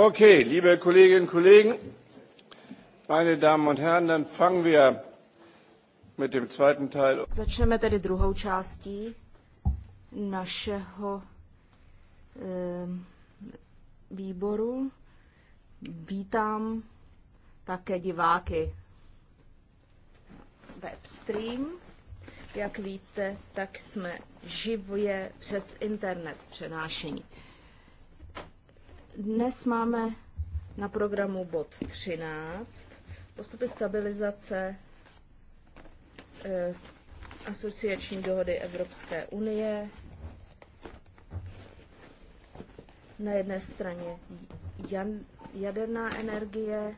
Okay, liebe Kolleginnen und Kollegen, meine Damen und Herren, dann fangen wir mit dem zweiten Teil. Začneme tedy druhou částí našeho eh, výboru. Vítám také diváky webstream. Jak víte, tak jsme živě přes internet přenášení. Dnes máme na programu bod 13, postupy stabilizace eh, asociační dohody Evropské unie. Na jedné straně jaderná energie,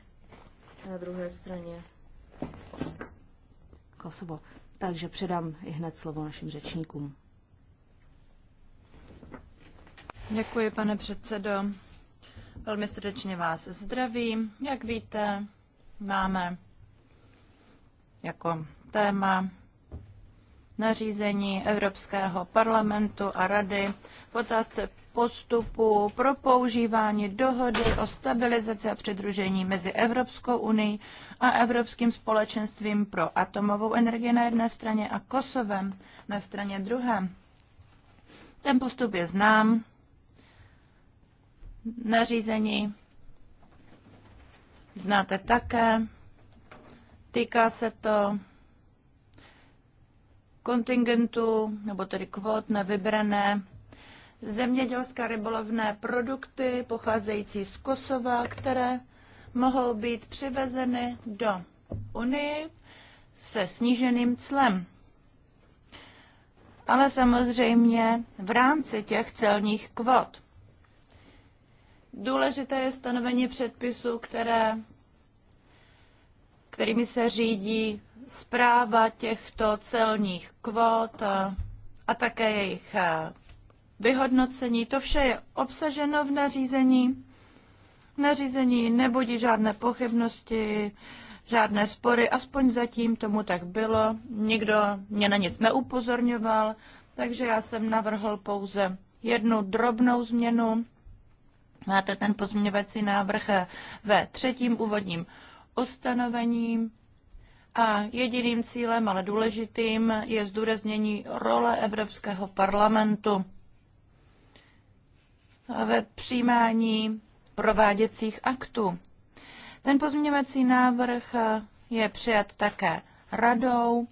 na druhé straně Kosovo. Takže předám i hned slovo našim řečníkům. Děkuji, pane předsedo. Velmi srdečně vás zdravím. Jak víte, máme jako téma nařízení Evropského parlamentu a rady v otázce postupu pro používání dohody o stabilizaci a přidružení mezi Evropskou unii a Evropským společenstvím pro atomovou energii na jedné straně a Kosovem na straně druhé. Ten postup je znám, nařízení znáte také. Týká se to kontingentu nebo tedy kvot na vybrané zemědělské rybolovné produkty pocházející z Kosova, které mohou být přivezeny do Unii se sníženým clem. Ale samozřejmě v rámci těch celních kvot. Důležité je stanovení předpisů, které, kterými se řídí zpráva těchto celních kvót a, a také jejich vyhodnocení. To vše je obsaženo v nařízení. Nařízení nebudí žádné pochybnosti, žádné spory, aspoň zatím tomu tak bylo. Nikdo mě na nic neupozorňoval, takže já jsem navrhl pouze jednu drobnou změnu Máte ten pozměňovací návrh ve třetím úvodním ustanovení a jediným cílem, ale důležitým, je zdůraznění role Evropského parlamentu ve přijímání prováděcích aktů. Ten pozměňovací návrh je přijat také radou.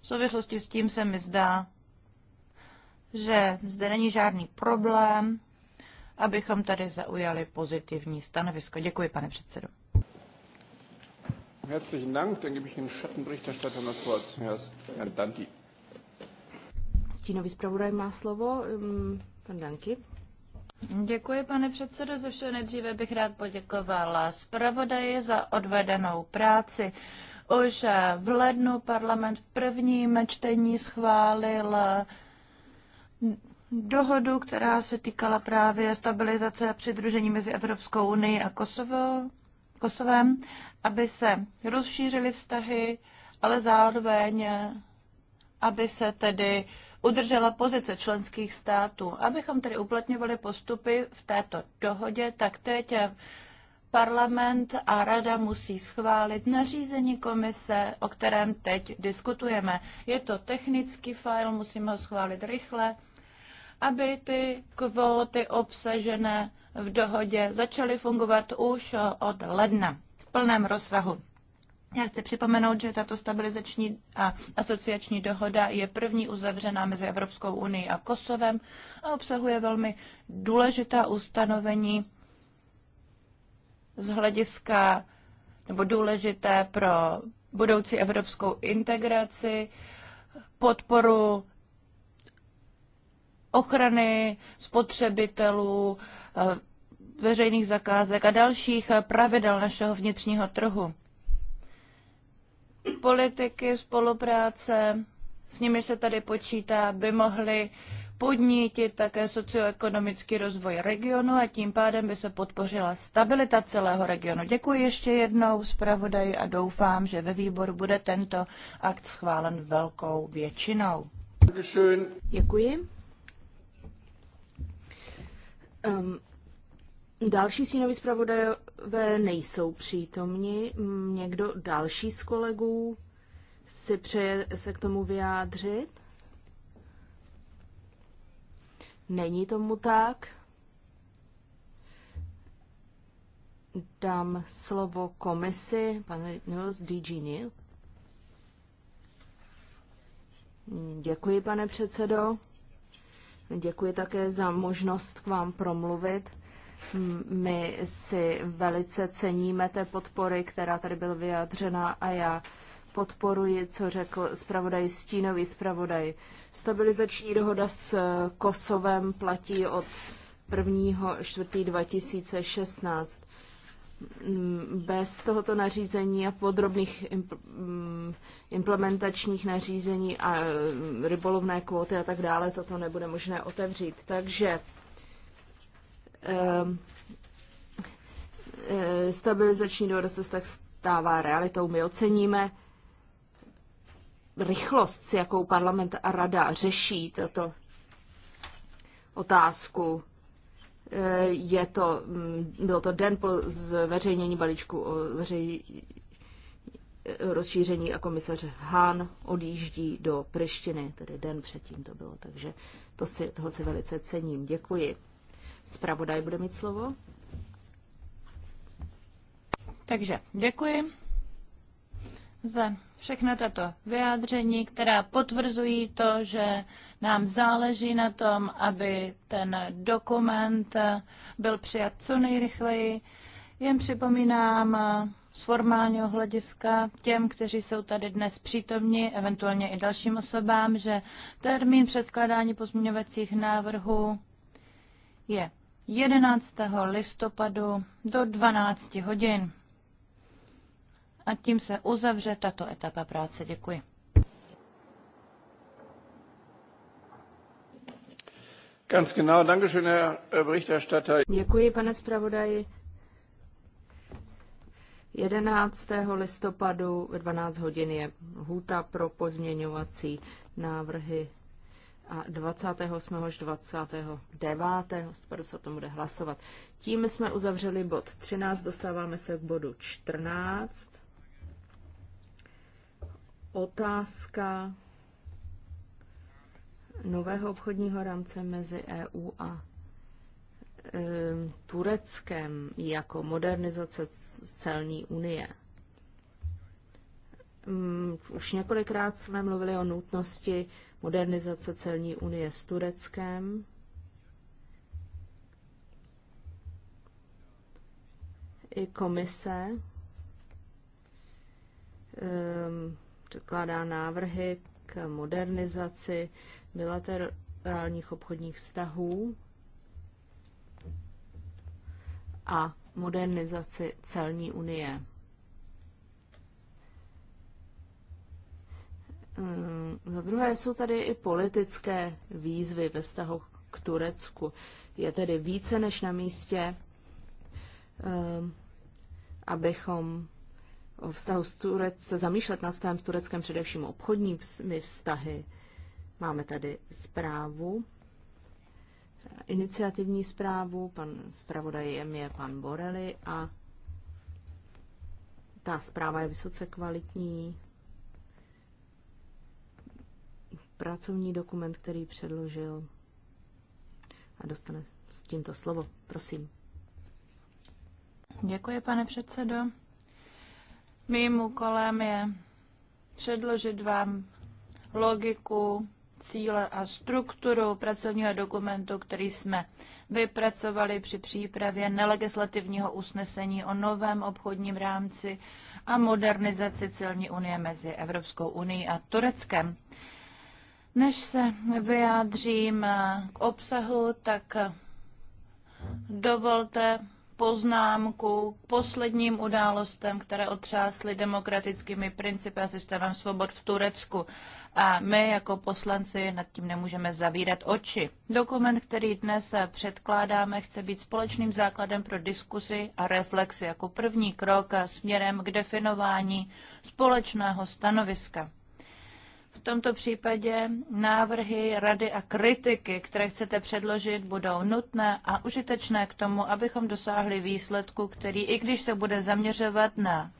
V souvislosti s tím se mi zdá, že zde není žádný problém abychom tady zaujali pozitivní stanovisko. Děkuji, pane předsedo. Herzlichen Dank. Dann gebe ich den Schattenberichterstatter das Wort, Herrn Danti. Stínový zpravodaj má slovo, um, pan Danky. Děkuji, pane předsedo. Ze vše nejdříve bych rád poděkovala zpravodaji za odvedenou práci. Už eh, v lednu parlament v prvním čtení schválil dohodu, která se týkala právě stabilizace a přidružení mezi Evropskou unii a Kosovo, Kosovem, aby se rozšířily vztahy, ale zároveň, aby se tedy udržela pozice členských států. Abychom tedy uplatňovali postupy v této dohodě, tak teď parlament a rada musí schválit nařízení komise, o kterém teď diskutujeme. Je to technický file, musíme ho schválit rychle aby ty kvóty obsažené v dohodě začaly fungovat už od ledna v plném rozsahu. Já chci připomenout, že tato stabilizační a asociační dohoda je první uzavřená mezi Evropskou unii a Kosovem a obsahuje velmi důležitá ustanovení z hlediska nebo důležité pro budoucí evropskou integraci, podporu ochrany spotřebitelů, eh, veřejných zakázek a dalších eh, pravidel našeho vnitřního trhu. Politiky, spolupráce, s nimi se tady počítá, by mohly podnítit také socioekonomický rozvoj regionu a tím pádem by se podpořila stabilita celého regionu. Děkuji ještě jednou zpravodaji a doufám, že ve výboru bude tento akt schválen velkou většinou. Děkuji. Um, další sínoví zpravodajové nejsou přítomni. Někdo další z kolegů si přeje se k tomu vyjádřit? Není tomu tak. Dám slovo komisi, pane Nils DG Neil. Děkuji, pane předsedo. Děkuji také za možnost k vám promluvit. My si velice ceníme té podpory, která tady byla vyjádřena a já podporuji, co řekl zpravodaj Stínový zpravodaj. Stabilizační dohoda s Kosovem platí od 1. 4. 2016. Mm, bez tohoto nařízení a podrobných mm, implementačních nařízení a mm, rybolovné kvóty a tak dále toto nebude možné otevřít. Takže ehm, e, stabilizační dohoda se tak stává realitou. My oceníme rychlost, s jakou parlament a rada řeší toto otázku Eh, je to, mm, byl to den po zveřejnění balíčku o veřej, rozšíření a komisař Hán odjíždí do Prištiny, tedy den předtím to bylo, takže to si, toho si velice cením. Děkuji. Spravodaj bude mít slovo. Takže děkuji za všechna tato vyjádření, která potvrzují to, že nám záleží na tom, aby ten dokument byl přijat co nejrychleji. Jen připomínám z formálního hlediska těm, kteří jsou tady dnes přítomni, eventuálně i dalším osobám, že termín předkládání pozměňovacích návrhů je 11. listopadu do 12 hodin a tím se uzavře tato etapa práce. Děkuji. Ganz genau, Dankeschön, Herr äh, Berichterstatter. Děkuji, pane zpravodaji. 11. listopadu 12 hodin je hůta pro pozměňovací návrhy a 28. až 29. listopadu se o tom bude hlasovat. Tím jsme uzavřeli bod 13, dostáváme se k bodu 14 otázka nového obchodního rámce mezi EU a e, Tureckem jako modernizace celní unie. Mm, už několikrát jsme mluvili o nutnosti modernizace celní unie s Tureckem. I komise ehm, Předkládá návrhy k modernizaci bilaterálních obchodních vztahů a modernizaci celní unie. Ehm, za druhé jsou tady i politické výzvy ve vztahu k Turecku. Je tedy více než na místě, ehm, abychom o vztahu s Turec, zamýšlet nad vztahem s Tureckem, především obchodními vztahy. Máme tady zprávu, iniciativní zprávu, pan zpravodajem je pan Borely a ta zpráva je vysoce kvalitní. Pracovní dokument, který předložil a dostane s tímto slovo. Prosím. Děkuji, pane předsedo. Mým úkolem je předložit vám logiku, cíle a strukturu pracovního dokumentu, který jsme vypracovali při přípravě nelegislativního usnesení o novém obchodním rámci a modernizaci celní unie mezi Evropskou unii a Tureckem. Než se vyjádřím k obsahu, tak dovolte poznámku k posledním událostem, které otřásly demokratickými principy a systémem svobod v Turecku. A my jako poslanci nad tím nemůžeme zavírat oči. Dokument, který dnes předkládáme, chce být společným základem pro diskusi a reflexy jako první krok směrem k definování společného stanoviska. V tomto případě návrhy, rady a kritiky, které chcete předložit, budou nutné a užitečné k tomu, abychom dosáhli výsledku, který, i když se bude zaměřovat na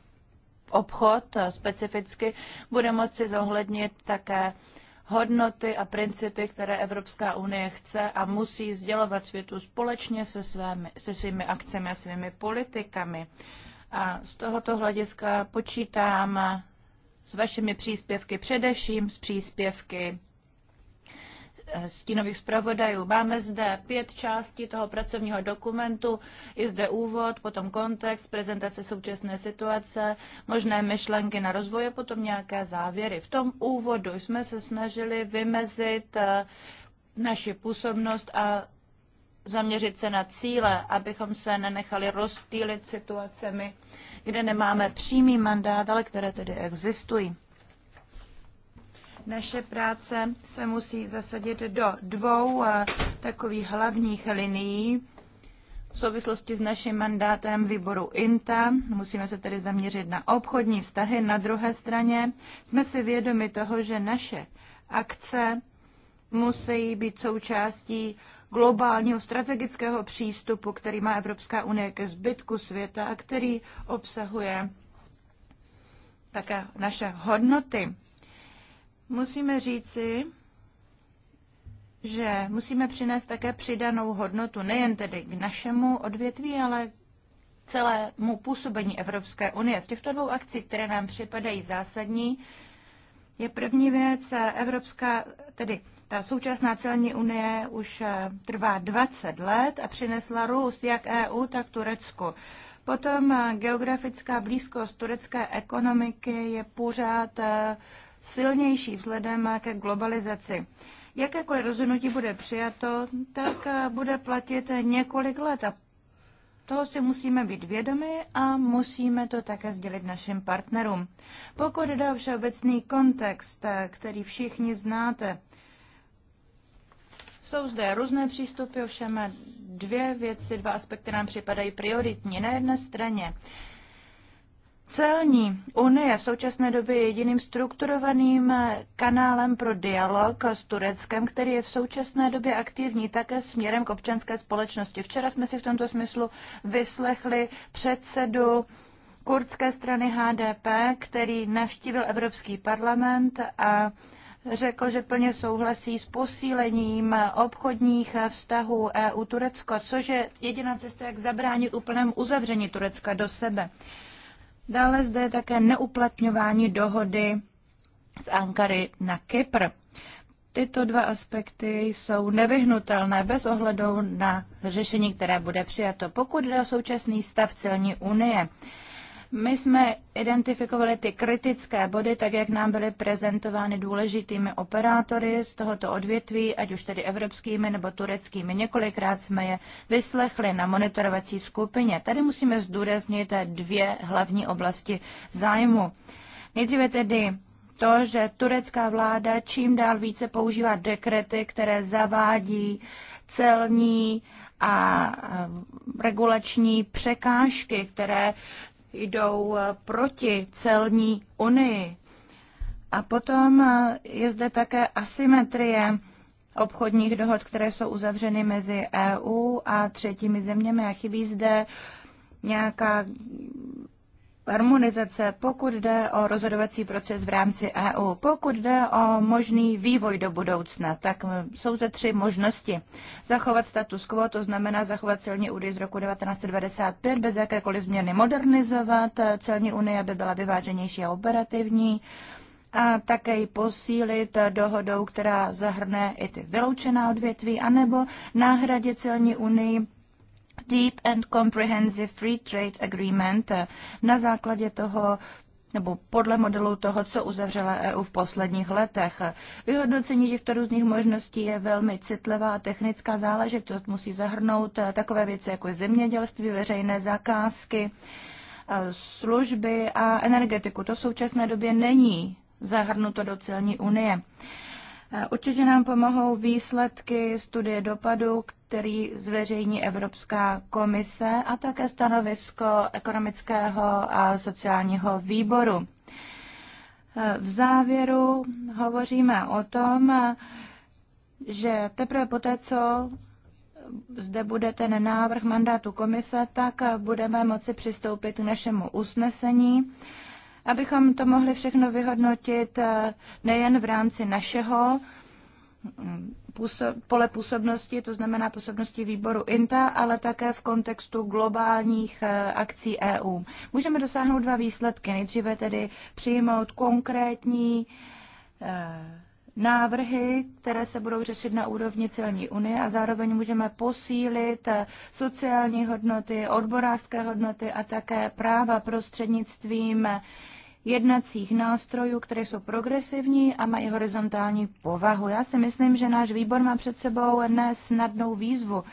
obchod specificky, bude moci zohlednit také hodnoty a principy, které Evropská unie chce a musí sdělovat světu společně se, svémi, se svými akcemi a svými politikami. A z tohoto hlediska počítám s vašimi příspěvky, především s příspěvky eh, stínových zpravodajů. Máme zde pět částí toho pracovního dokumentu. Je zde úvod, potom kontext, prezentace současné situace, možné myšlenky na rozvoj a potom nějaké závěry. V tom úvodu jsme se snažili vymezit eh, naši působnost a zaměřit se na cíle, abychom se nenechali rozptýlit situacemi, kde nemáme přímý mandát, ale které tedy existují. Naše práce se musí zasadit do dvou eh, takových hlavních linií. V souvislosti s naším mandátem výboru INTA musíme se tedy zaměřit na obchodní vztahy. Na druhé straně jsme si vědomi toho, že naše akce musí být součástí globálního strategického přístupu, který má Evropská unie ke zbytku světa a který obsahuje také naše hodnoty. Musíme říci, že musíme přinést také přidanou hodnotu nejen tedy k našemu odvětví, ale celému působení Evropské unie. Z těchto dvou akcí, které nám připadají zásadní, je první věc eh, Evropská, tedy ta současná celní unie už eh, trvá 20 let a přinesla růst jak EU, tak Turecku. Potom eh, geografická blízkost turecké ekonomiky je pořád eh, silnější vzhledem ke globalizaci. Jakékoliv rozhodnutí bude přijato, tak bude platit několik let a toho si musíme být vědomi a musíme to také sdělit našim partnerům. Pokud jde o všeobecný kontext, který všichni znáte, jsou zde různé přístupy, ovšem dvě věci, dva aspekty nám připadají prioritní. Na jedné straně Celní unie v současné době je jediným strukturovaným kanálem pro dialog s Tureckem, který je v současné době aktivní také směrem k občanské společnosti. Včera jsme si v tomto smyslu vyslechli předsedu kurdské strany HDP, který navštívil Evropský parlament a řekl, že plně souhlasí s posílením obchodních vztahů EU-Turecko, což je jediná cesta, jak zabránit úplnému uzavření Turecka do sebe. Dále zde je také neuplatňování dohody z Ankary na Kypr. Tyto dva aspekty jsou nevyhnutelné bez ohledu na řešení, které bude přijato, pokud jde o současný stav celní unie. My jsme identifikovali ty kritické body, tak jak nám byly prezentovány důležitými operátory z tohoto odvětví, ať už tedy evropskými nebo tureckými. Několikrát jsme je vyslechli na monitorovací skupině. Tady musíme zdůraznit dvě hlavní oblasti zájmu. Nejdříve tedy to, že turecká vláda čím dál více používá dekrety, které zavádí celní a regulační překážky, které jdou eh, proti celní unii. A potom eh, je zde také asymetrie obchodních dohod, které jsou uzavřeny mezi EU a třetími zeměmi a chybí zde nějaká harmonizace, pokud jde o rozhodovací proces v rámci EU, pokud jde o možný vývoj do budoucna, tak eh, jsou zde tři možnosti. Zachovat status quo, to znamená zachovat celní údy z roku 1995 bez jakékoliv změny, modernizovat eh, celní unie, aby byla vyváženější a operativní a také ji posílit eh, dohodou, která zahrne i ty vyloučená odvětví, anebo náhradě celní unii Deep and Comprehensive Free Trade Agreement eh, na základě toho, nebo podle modelu toho, co uzavřela EU v posledních letech. Vyhodnocení těchto různých možností je velmi citlivá a technická záležitost. Musí zahrnout eh, takové věci, jako zemědělství, veřejné zakázky, eh, služby a energetiku. To v současné době není zahrnuto do celní unie. Určitě nám pomohou výsledky studie dopadu, který zveřejní Evropská komise a také stanovisko ekonomického a sociálního výboru. V závěru hovoříme o tom, že teprve poté, co zde bude ten návrh mandátu komise, tak budeme moci přistoupit k našemu usnesení, abychom to mohli všechno vyhodnotit nejen v rámci našeho pole působnosti, to znamená působnosti výboru INTA, ale také v kontextu globálních eh, akcí EU. Můžeme dosáhnout dva výsledky. Nejdříve tedy přijmout konkrétní eh, návrhy, které se budou řešit na úrovni celní unie a zároveň můžeme posílit eh, sociální hodnoty, odborářské hodnoty a také práva prostřednictvím jednacích nástrojů, které jsou progresivní a mají horizontální povahu. Já si myslím, že náš výbor má před sebou nesnadnou výzvu.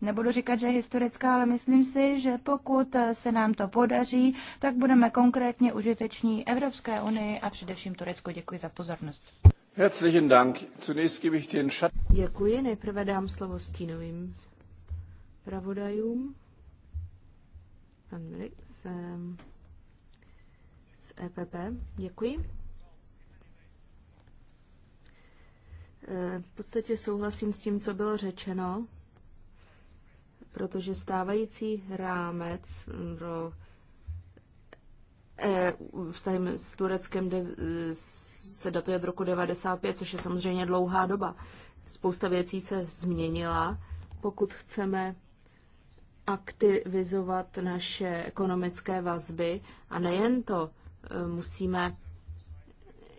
Nebudu říkat, že je historická, ale myslím si, že pokud se nám to podaří, tak budeme konkrétně užiteční Evropské unii a především Turecku. Děkuji za pozornost. Herzlichen Dank. Děkuji. Nejprve dám slovo stínovým pravodajům. Pan Milik, ehm, z EPP. Děkuji. V podstatě souhlasím s tím, co bylo řečeno, protože stávající rámec pro e vztahy s Tureckem se datuje od roku 95, což je samozřejmě dlouhá doba. Spousta věcí se změnila. Pokud chceme aktivizovat naše ekonomické vazby a nejen to, Eh, musíme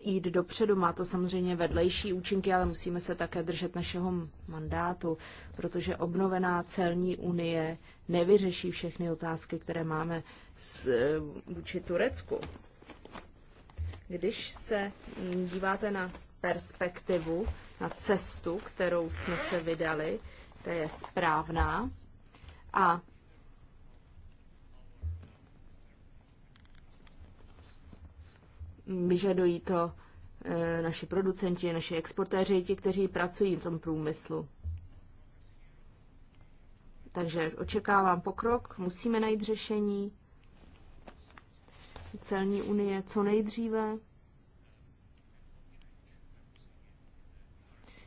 jít dopředu. Má to samozřejmě vedlejší účinky, ale musíme se také držet našeho mandátu, protože obnovená celní unie nevyřeší všechny otázky, které máme s, eh, vůči Turecku. Když se díváte na perspektivu, na cestu, kterou jsme se vydali, to je správná a Vyžadují to eh, naši producenti, naši exportéři, ti, kteří pracují v tom průmyslu. Takže očekávám pokrok, musíme najít řešení celní unie co nejdříve.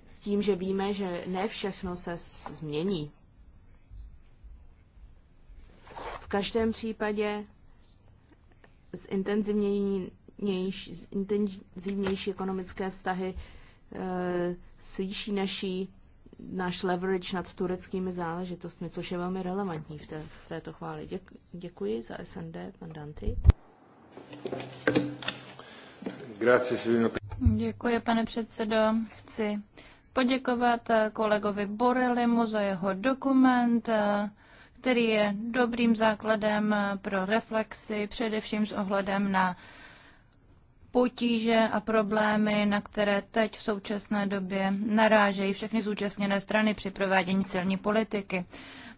S tím, že víme, že ne všechno se změní. V každém případě zintenzivnění intenzivnější ekonomické vztahy e, slyší naší, náš leverage nad tureckými záležitostmi, což je velmi relevantní v, té, v této chváli. Děk, děkuji za SND, pan Danty. Děkuji, pane předsedo. Chci poděkovat eh, kolegovi Borelimu za jeho dokument, eh, který je dobrým základem eh, pro reflexy, především s ohledem na potíže a problémy, na které teď v současné době narážejí všechny zúčastněné strany při provádění celní politiky.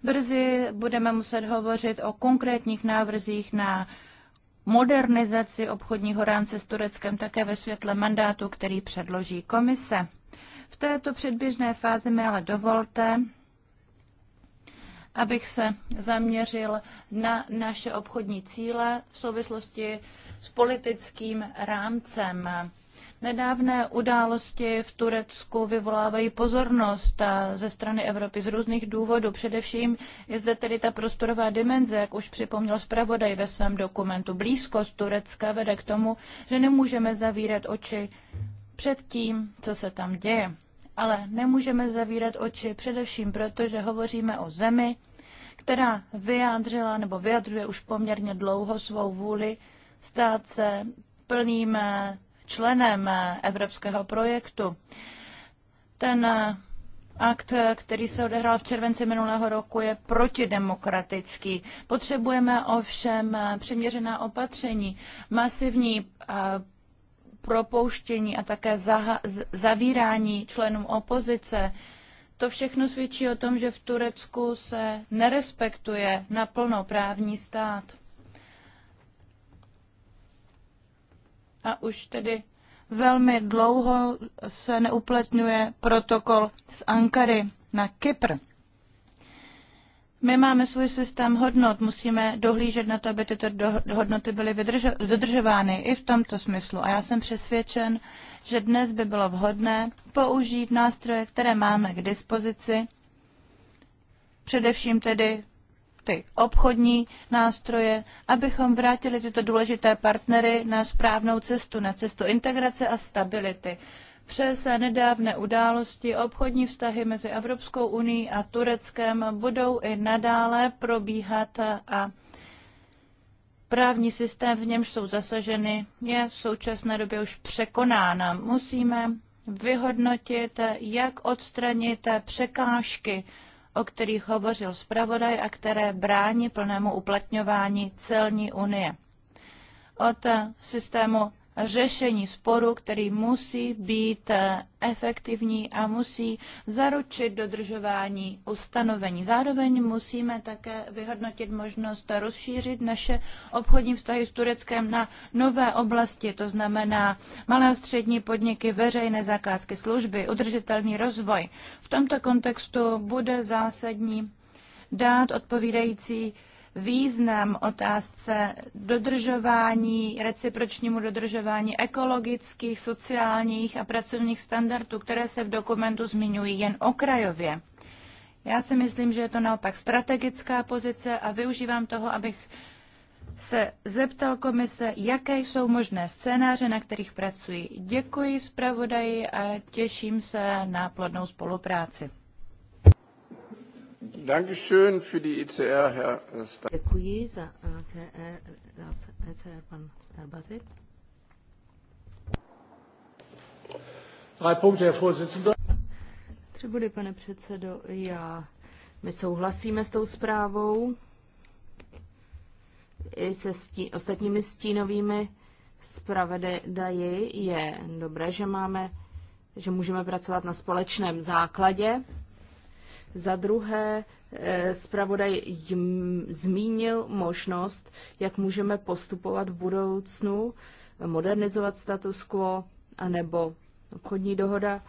Brzy budeme muset hovořit o konkrétních návrzích na modernizaci obchodního rámce s Tureckem také ve světle mandátu, který předloží komise. V této předběžné fázi mi ale dovolte, abych se zaměřil na naše obchodní cíle v souvislosti s politickým rámcem. Nedávné události v Turecku vyvolávají pozornost ze strany Evropy z různých důvodů. Především je zde tedy ta prostorová dimenze, jak už připomněl zpravodaj ve svém dokumentu. Blízkost Turecka vede k tomu, že nemůžeme zavírat oči před tím, co se tam děje. Ale nemůžeme zavírat oči především proto, že hovoříme o zemi, která vyjádřila nebo vyjadřuje už poměrně dlouho svou vůli stát se plným eh, členem eh, evropského projektu. Ten eh, akt, který se odehrál v červenci minulého roku, je protidemokratický. Potřebujeme ovšem přiměřená opatření, masivní propouštění a také zavírání členů opozice. To všechno svědčí o tom, že v Turecku se nerespektuje naplno právní stát. a už tedy velmi dlouho se neuplatňuje protokol z Ankary na Kypr. My máme svůj systém hodnot, musíme dohlížet na to, aby tyto hodnoty byly dodržovány i v tomto smyslu. A já jsem přesvědčen, že dnes by bylo vhodné použít nástroje, které máme k dispozici, především tedy ty obchodní nástroje, abychom vrátili tyto důležité partnery na správnou cestu, na cestu integrace a stability. Přes nedávné události obchodní vztahy mezi Evropskou unii a Tureckem budou i nadále probíhat a právní systém, v němž jsou zasaženy, je v současné době už překonána. Musíme vyhodnotit, jak odstranit překážky o kterých hovořil zpravodaj a které brání plnému uplatňování celní unie. Od systému řešení sporu, který musí být eh, efektivní a musí zaručit dodržování ustanovení. Zároveň musíme také vyhodnotit možnost rozšířit naše obchodní vztahy s Tureckem na nové oblasti, to znamená malé a střední podniky, veřejné zakázky, služby, udržitelný rozvoj. V tomto kontextu bude zásadní dát odpovídající význam otázce dodržování, recipročnímu dodržování ekologických, sociálních a pracovních standardů, které se v dokumentu zmiňují jen okrajově. Já si myslím, že je to naopak strategická pozice a využívám toho, abych se zeptal komise, jaké jsou možné scénáře, na kterých pracují. Děkuji zpravodaji a těším se na plodnou spolupráci. E Děkuji za ECR, eh, eh, e pan Tři body, pane předsedo. Já, my souhlasíme s tou zprávou i se stí, ostatními stínovými zpravedaji. Je dobré, že máme, že můžeme pracovat na společném základě za druhé, eh, zpravodaj zmínil možnost, jak můžeme postupovat v budoucnu, modernizovat status quo, anebo obchodní dohoda.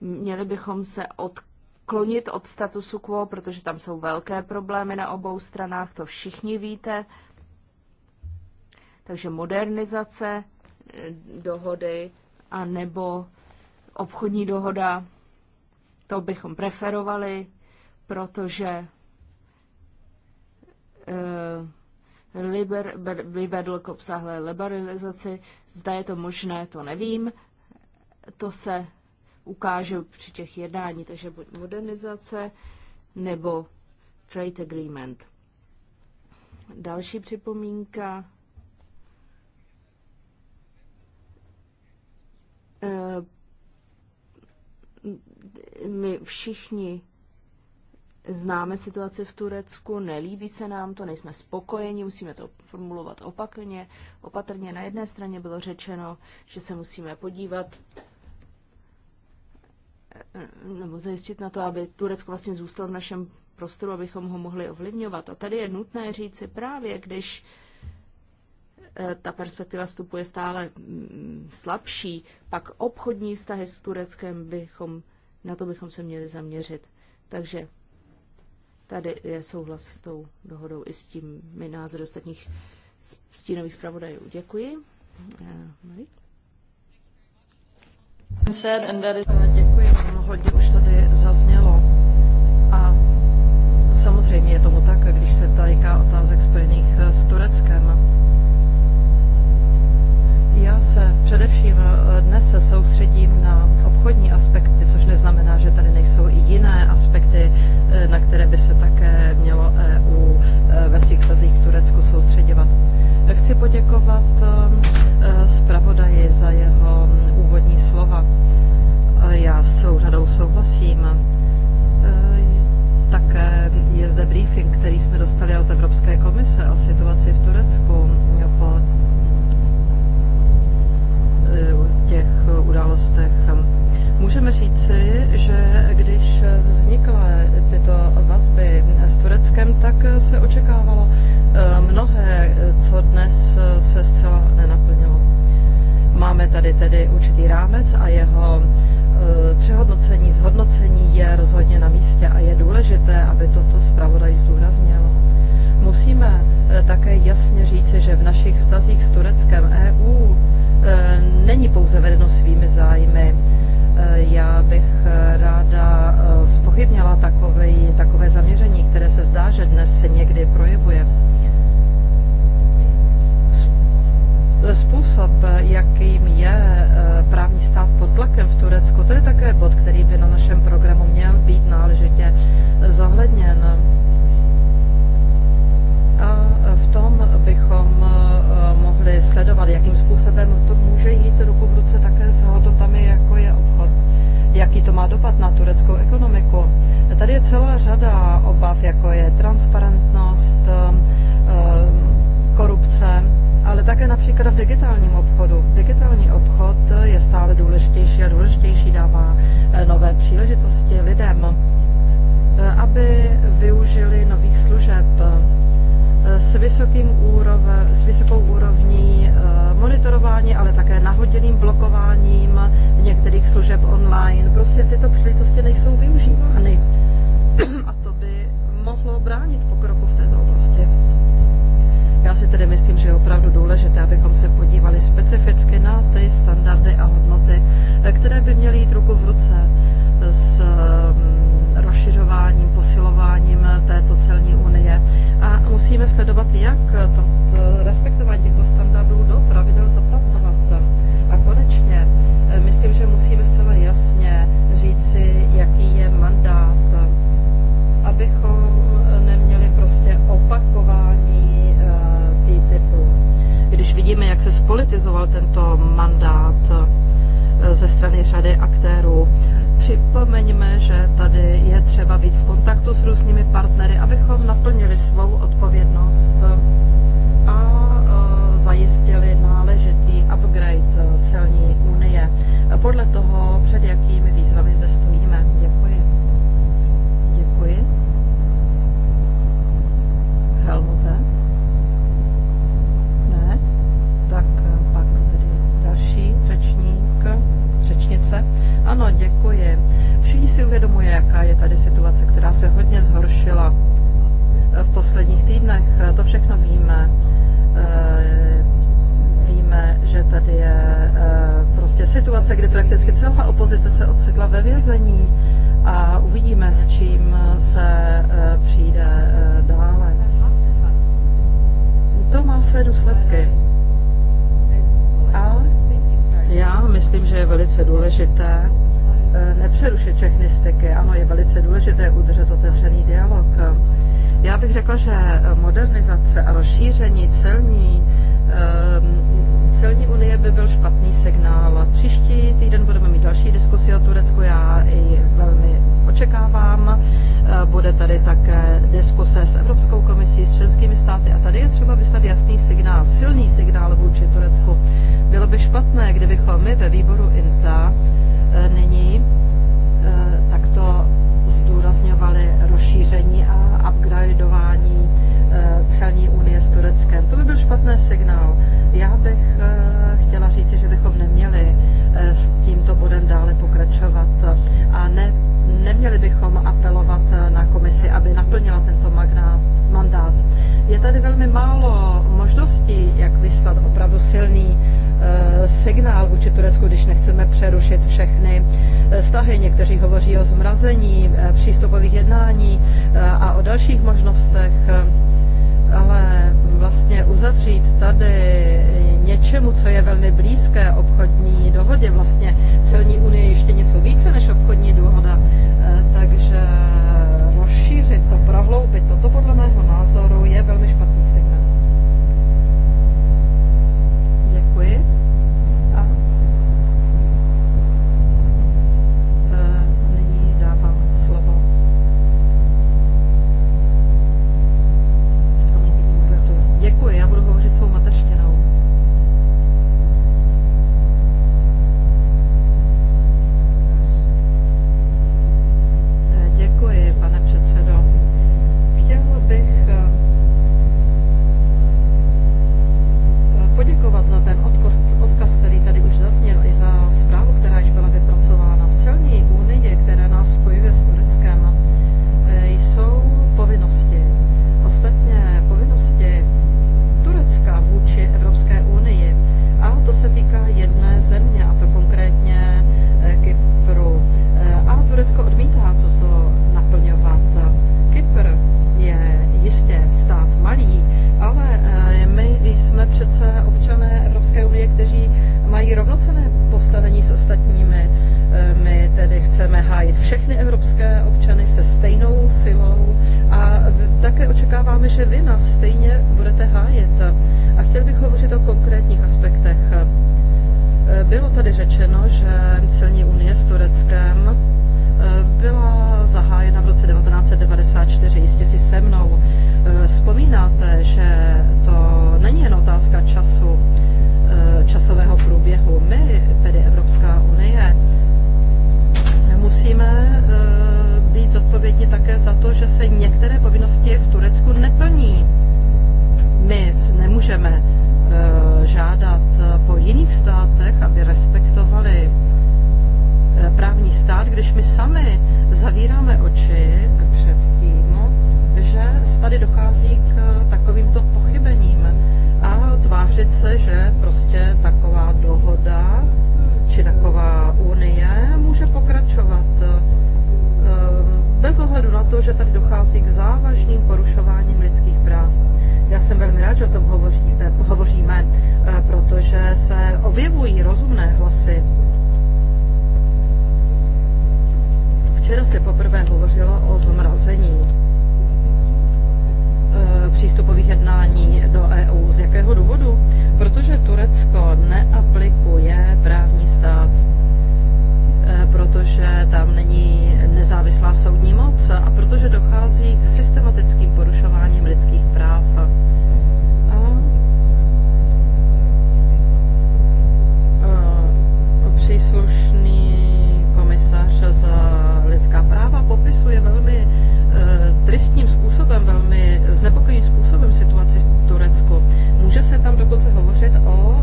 Měli bychom se odklonit od statusu quo, protože tam jsou velké problémy na obou stranách, to všichni víte. Takže modernizace eh, dohody a nebo obchodní dohoda to bychom preferovali, protože uh, liber, vedl k obsahlé liberalizaci. Zda je to možné, to nevím. To se ukáže při těch jednání, takže buď modernizace nebo trade agreement. Další připomínka. Uh, my všichni známe situaci v Turecku, nelíbí se nám to, nejsme spokojeni, musíme to formulovat Opakně, Opatrně na jedné straně bylo řečeno, že se musíme podívat nebo zajistit na to, aby Turecko vlastně zůstalo v našem prostoru, abychom ho mohli ovlivňovat. A tady je nutné říci právě, když eh, ta perspektiva vstupuje stále mm, slabší, pak obchodní vztahy s Tureckem bychom na to bychom se měli zaměřit. Takže tady je souhlas s tou dohodou i s my názory ostatních stínových zpravodajů. Děkuji. Eh, Marie? Eh, děkuji, hodně už tady zaznělo. A samozřejmě je tomu tak, když se týká otázek spojených eh, s Tureckem se především eh, dnes soustředím na obchodní aspekty, což neznamená, že tady nejsou i jiné aspekty, eh, na které by se také mělo EU eh, ve svých vztazích k Turecku soustředěvat. Chci poděkovat zpravodaji za jeho mm, úvodní slova. Já s celou řadou souhlasím. Také je zde briefing, který jsme dostali od Evropské komise o situaci v Turecku po Eh, těch eh, událostech. Můžeme říci, že když vznikly tyto vazby s Tureckem, tak se očekávalo eh, mnohé, co dnes se zcela nenaplnilo. Máme tady tedy určitý rámec a jeho přehodnocení, zhodnocení je rozhodně na místě a je důležité, aby toto zpravodaj zdůraznil. Musíme také jasně říci, že v našich vztazích s Tureckem EU Eh, není pouze vedeno svými zájmy. Eh, já bych eh, ráda spochybnila takové, takové zaměření, které se zdá, že dnes se někdy projevuje. Způsob, jakým je právní stát pod tlakem v Turecku, to je také bod, který by na našem programu měl být náležitě zohledněn. A v tom bychom eh, mohli sledovat, jakým způsobem to může jít ruku v ruce také s hodnotami, jako je obchod. Jaký to má dopad na tureckou ekonomiku? Tady je celá řada obav, jako je transparentnost, eh, eh, korupce, ale také například v digitálním obchodu. Digitální obchod je stále důležitější a důležitější, dává nové příležitosti lidem, aby využili nových služeb Eh, s, vysokým úrov, s vysokou úrovní eh, monitorování, ale také nahoděným blokováním některých služeb online. Prostě tyto příležitosti nejsou využívány. A to by mohlo bránit pokroku v této oblasti. Já si tedy myslím, že je opravdu důležité, abychom se podívali specificky na ty standardy a hodnoty, eh, které by měly jít ruku v ruce s mm, rozšiřováním, posilováním této celní unie. A musíme sledovat, jak to eh, respektování těchto standardů do pravidel zapracovat. A konečně, eh, myslím, že musíme zcela jasně říci, jaký je mandát, abychom eh, neměli prostě opakování typu. Když vidíme, jak se spolitizoval tento mandát, ze strany řady aktérů. Připomeňme, že tady je třeba být v kontaktu s různými partnery, abychom naplnili svou odpovědnost a e, zajistili náležitý upgrade e, celní unie podle toho, před jakými výzvami zde stojí. všechno víme. Eh, víme, že tady je eh, prostě situace, kdy prakticky celá opozice se ocitla ve vězení a uvidíme, s čím se eh, přijde dále. To má své důsledky. A já myslím, že je velice důležité, Eh, nepřerušit všechny styky. Ano, je velice důležité udržet otevřený dialog. Eh, já bych řekla, že eh, modernizace a rozšíření celní celní unie by byl špatný signál. Příští týden budeme mít další diskusi o Turecku, já i velmi očekávám. Bude tady také diskuse s Evropskou komisí, s členskými státy a tady je třeba vyslat jasný signál, silný signál vůči Turecku. Bylo by špatné, kdybychom my ve výboru INTA E, e, tak takto zdůrazňovali rozšíření a upgradování e, celní unie s Tureckem. To by byl špatný signál. Já bych chtěla říct, že bychom neměli s tímto bodem dále pokračovat a ne, neměli bychom apelovat na komisi, aby naplnila tento magnát, mandát. Je tady velmi málo možností, jak vyslat opravdu silný Eh, signál vůči Turecku, když nechceme přerušit všechny eh, vztahy. Někteří hovoří o zmrazení eh, přístupových jednání a o dalších možnostech, ale vlastně uzavřít tady něčemu, co je velmi blízké obchodní dohodě, vlastně celní unie ještě něco více než obchodní dohoda, takže rozšířit to, prohloubit to, to podle mého názoru je velmi špatné. zapojit všechny evropské občany se stejnou silou a také očekáváme, že vy nás stejně budete hájet. A chtěl bych hovořit o konkrétních aspektech. Bylo tady řečeno, že celní unie s Tureckem eh, byla zahájena v roce 1994, jistě si se mnou. Eh, vzpomínáte, že to není jen otázka času, eh, časového průběhu. My, tedy Evropská unie, musíme eh, být zodpovědní také za to, že se některé povinnosti v Turecku neplní. My nemůžeme eh, žádat eh, po jiných státech, aby respektovali právní stát, když my sami zavíráme oči před tím, že tady dochází k takovýmto pochybením a tvářit se, že prostě taková dohoda či taková unie může pokračovat eh, bez ohledu na to, že tady dochází k závažným porušováním lidských práv. Já jsem velmi rád, že o tom hovoříte, hovoříme, eh, protože se objevují rozumné hlasy. Včera se poprvé hovořilo o zmrazení Eh, přístupových jednání do EU. Z jakého důvodu? Protože Turecko neaplikuje právní stát, eh, protože tam není nezávislá soudní moc a protože dochází k systematickým porušováním lidských práv. A eh, příslušný komisař za lidská práva popisuje velmi eh, tristním způsobem, velmi znepokojivým způsobem situaci v Turecku. Může se tam dokonce hovořit o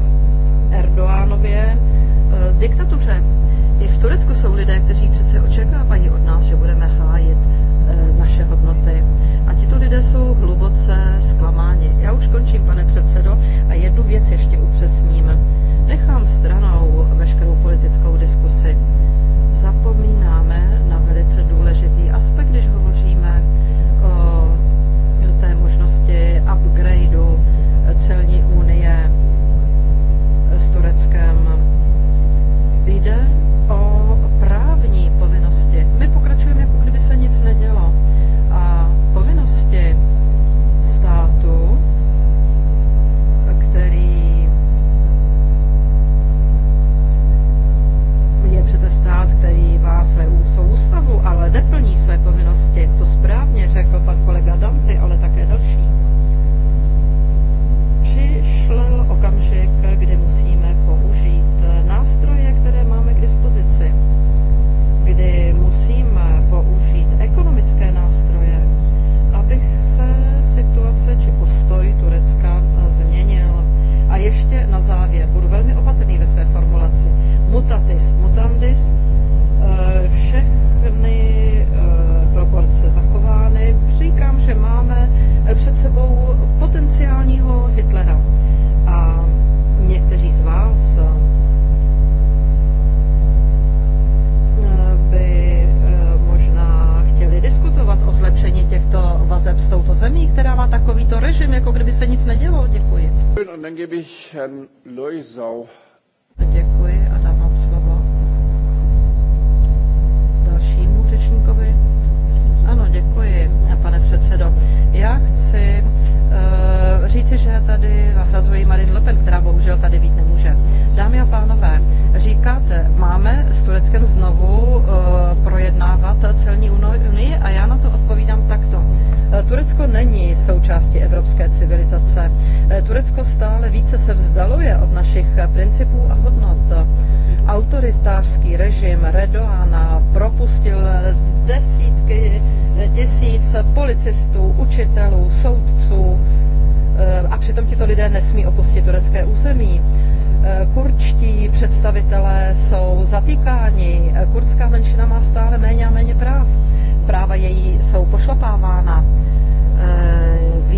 Erdoánově eh, diktatuře. I v Turecku jsou lidé, kteří přece očekávají od nás, že budeme hájit eh, naše hodnoty. A tito lidé jsou hluboce zklamáni. Já už končím, pane předsedo, a jednu věc ještě upřesním. Nechám stranou veškerou politickou diskusi. Zapomínáme na velice důležitý aspekt, když hovoříme o té možnosti upgradeu celní unie kompromis. Eh, všechny eh, proporce zachovány. Říkám, že máme eh, před sebou potenciálního Hitlera. A někteří z vás by možná chtěli diskutovat o zlepšení těchto vazeb s touto zemí, která má takovýto režim, jako kdyby se nic nedělo. Děkuji. předřečníkovi? Ano, děkuji, pane předsedo. Já chci uh, říci, že tady nahrazuji Marin Lepen, která bohužel tady být nemůže. Dámy a pánové, říkáte, máme s Tureckem znovu uh, projednávat celní unii a já na to odpovídám takto. Eh, Turecko není součástí evropské civilizace. Turecko stále více se vzdaluje od našich principů a hodnot autoritářský režim Redoána propustil desítky tisíc policistů, učitelů, soudců eh, a přitom tito lidé nesmí opustit turecké území. Eh, Kurčtí představitelé jsou zatýkáni, eh, kurdská menšina má stále méně a méně práv, práva její jsou pošlapávána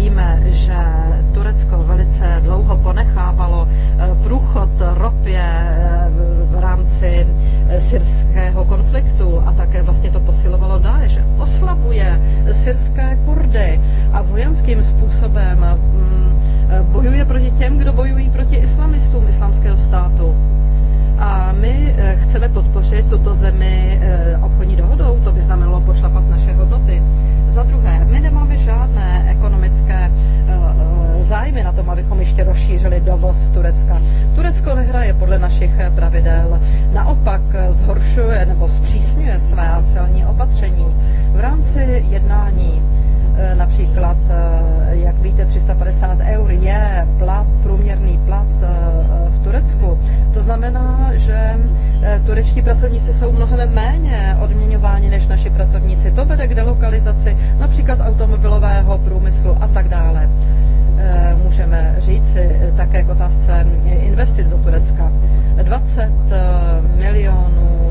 Víme, že Turecko velice dlouho ponechávalo eh, průchod ropě eh, v rámci eh, syrského konfliktu a také vlastně to posilovalo Daesh. Oslabuje syrské Kurdy a vojenským způsobem mm, bojuje proti těm, kdo bojují proti islamistům islamského státu. A my eh, chceme podpořit tuto zemi eh, obchodní dohodou, to by znamenalo pošlapat naše hodnoty. Za druhé, my nemáme žádné ekonomické eh, zájmy na tom, abychom ještě rozšířili dovoz Turecka. Turecko nehraje podle našich pravidel. Naopak zhoršuje nebo zpřísňuje své celní opatření. V rámci jednání E, například, e, jak víte, 350 eur je plat, průměrný plat e, v Turecku. To znamená, že turečtí pracovníci jsou mnohem méně odměňováni než naši pracovníci. To vede k delokalizaci například automobilového průmyslu a tak dále můžeme říci také k otázce investic do Turecka. 20 milionů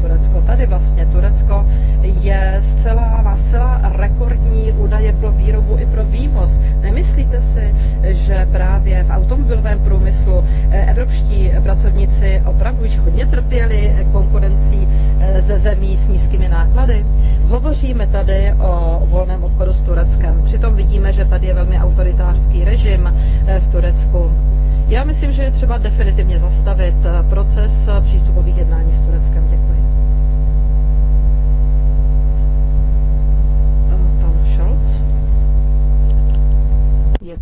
Turecko. Tady vlastně Turecko je zcela, má zcela rekordní údaje pro výrobu i pro vývoz. Nemyslíte si, že právě v automobilovém průmyslu eh, evropští pracovníci opravdu již hodně trpěli eh, konkurencí eh, ze zemí s nízkými náklady? Hovoříme tady o volném obchodu s Tureckem. Přitom vidíme, že tady je velmi autoritářský režim v Turecku. Já myslím, že je třeba definitivně zastavit proces přístupových jednání s Tureckem. Děkuji.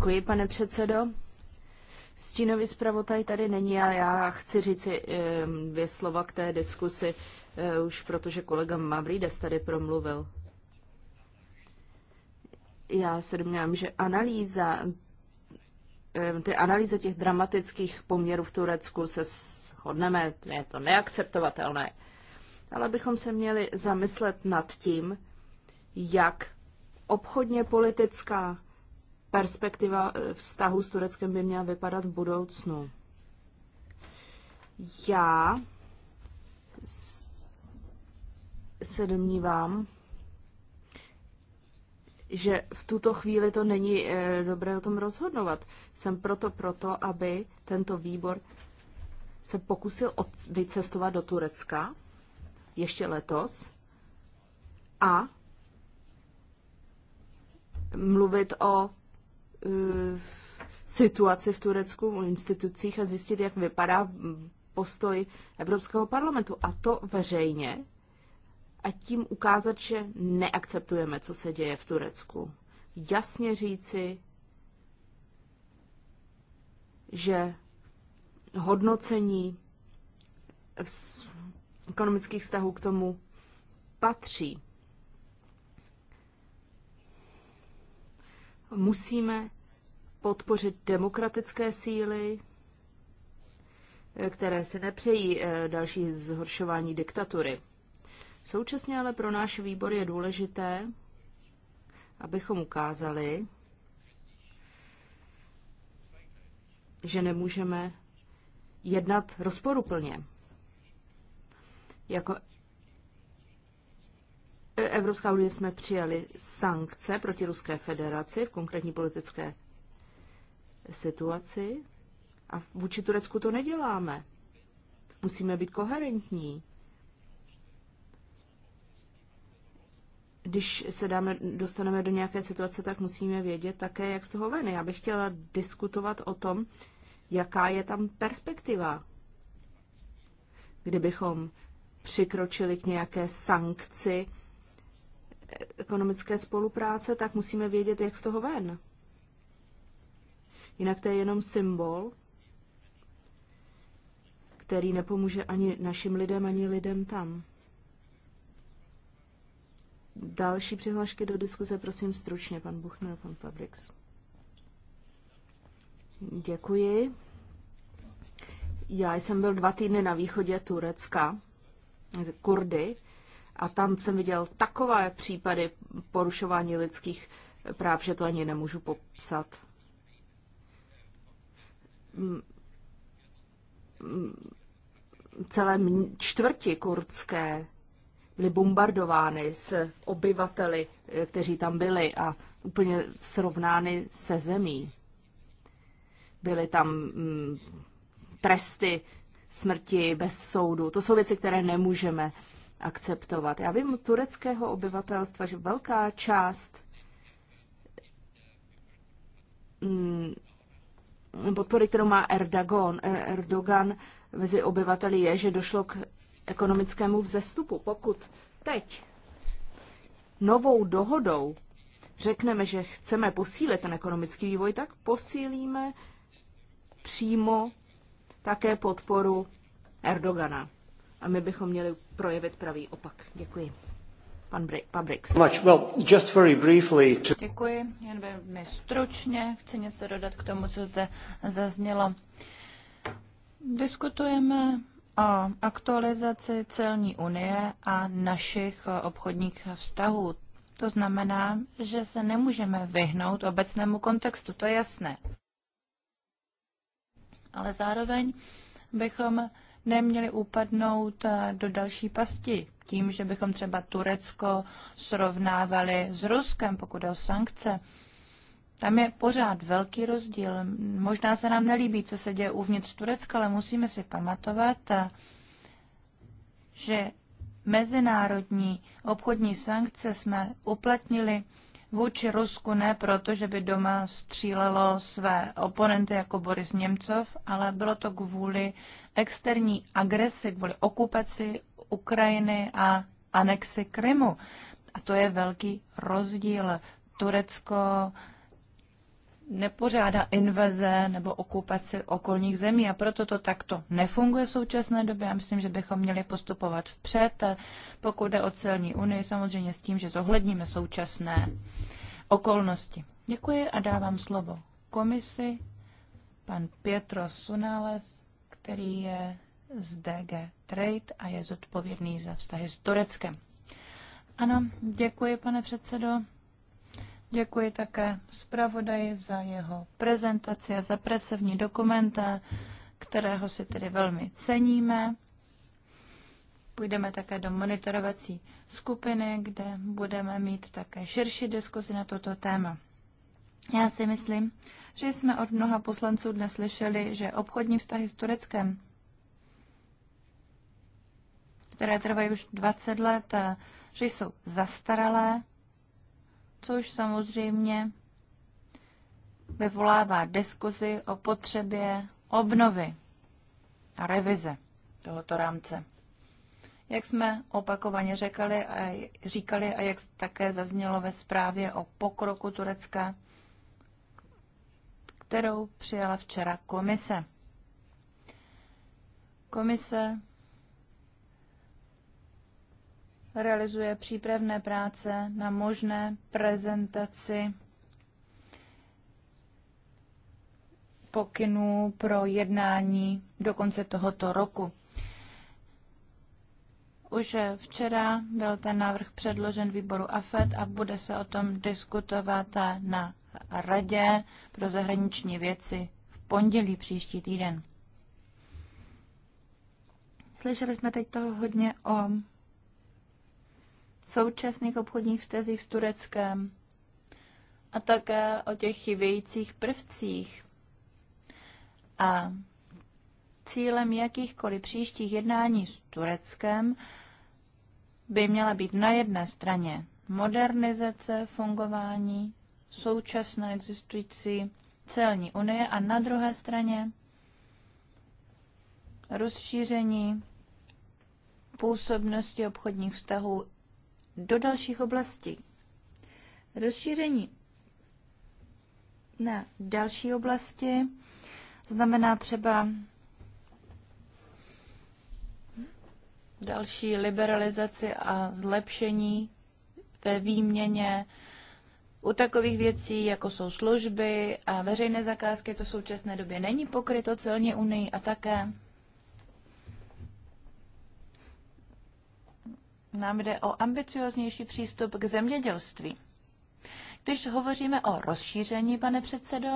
Děkuji, pane předsedo. Stínový zpravodaj tady není, ale já chci říci ehm, dvě slova k té diskusi, eh, už protože kolega Mavrides tady promluvil. Já se domnívám, že analýza, ehm, ty analýzy těch dramatických poměrů v Turecku se shodneme, je to neakceptovatelné. Ale bychom se měli zamyslet nad tím, jak obchodně politická perspektiva eh, vztahu s Tureckem by měla vypadat v budoucnu. Já se domnívám, že v tuto chvíli to není eh, dobré o tom rozhodovat. Jsem proto proto, aby tento výbor se pokusil vycestovat do Turecka ještě letos a mluvit o Eh, situaci v Turecku, v institucích a zjistit, jak vypadá postoj Evropského parlamentu. A to veřejně. A tím ukázat, že neakceptujeme, co se děje v Turecku. Jasně říci, že hodnocení ekonomických vztahů k tomu patří. Musíme podpořit demokratické síly, eh, které si nepřejí eh, další zhoršování diktatury. Současně ale pro náš výbor je důležité, abychom ukázali, že nemůžeme jednat rozporuplně. Jako Evropská unie jsme přijali sankce proti Ruské federaci v konkrétní politické situaci a vůči Turecku to neděláme. Musíme být koherentní. Když se dáme, dostaneme do nějaké situace, tak musíme vědět také, jak z toho ven. Já bych chtěla diskutovat o tom, jaká je tam perspektiva. Kdybychom přikročili k nějaké sankci, ekonomické spolupráce, tak musíme vědět, jak z toho ven. Jinak to je jenom symbol, který nepomůže ani našim lidem, ani lidem tam. Další přihlášky do diskuze, prosím stručně, pan Buchner, pan Fabrix. Děkuji. Já jsem byl dva týdny na východě Turecka, Kurdy, a tam jsem viděl takové případy porušování lidských práv, že to ani nemůžu popsat. Celé čtvrti kurdské byly bombardovány s obyvateli, eh, kteří tam byli a úplně srovnány se zemí. Byly tam mm, tresty smrti bez soudu. To jsou věci, které nemůžeme akceptovat. Já vím tureckého obyvatelstva, že velká část mm, podpory, kterou má Erdogan, er- Erdogan mezi obyvateli, je, že došlo k ekonomickému vzestupu. Pokud teď novou dohodou řekneme, že chceme posílit ten ekonomický vývoj, tak posílíme přímo také podporu Erdogana. A my bychom měli projevit pravý opak. Děkuji. Pan Pabrix. Well, just very briefly to... Děkuji, jen velmi stručně. Chci něco dodat k tomu, co zde zaznělo. Diskutujeme o aktualizaci celní unie a našich eh, obchodních vztahů. To znamená, že se nemůžeme vyhnout obecnému kontextu, to je jasné. Ale zároveň bychom neměli upadnout eh, do další pasti tím, že bychom třeba Turecko srovnávali s Ruskem, pokud je o sankce. Tam je pořád velký rozdíl. Možná se nám nelíbí, co se děje uvnitř Turecka, ale musíme si pamatovat, eh, že mezinárodní obchodní sankce jsme uplatnili vůči Rusku ne proto, že by doma střílelo své oponenty jako Boris Němcov, ale bylo to kvůli externí agresi, kvůli okupaci Ukrajiny a anexi Krymu. A to je velký rozdíl. Turecko nepořádá invaze nebo okupaci okolních zemí a proto to takto nefunguje v současné době. Já myslím, že bychom měli postupovat vpřed, pokud jde o celní unii, samozřejmě s tím, že zohledníme současné okolnosti. Děkuji a dávám slovo komisi, pan Pietro Sunales, který je z DG Trade a je zodpovědný za vztahy s Tureckem. Ano, děkuji, pane předsedo. Děkuji také zpravodaji za jeho prezentaci a za pracovní dokumenta, kterého si tedy velmi ceníme. Půjdeme také do monitorovací skupiny, kde budeme mít také širší diskuzi na toto téma. Já si myslím, že jsme od mnoha poslanců dnes slyšeli, že obchodní vztahy s Tureckem, které trvají už 20 let, že jsou zastaralé což samozřejmě vyvolává diskuzi o potřebě obnovy a revize tohoto rámce. Jak jsme opakovaně řekali a říkali a jak také zaznělo ve zprávě o pokroku Turecka, kterou přijala včera komise. Komise realizuje přípravné práce na možné prezentaci pokynů pro jednání do konce tohoto roku. Už včera byl ten návrh předložen výboru AFED a bude se o tom diskutovat na Radě pro zahraniční věci v pondělí příští týden. Slyšeli jsme teď toho hodně o současných obchodních vztazích s Tureckem a také o těch chybějících prvcích a cílem jakýchkoliv příštích jednání s Tureckem by měla být na jedné straně modernizace fungování současné existující celní unie a na druhé straně rozšíření působnosti obchodních vztahů do dalších oblastí. Rozšíření na další oblasti znamená třeba další liberalizaci a zlepšení ve výměně u takových věcí, jako jsou služby a veřejné zakázky, to v současné době není pokryto celně unii a také Nám jde o ambicioznější přístup k zemědělství. Když hovoříme o rozšíření, pane předsedo,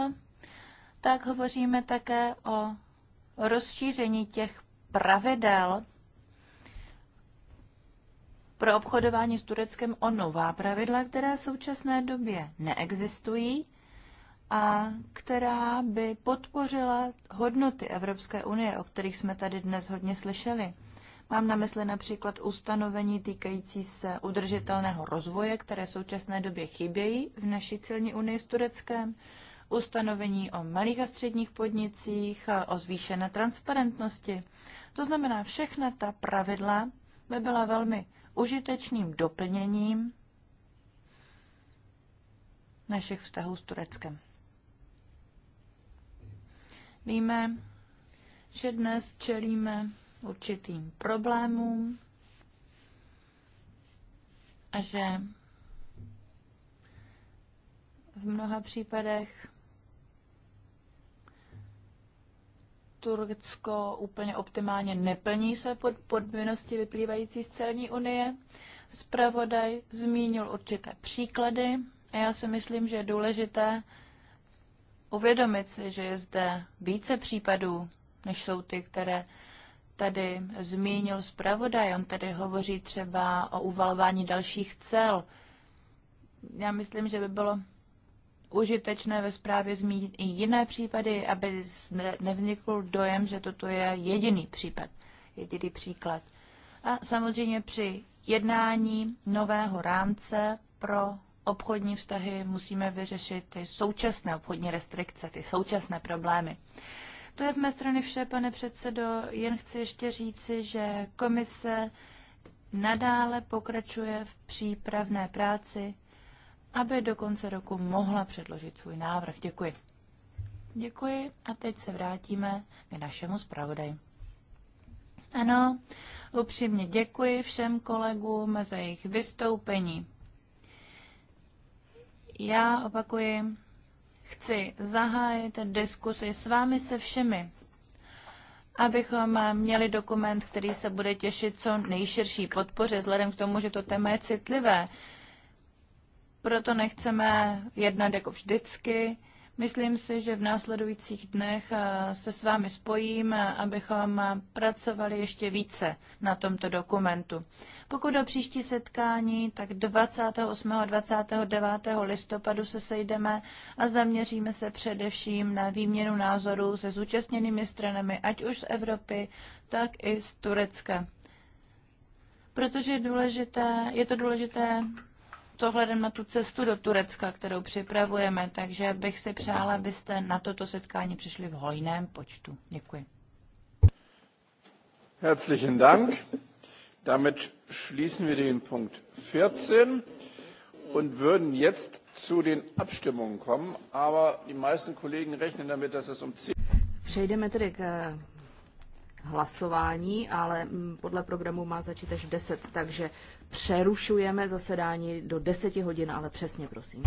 tak hovoříme také o rozšíření těch pravidel pro obchodování s Tureckem o nová pravidla, která v současné době neexistují a která by podpořila hodnoty Evropské unie, o kterých jsme tady dnes hodně slyšeli. Mám na mysli například ustanovení týkající se udržitelného rozvoje, které v současné době chybějí v naší celní unii s Tureckem, ustanovení o malých a středních podnicích, o zvýšené transparentnosti. To znamená, všechna ta pravidla by byla velmi užitečným doplněním našich vztahů s Tureckem. Víme, že dnes čelíme určitým problémům a že v mnoha případech Turecko úplně optimálně neplní své podmínosti vyplývající z celní unie. Spravodaj zmínil určité příklady a já si myslím, že je důležité uvědomit si, že je zde více případů, než jsou ty, které tady zmínil zpravodaj, on tady hovoří třeba o uvalování dalších cel. Já myslím, že by bylo užitečné ve zprávě zmínit i jiné případy, aby nevznikl dojem, že toto je jediný případ, jediný příklad. A samozřejmě při jednání nového rámce pro obchodní vztahy musíme vyřešit ty současné obchodní restrikce, ty současné problémy. To je z mé strany vše, pane předsedo. Jen chci ještě říci, že komise nadále pokračuje v přípravné práci, aby do konce roku mohla předložit svůj návrh. Děkuji. Děkuji a teď se vrátíme k našemu zpravodaji. Ano, upřímně děkuji všem kolegům za jejich vystoupení. Já opakuji, chci zahájit diskusi s vámi se všemi, abychom měli dokument, který se bude těšit co nejširší podpoře, vzhledem k tomu, že to téma je citlivé. Proto nechceme jednat jako vždycky, Myslím si, že v následujících dnech eh, se s vámi spojím, eh, abychom eh, pracovali ještě více na tomto dokumentu. Pokud o příští setkání, tak 28. a 29. listopadu se sejdeme a zaměříme se především na výměnu názorů se zúčastněnými stranami, ať už z Evropy, tak i z Turecka. Protože je, důležité, je to důležité s ohledem na tu cestu do Turecka, kterou připravujeme, takže bych si přála, abyste na toto setkání přišli v hojném počtu. Děkuji. Herzlichen Dank. Damit schließen wir den Punkt 14 und würden jetzt zu den Abstimmungen kommen. Aber die meisten Kollegen rechnen damit, dass es um 10 Přejdeme tedy k hlasování, ale mm, podle programu má začít až v 10, takže přerušujeme zasedání do 10 hodin, ale přesně prosím.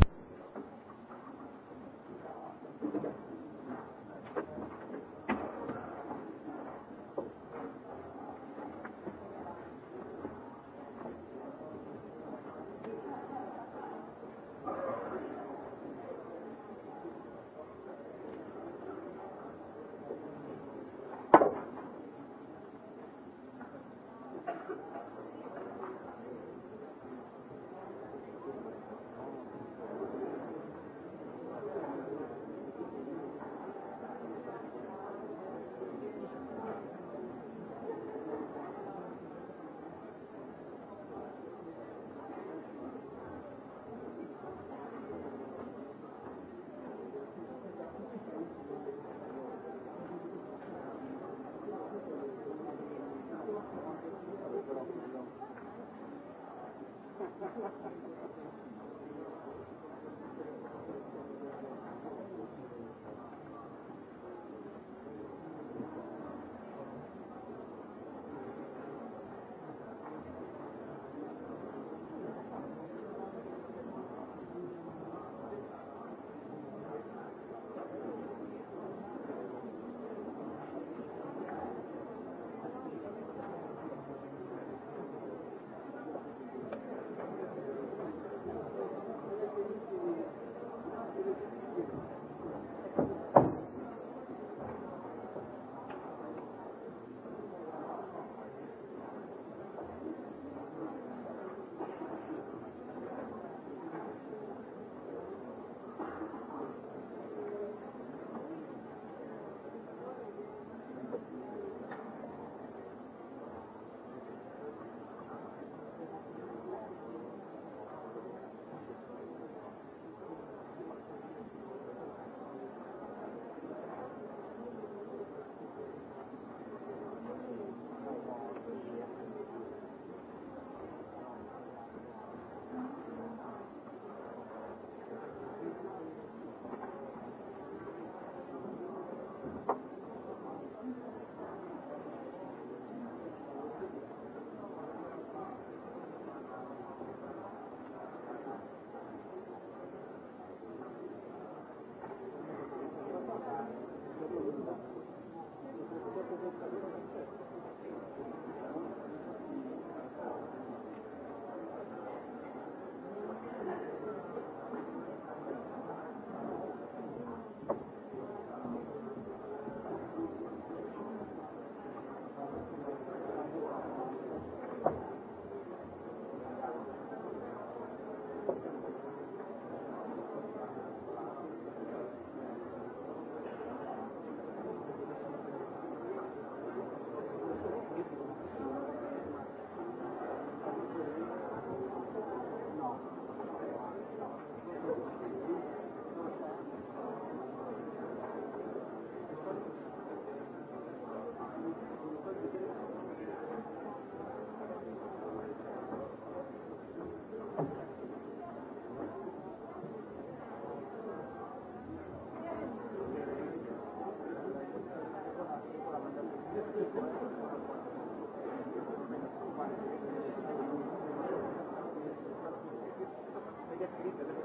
descritta.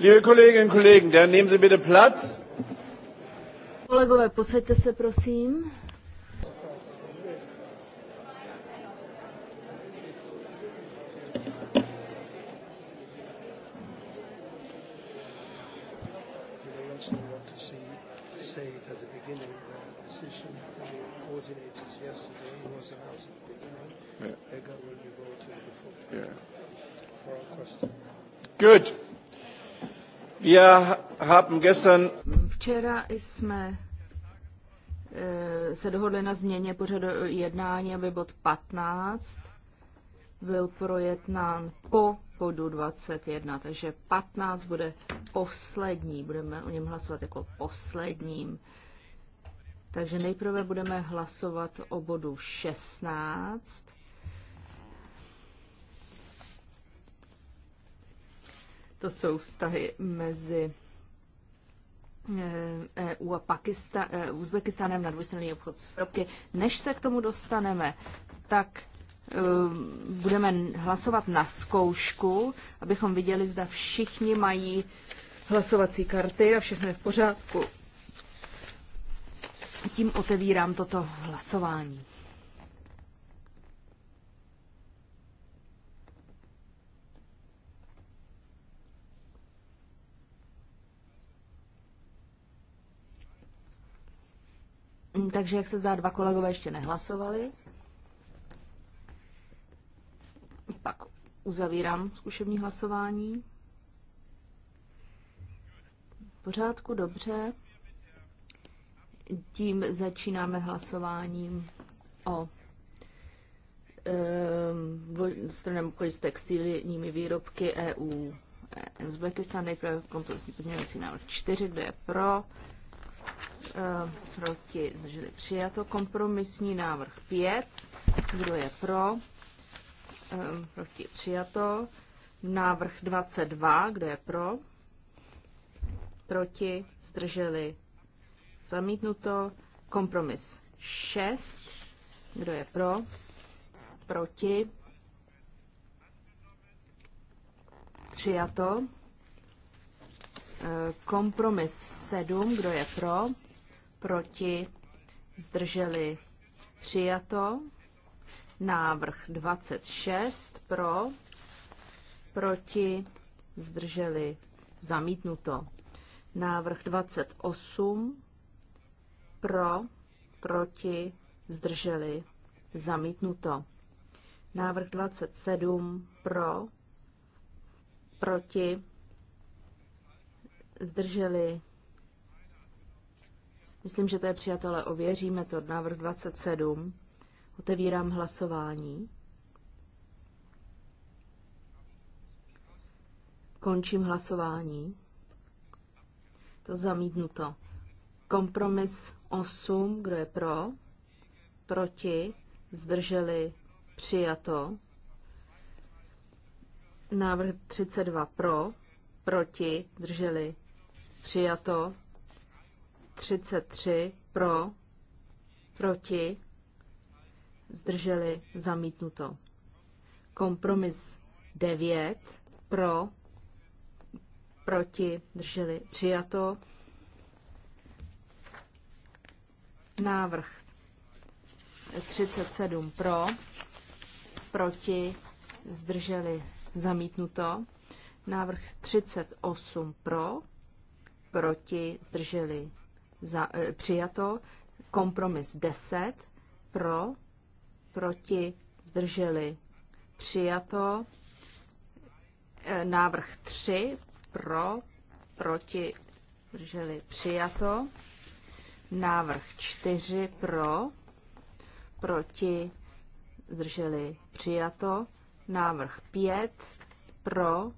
Liebe Kolleginnen und Kollegen, dann nehmen Sie bitte Platz. Kolegové, posaďte se, prosím. Good. Včera jsme eh, se dohodli na změně pořadu jednání, aby bod 15 byl projednán po bodu 21, takže 15 bude poslední, budeme o něm hlasovat jako posledním. Takže nejprve budeme hlasovat o bodu 16 To jsou vztahy mezi EU eh, e a Pakistan, eh, Uzbekistánem na dvojstranný obchod s ropky. Než se k tomu dostaneme, tak eh, budeme hlasovat na zkoušku, abychom viděli, zda všichni mají hlasovací karty a všechno je v pořádku. Tím otevírám toto hlasování. Mm, takže, jak se zdá, dva kolegové ještě nehlasovali. Pak uzavírám zkušební hlasování. V pořádku, dobře. Tím začínáme hlasováním o ehm, stranem obchodě s textilními výrobky EU. E Uzbekistan nejprve kontrolní pozměňovací návrh 4, kdo je pro, Eh, proti, zdrželi přijato. Kompromisní návrh 5, kdo je pro, eh, proti přijato. Návrh 22, kdo je pro, proti, zdrželi zamítnuto. Kompromis 6, kdo je pro, proti, přijato. Kompromis 7, kdo je pro, proti, zdrželi přijato. Návrh 26 pro, proti, zdrželi zamítnuto. Návrh 28 pro, proti, zdrželi zamítnuto. Návrh 27 pro, proti, zdrželi. Myslím, že to je přijatelé, ověříme to. Návrh 27. Otevírám hlasování. Končím hlasování. To zamítnuto. Kompromis 8, kdo je pro, proti, zdrželi, přijato. Návrh 32 pro, proti, zdrželi, přijato, 33 pro, proti, zdrželi, zamítnuto. Kompromis 9 pro, proti, zdrželi, přijato. Návrh 37 pro, proti, zdrželi, zamítnuto. Návrh 38 pro, proti, zdrželi, za, e, přijato. Kompromis 10, pro, proti, zdrželi, přijato. E, návrh 3, pro, proti, zdrželi, přijato. Návrh 4, pro, proti, zdrželi, přijato. Návrh 5, pro,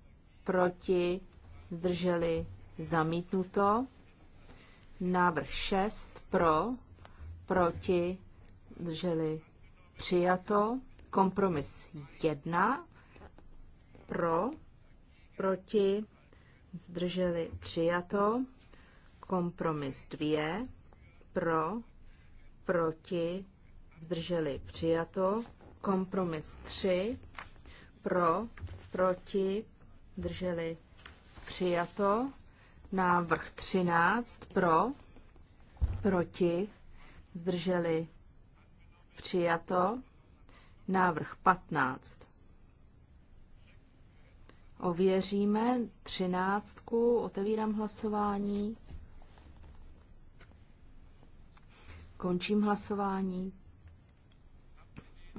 proti, zdrželi, zamítnuto. Návrh 6 pro, proti, drželi přijato. Kompromis 1 pro, proti, zdrželi přijato. Kompromis 2 pro, proti, zdrželi přijato. Kompromis 3 pro, proti, drželi přijato. Návrh 13 pro, proti, zdrželi přijato. Návrh 15. Ověříme 13. otevírám hlasování. Končím hlasování.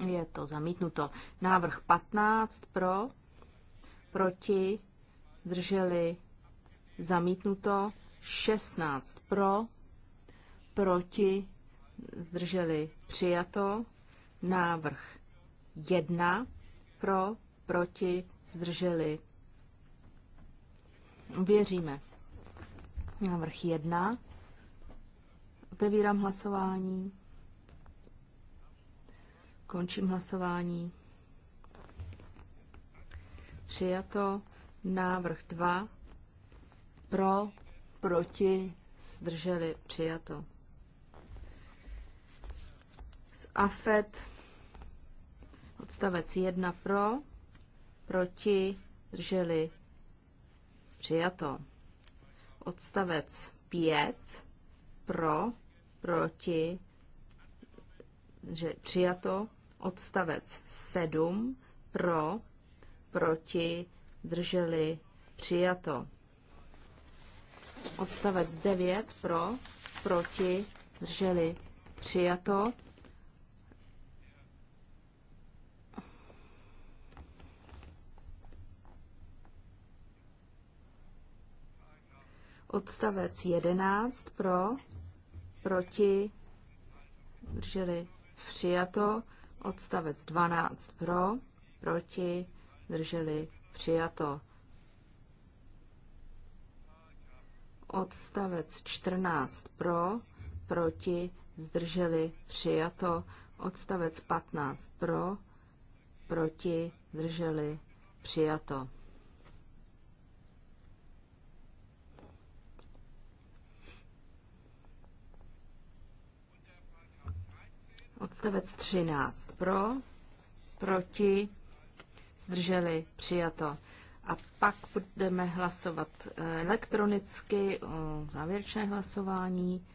Je to zamítnuto. Návrh 15 pro, proti, zdrželi zamítnuto 16 pro, proti, zdrželi přijato, návrh 1 pro, proti, zdrželi. Věříme. Návrh 1. Otevírám hlasování. Končím hlasování. Přijato. Návrh 2 pro, proti, zdrželi, přijato. Z AFET odstavec 1 pro, proti, zdrželi, přijato. Odstavec 5 pro, proti, že přijato. Odstavec 7 pro, proti, drželi, přijato. Odstavec 9 pro, proti, drželi přijato. Odstavec 11 pro, proti, drželi přijato. Odstavec 12 pro, proti, drželi přijato. Odstavec 14 pro, proti, zdrželi, přijato. Odstavec 15 pro, proti, zdrželi, přijato. Odstavec 13 pro, proti, zdrželi, přijato. A pak budeme hlasovat eh, elektronicky o závěrečné hlasování.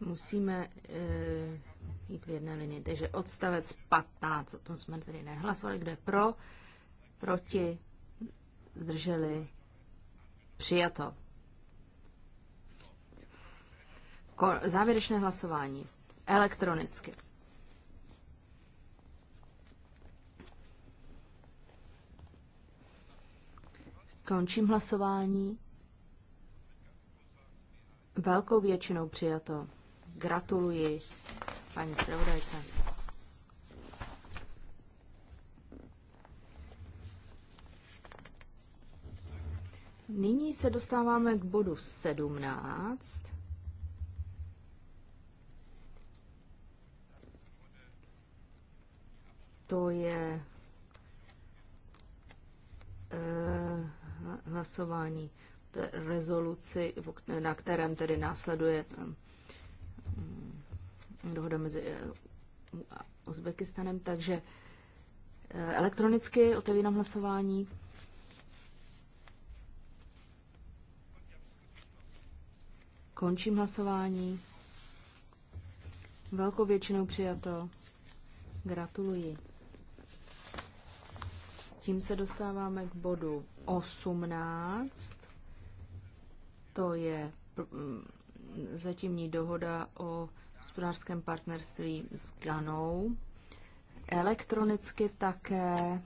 Musíme e, jít v jedné linii. Takže odstavec 15, o tom jsme tedy nehlasovali, kde pro, proti, zdrželi, přijato. Závěrečné hlasování elektronicky. Končím hlasování. Velkou většinou přijato. Gratuluji paní zpravodajce. Nyní se dostáváme k bodu 17. to je eh, hlasování rezoluci, na kterém tedy následuje mm, mm, dohoda mezi eh, Uzbekistanem, takže eh, elektronicky otevírám hlasování. Končím hlasování. Velkou většinou přijato. Gratuluji. Tím se dostáváme k bodu 18. To je mm, zatímní dohoda o hospodářském partnerství s Ganou. Elektronicky také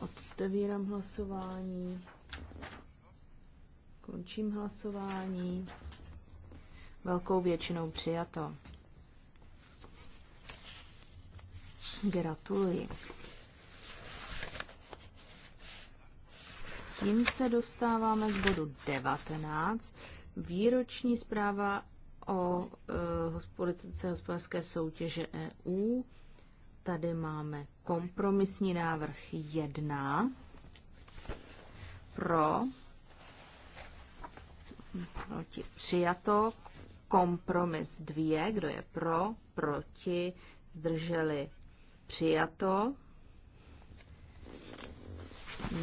otevírám hlasování. Končím hlasování. Velkou většinou přijato. Gratuluji. Tím se dostáváme k bodu 19. Výroční zpráva o e, politice hospodářské soutěže EU. Tady máme kompromisní návrh 1 pro, proti přijato, kompromis 2, kdo je pro, proti, zdrželi Přijato.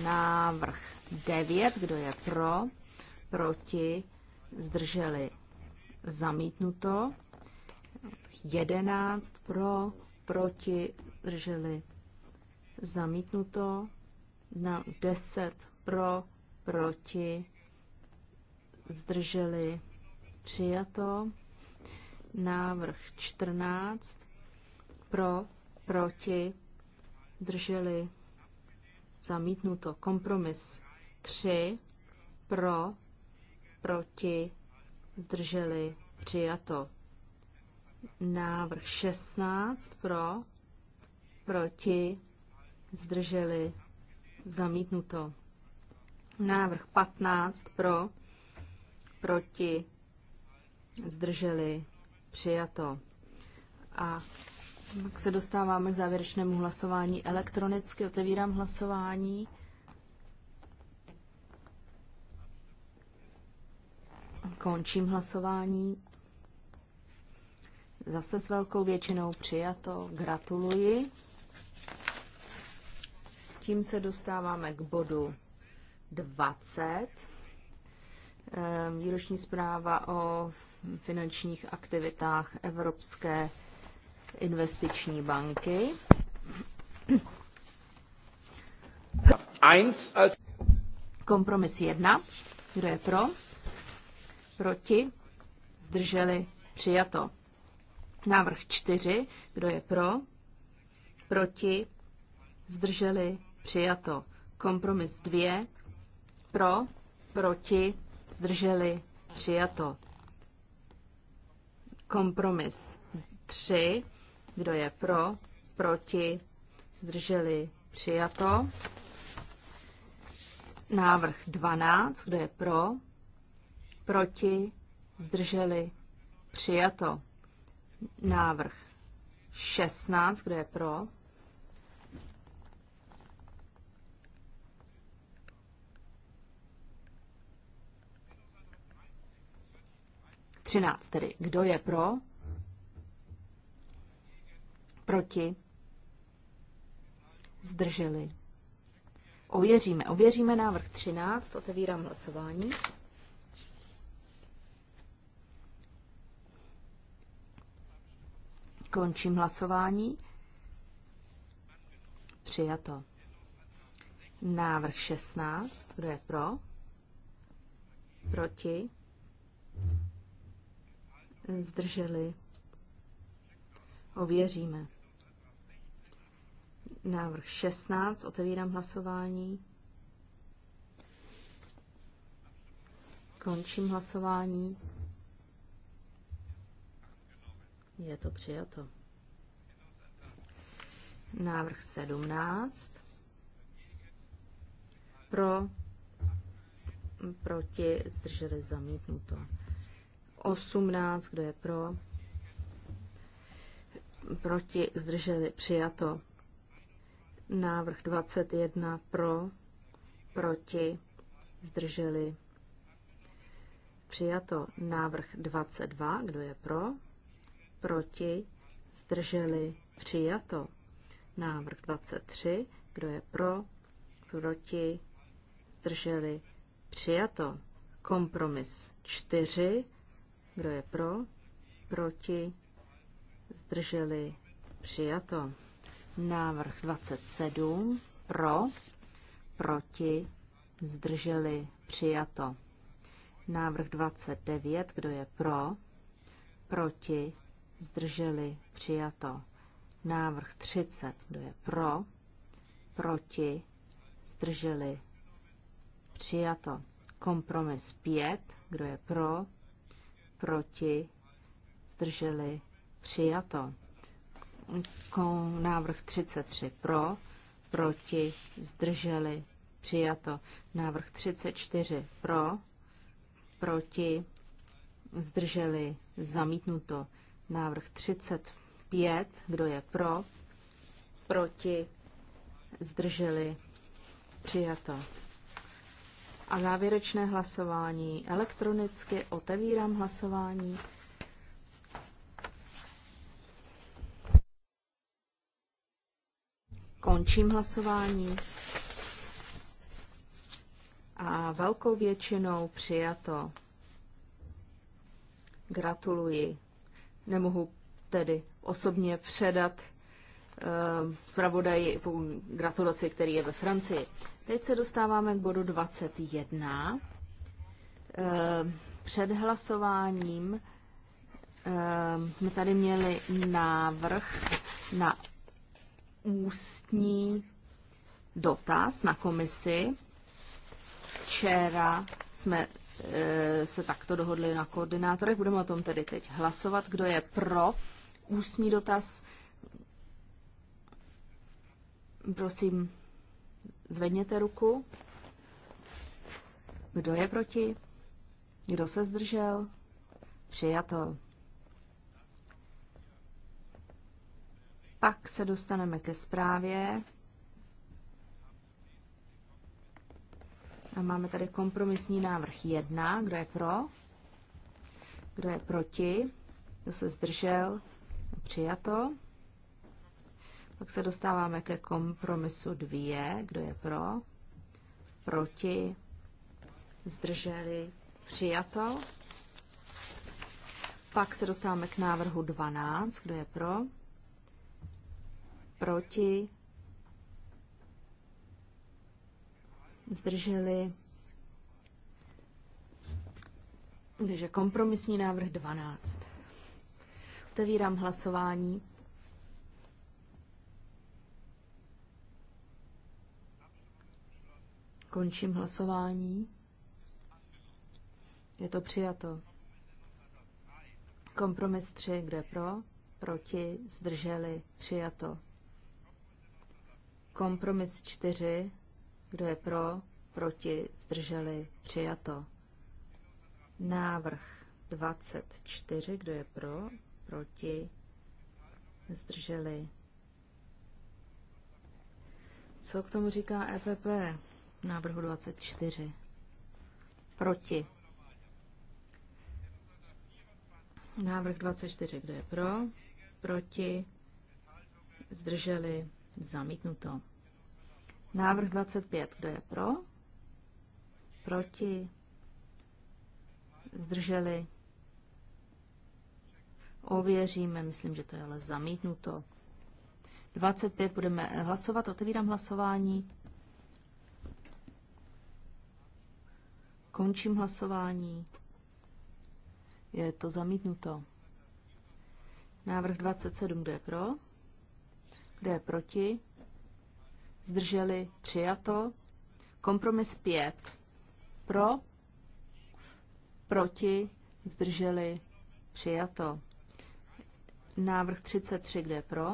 Návrh 9. Kdo je pro? Proti? Zdrželi? Zamítnuto. 11. Pro? Proti? Zdrželi? Zamítnuto. Na 10. Pro? Proti? Zdrželi? Přijato návrh 14 pro, proti, drželi, zamítnuto. Kompromis 3, pro, proti, zdrželi, přijato. Návrh 16, pro, proti, zdrželi, zamítnuto. Návrh 15, pro, proti, zdrželi, přijato. A tak se dostáváme k závěrečnému hlasování elektronicky. Otevírám hlasování. Končím hlasování. Zase s velkou většinou přijato. Gratuluji. Tím se dostáváme k bodu 20. Ehm, výroční zpráva o finančních aktivitách Evropské investiční banky. Kompromis 1. Kdo je pro? Proti? Zdrželi? Přijato. Návrh 4. Kdo je pro? Proti? Zdrželi? Přijato. Kompromis 2. Pro? Proti? Zdrželi? Přijato. Kompromis 3. Kdo je pro? Proti? Zdrželi? Přijato. Návrh 12. Kdo je pro? Proti? Zdrželi? Přijato. Návrh 16. Kdo je pro? Třináct tedy. Kdo je pro? Proti? Zdrželi. Ověříme. Ověříme návrh 13. Otevírám hlasování. Končím hlasování. Přijato. Návrh 16. Kdo je pro? Proti? Zdrželi? Ověříme. Návrh 16. Otevírám hlasování. Končím hlasování. Je to přijato. Návrh 17. Pro, proti, zdrželi zamítnuto. 18, kdo je pro, proti, zdrželi přijato. Návrh 21 pro, proti, zdrželi. Přijato návrh 22, kdo je pro, proti, zdrželi, přijato. Návrh 23, kdo je pro, proti, zdrželi, přijato. Kompromis 4, kdo je pro, proti, zdrželi, přijato. Návrh 27 pro, proti, zdrželi, přijato. Návrh 29, kdo je pro, proti, zdrželi, přijato. Návrh 30, kdo je pro, proti, zdrželi, přijato. Kompromis 5, kdo je pro, proti, zdrželi, přijato návrh 33 pro, proti, zdrželi, přijato. Návrh 34 pro, proti, zdrželi, zamítnuto. Návrh 35, kdo je pro, proti, zdrželi, přijato. A závěrečné hlasování elektronicky otevírám hlasování. Končím hlasování. A velkou většinou přijato. Gratuluji. Nemohu tedy osobně předat eh, zpravodaji gratulaci, který je ve Francii. Teď se dostáváme k bodu 21. Eh, před hlasováním eh, jsme tady měli návrh na ústní dotaz na komisi. Včera jsme e, se takto dohodli na koordinátorech. Budeme o tom tedy teď hlasovat. Kdo je pro ústní dotaz? Prosím, zvedněte ruku. Kdo je proti? Kdo se zdržel? Přijato. Pak se dostaneme ke zprávě. A máme tady kompromisní návrh 1. Kdo je pro? Kdo je proti? Kdo se zdržel? Přijato. Pak se dostáváme ke kompromisu 2. Kdo je pro? Proti? Zdrželi? Přijato. Pak se dostáváme k návrhu 12. Kdo je pro? proti, zdrželi. Takže kompromisní návrh 12. Otevírám hlasování. Končím hlasování. Je to přijato. Kompromis 3, kde pro, proti, zdrželi, přijato. Kompromis 4. Kdo je pro? Proti? Zdrželi? Přijato. Návrh 24. Kdo je pro? Proti? Zdrželi? Co k tomu říká EPP? Návrhu 24. Proti. Návrh 24. Kdo je pro? Proti? Zdrželi? Zamítnuto. Návrh 25. Kdo je pro? Proti? Zdrželi? Ověříme, myslím, že to je ale zamítnuto. 25 budeme hlasovat, otevírám hlasování. Končím hlasování. Je to zamítnuto. Návrh 27, kdo je pro? Kdo je proti? Zdrželi? Přijato. Kompromis 5. Pro? Proti? Zdrželi? Přijato. Návrh 33, kde pro?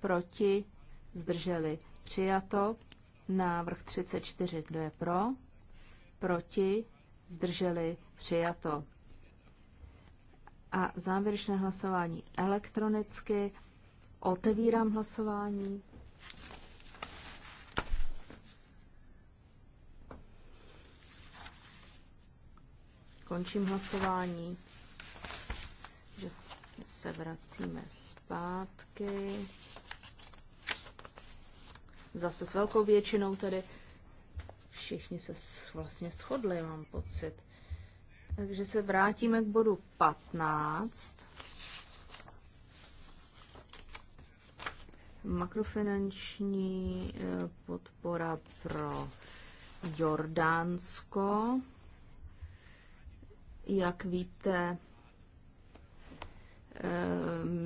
Proti? Zdrželi? Přijato. Návrh 34, kdo je pro? Proti? Zdrželi? Přijato. A závěrečné hlasování elektronicky. Otevírám hlasování. Končím hlasování. Že se vracíme zpátky. Zase s velkou většinou tedy všichni se vlastně shodli, mám pocit. Takže se vrátíme k bodu 15. makrofinanční eh, podpora pro Jordánsko. Jak víte, eh,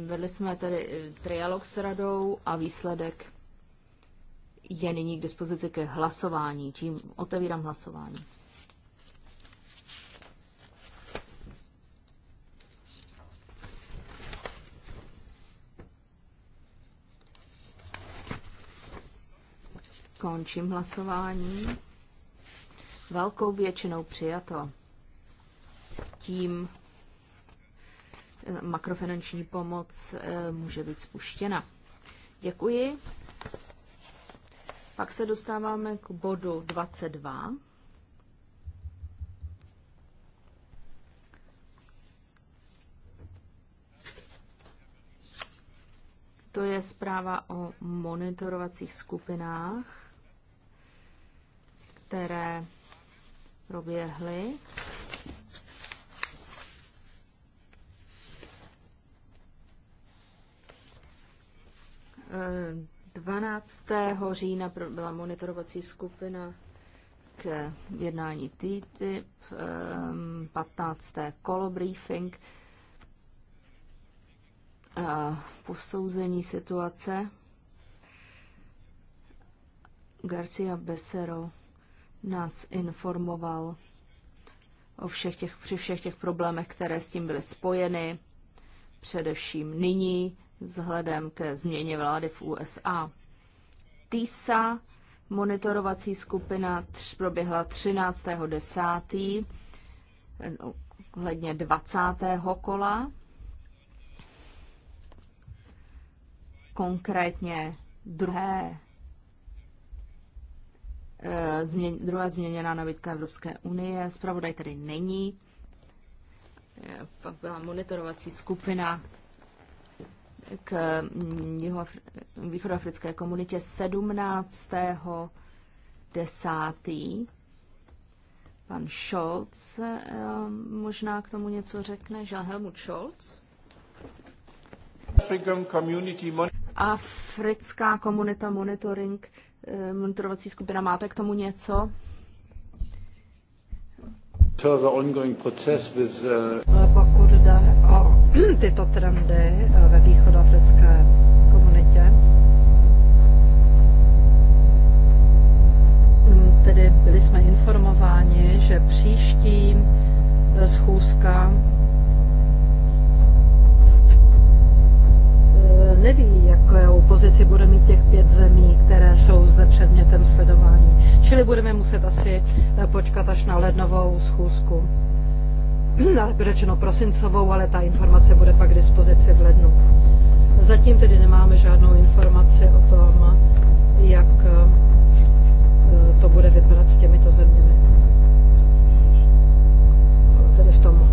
vedli jsme tedy eh, trialog s radou a výsledek je nyní k dispozici ke hlasování. Tím otevírám hlasování. Končím hlasování. Velkou většinou přijato. Tím eh, makrofinanční pomoc eh, může být spuštěna. Děkuji. Pak se dostáváme k bodu 22. To je zpráva o monitorovacích skupinách které proběhly. E, 12. října byla monitorovací skupina k jednání TTIP, 15. Ehm, kolo briefing, posouzení situace Garcia Becero nás informoval o všech těch, při všech těch problémech, které s tím byly spojeny, především nyní vzhledem ke změně vlády v USA. TISA, monitorovací skupina, tř, proběhla 13.10. hledně 20. kola. Konkrétně druhé Eh, změn, druhá změněná nabídka Evropské unie. Spravodaj tady není. Eh, pak byla monitorovací skupina k mm, jeho východoafrické komunitě 17. 10. Pan Scholz eh, možná k tomu něco řekne, že Helmut Scholz. Africká komunita monitoring Eh, monitorovací skupina. Máte k tomu něco? Eh, eh, pokud jde o tyto trendy ve východoafrické komunitě, mm, tedy byli jsme informováni, že příští schůzka neví, jakou pozici bude mít těch pět zemí, které jsou zde předmětem sledování. Čili budeme muset asi eh, počkat až na lednovou schůzku. Řečeno prosincovou, ale ta informace bude pak k dispozici v lednu. Zatím tedy nemáme žádnou informaci o tom, jak eh, eh, to bude vypadat s těmito zeměmi. Tedy v tom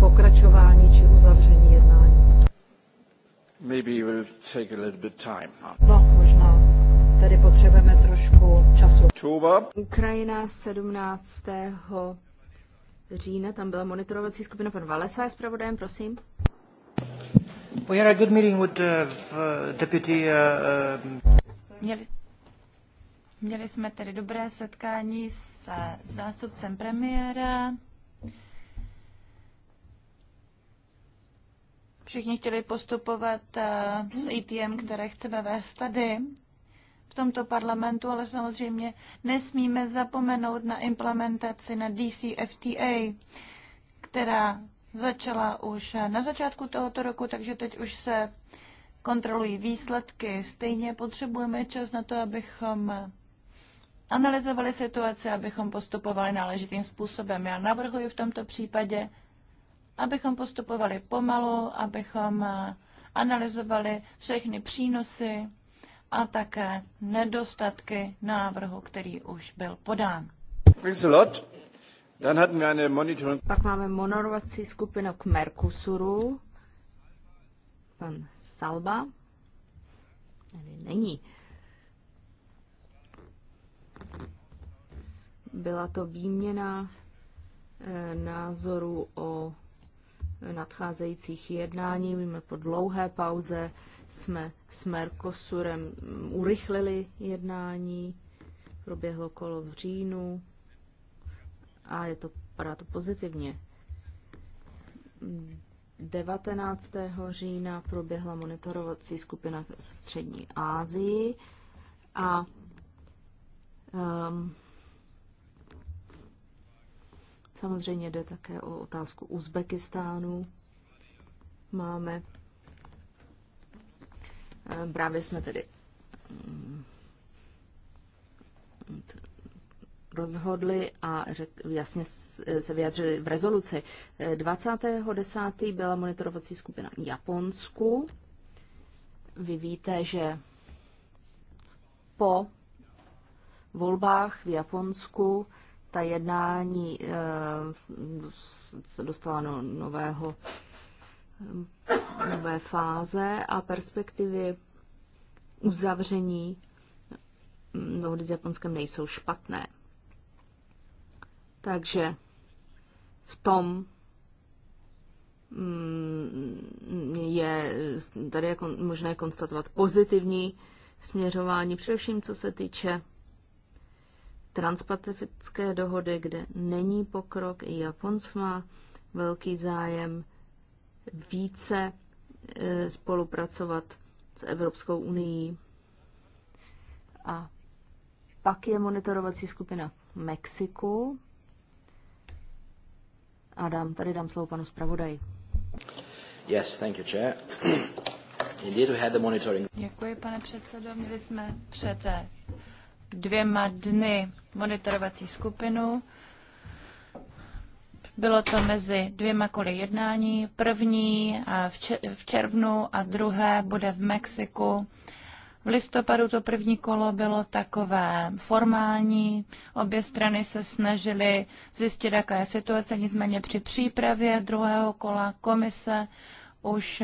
pokračování či uzavření jednání. Maybe it will take a little bit time. No, možná tady potřebujeme trošku času. Tuba. Ukrajina 17. října, tam byla monitorovací skupina pan Valesa je zpravodajem, prosím. We had a good meeting with the uh, deputy... Uh, um, Měli, měli jsme tedy dobré setkání se zástupcem premiéra, Všichni chtěli postupovat eh, s ATM, které chceme vést tady, v tomto parlamentu, ale samozřejmě nesmíme zapomenout na implementaci na DCFTA, která začala už na začátku tohoto roku, takže teď už se kontrolují výsledky. Stejně potřebujeme čas na to, abychom analyzovali situaci, abychom postupovali náležitým způsobem. Já navrhuji v tomto případě, abychom postupovali pomalu, abychom eh, analyzovali všechny přínosy a také nedostatky návrhu, který už byl podán. Pak máme monitorovací skupinu k Mercosuru. Pan Salba. Tady není. Byla to výměna e, názoru o nadcházejících jednání. Víme, po dlouhé pauze jsme s Mercosurem urychlili jednání, proběhlo kolo v říjnu a je to, padá to pozitivně. 19. října proběhla monitorovací skupina Střední Ázii a um, Samozřejmě jde také o otázku Uzbekistánu. Máme eh, Právě jsme tedy mm, rozhodli a řek, jasně se vyjadřili v rezoluci. 20.10. Eh, byla monitorovací skupina Japonsku. Vy víte, že po volbách v Japonsku ta jednání eh, se dostala do nového, eh, nové fáze a perspektivy uzavření hm, dohody s Japonskem nejsou špatné. Takže v tom hm, je tady jako možné konstatovat pozitivní směřování, především co se týče transpacifické dohody, kde není pokrok. I Japonsko má velký zájem více e, spolupracovat s Evropskou unii. A pak je monitorovací skupina Mexiku. A dám, tady dám slovo panu zpravodaji. Yes, thank you, chair. Indeed, we had the monitoring. Děkuji, pane předsedo. Měli jsme před dvěma dny monitorovací skupinu. Bylo to mezi dvěma koly jednání. První v červnu a druhé bude v Mexiku. V listopadu to první kolo bylo takové formální. Obě strany se snažily zjistit, jaká je situace. Nicméně při přípravě druhého kola komise už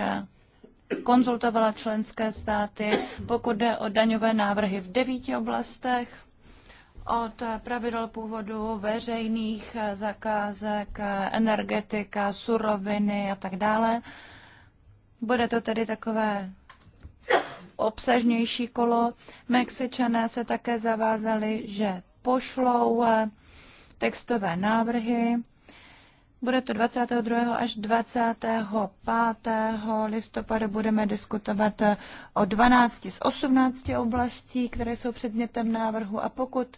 konzultovala členské státy, pokud jde o daňové návrhy v devíti oblastech, od pravidel původu veřejných zakázek, energetika, suroviny a tak dále. Bude to tedy takové obsažnější kolo. Mexičané se také zavázali, že pošlou eh, textové návrhy bude to 22. až 25. listopadu. Budeme diskutovat o 12 z 18 oblastí, které jsou předmětem návrhu. A pokud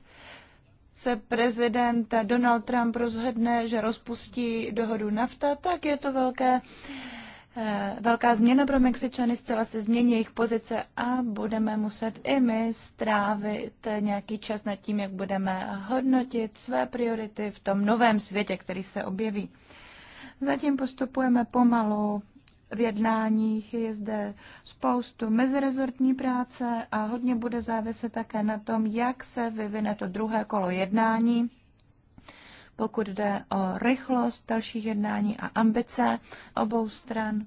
se prezident Donald Trump rozhodne, že rozpustí dohodu NAFTA, tak je to velké uh, Eh, velká změna pro Mexičany, zcela se změní jejich pozice a budeme muset i my strávit nějaký čas nad tím, jak budeme hodnotit své priority v tom novém světě, který se objeví. Zatím postupujeme pomalu, v jednáních je zde spoustu mezirezortní práce a hodně bude záviset také na tom, jak se vyvine to druhé kolo jednání pokud jde o rychlost dalších jednání a ambice obou stran,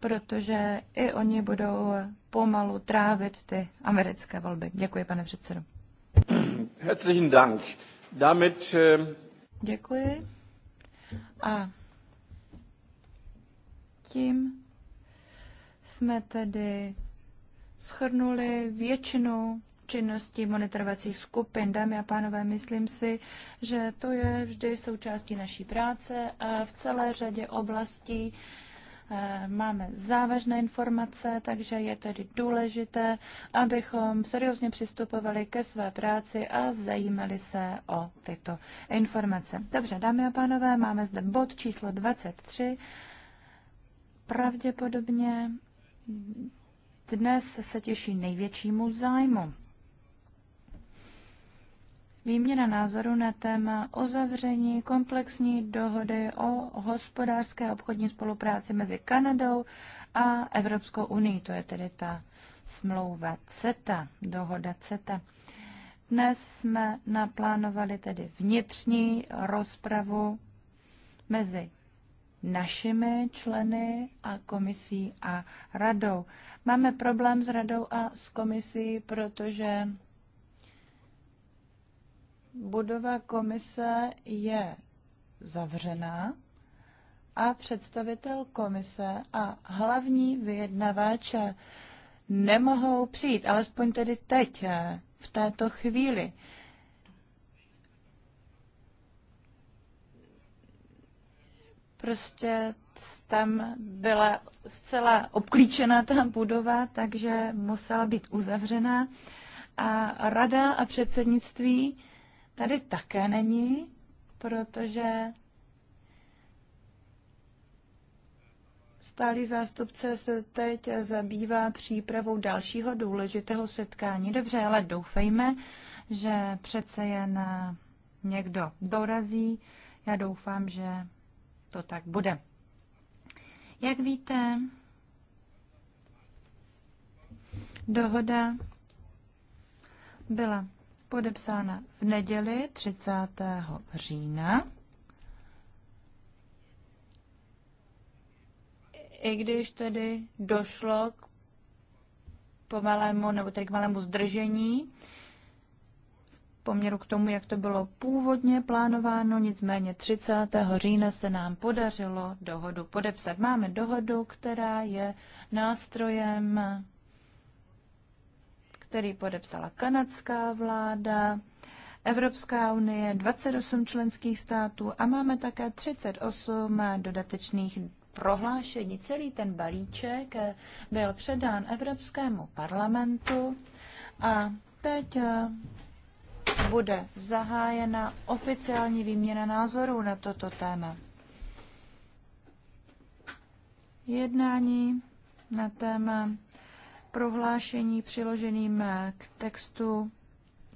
protože i oni budou pomalu trávit ty americké volby. Děkuji, pane předsedo. Herzlichen Dank. Damit, eh, Děkuji. A tím jsme tedy schrnuli většinu činností monitorovacích skupin. Dámy a pánové, myslím si, že to je vždy součástí naší práce a v celé řadě oblastí eh, máme závažné informace, takže je tedy důležité, abychom seriózně přistupovali ke své práci a zajímali se o tyto informace. Dobře, dámy a pánové, máme zde bod číslo 23. Pravděpodobně dnes se těší největšímu zájmu výměna názoru na téma ozavření komplexní dohody o hospodářské a obchodní spolupráci mezi Kanadou a Evropskou unii. To je tedy ta smlouva CETA, dohoda CETA. Dnes jsme naplánovali tedy vnitřní rozpravu mezi našimi členy a komisí a radou. Máme problém s radou a s komisí, protože budova komise je zavřená a představitel komise a hlavní vyjednaváče nemohou přijít, alespoň tedy teď, eh, v této chvíli. Prostě tam byla zcela obklíčená ta budova, takže musela být uzavřena. A rada a předsednictví Tady také není, protože stálý zástupce se teď zabývá přípravou dalšího důležitého setkání. Dobře, ale doufejme, že přece jen někdo dorazí. Já doufám, že to tak bude. Jak víte, dohoda byla podepsána v neděli 30. října. I když tedy došlo k pomalému nebo tedy k malému zdržení v poměru k tomu, jak to bylo původně plánováno, nicméně 30. října se nám podařilo dohodu podepsat. Máme dohodu, která je nástrojem který podepsala kanadská vláda, Evropská unie, 28 členských států a máme také 38 dodatečných prohlášení. Celý ten balíček byl předán Evropskému parlamentu a teď bude zahájena oficiální výměna názorů na toto téma. Jednání na téma prohlášení přiloženým k textu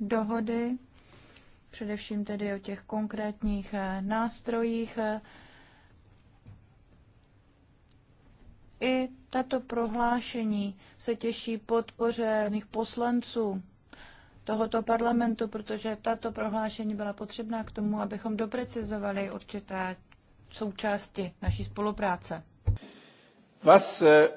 dohody, především tedy o těch konkrétních eh, nástrojích. I tato prohlášení se těší podpoře poslanců tohoto parlamentu, protože tato prohlášení byla potřebná k tomu, abychom doprecizovali určité součásti naší spolupráce. Was eh,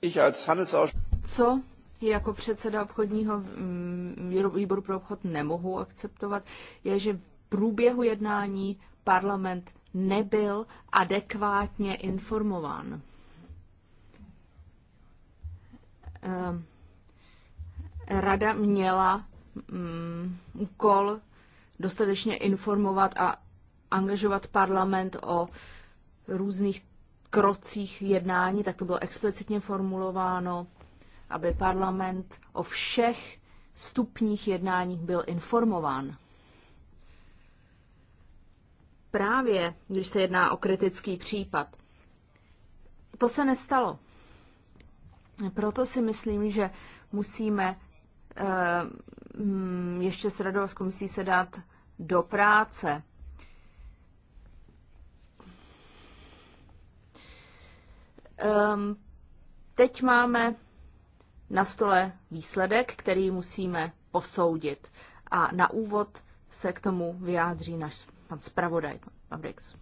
ich als Handelsausschuss co jako předseda obchodního mm, výboru pro obchod nemohu akceptovat, je, že v průběhu jednání parlament nebyl adekvátně informován. Ehm, rada měla mm, úkol dostatečně informovat a angažovat parlament o různých krocích jednání, tak to bylo explicitně formulováno aby parlament o všech stupních jednáních byl informován. Právě když se jedná o kritický případ. To se nestalo. Proto si myslím, že musíme eh, mm, ještě s radovskou musí komisí se dát do práce. Um, teď máme na stole výsledek, který musíme posoudit. A na úvod se k tomu vyjádří náš pan zpravodaj, pan Brix.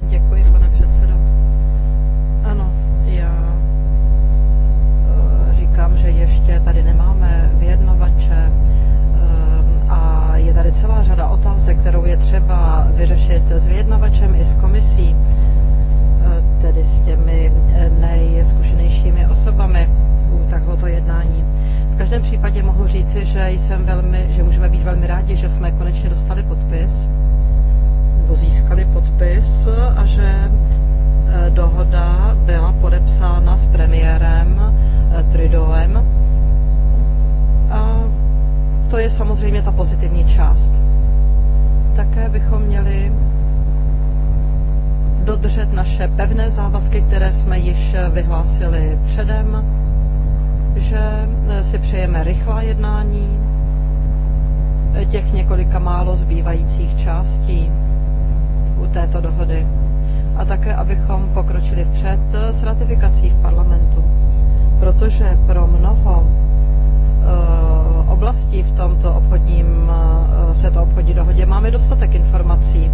Děkuji, pane předsedo. Ano, já eh, říkám, že ještě tady nemáme vyjednavače eh, a je tady celá řada otázek, kterou je třeba vyřešit s vyjednavačem i s komisí tedy s těmi eh, nejzkušenějšími osobami u takovéto jednání. V každém případě mohu říci, že jsem velmi, že můžeme být velmi rádi, že jsme konečně dostali podpis nebo získali podpis a že eh, dohoda byla podepsána s premiérem eh, Trudeauem. A to je samozřejmě ta pozitivní část. Také bychom měli dodržet naše pevné závazky, které jsme již eh, vyhlásili předem, že eh, si přejeme rychlá jednání těch několika málo zbývajících částí u této dohody a také, abychom pokročili vpřed eh, s ratifikací v parlamentu. Protože pro mnoho oblastí v, tomto obchodním, v této obchodní dohodě máme dostatek informací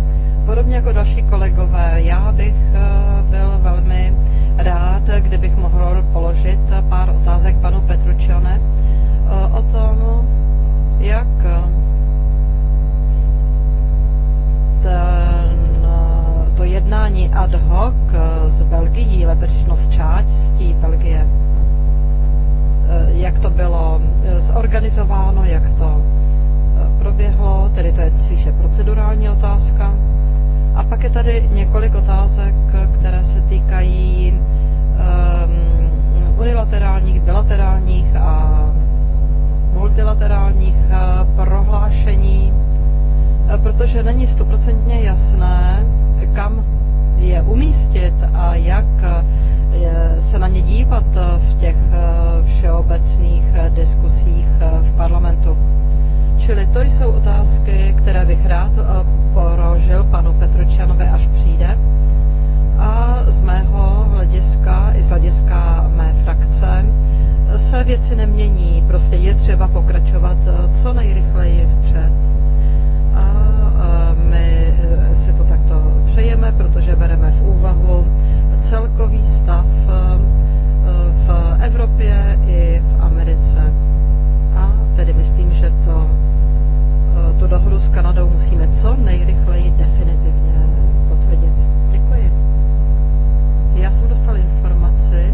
Podobně jako další kolegové, já bych eh, byl velmi rád, kdybych mohl položit pár otázek panu Petručane eh, o tom, jak ten, eh, to jednání ad hoc z Belgií, lepřično z částí Belgie, jak to bylo zorganizováno, jak to proběhlo, tedy to je spíše procedurální otázka. A pak je tady několik otázek, které se týkají um, unilaterálních, bilaterálních a multilaterálních eh, prohlášení, eh, protože není stoprocentně jasné, kam je umístit a jak eh, se na ně dívat v těch všeobecných diskusích v parlamentu. Čili to jsou otázky, které bych rád eh, porožil panu Čanové, až přijde. A z mého hlediska i z hlediska mé frakce eh, se věci nemění. Prostě je třeba pokračovat eh, co nejrychleji vpřed. A my si to takto přejeme, protože bereme v úvahu celkový stav v Evropě i v Americe tedy myslím, že to, eh, tu dohodu s Kanadou musíme co nejrychleji definitivně potvrdit. Děkuji. Já jsem dostal informaci,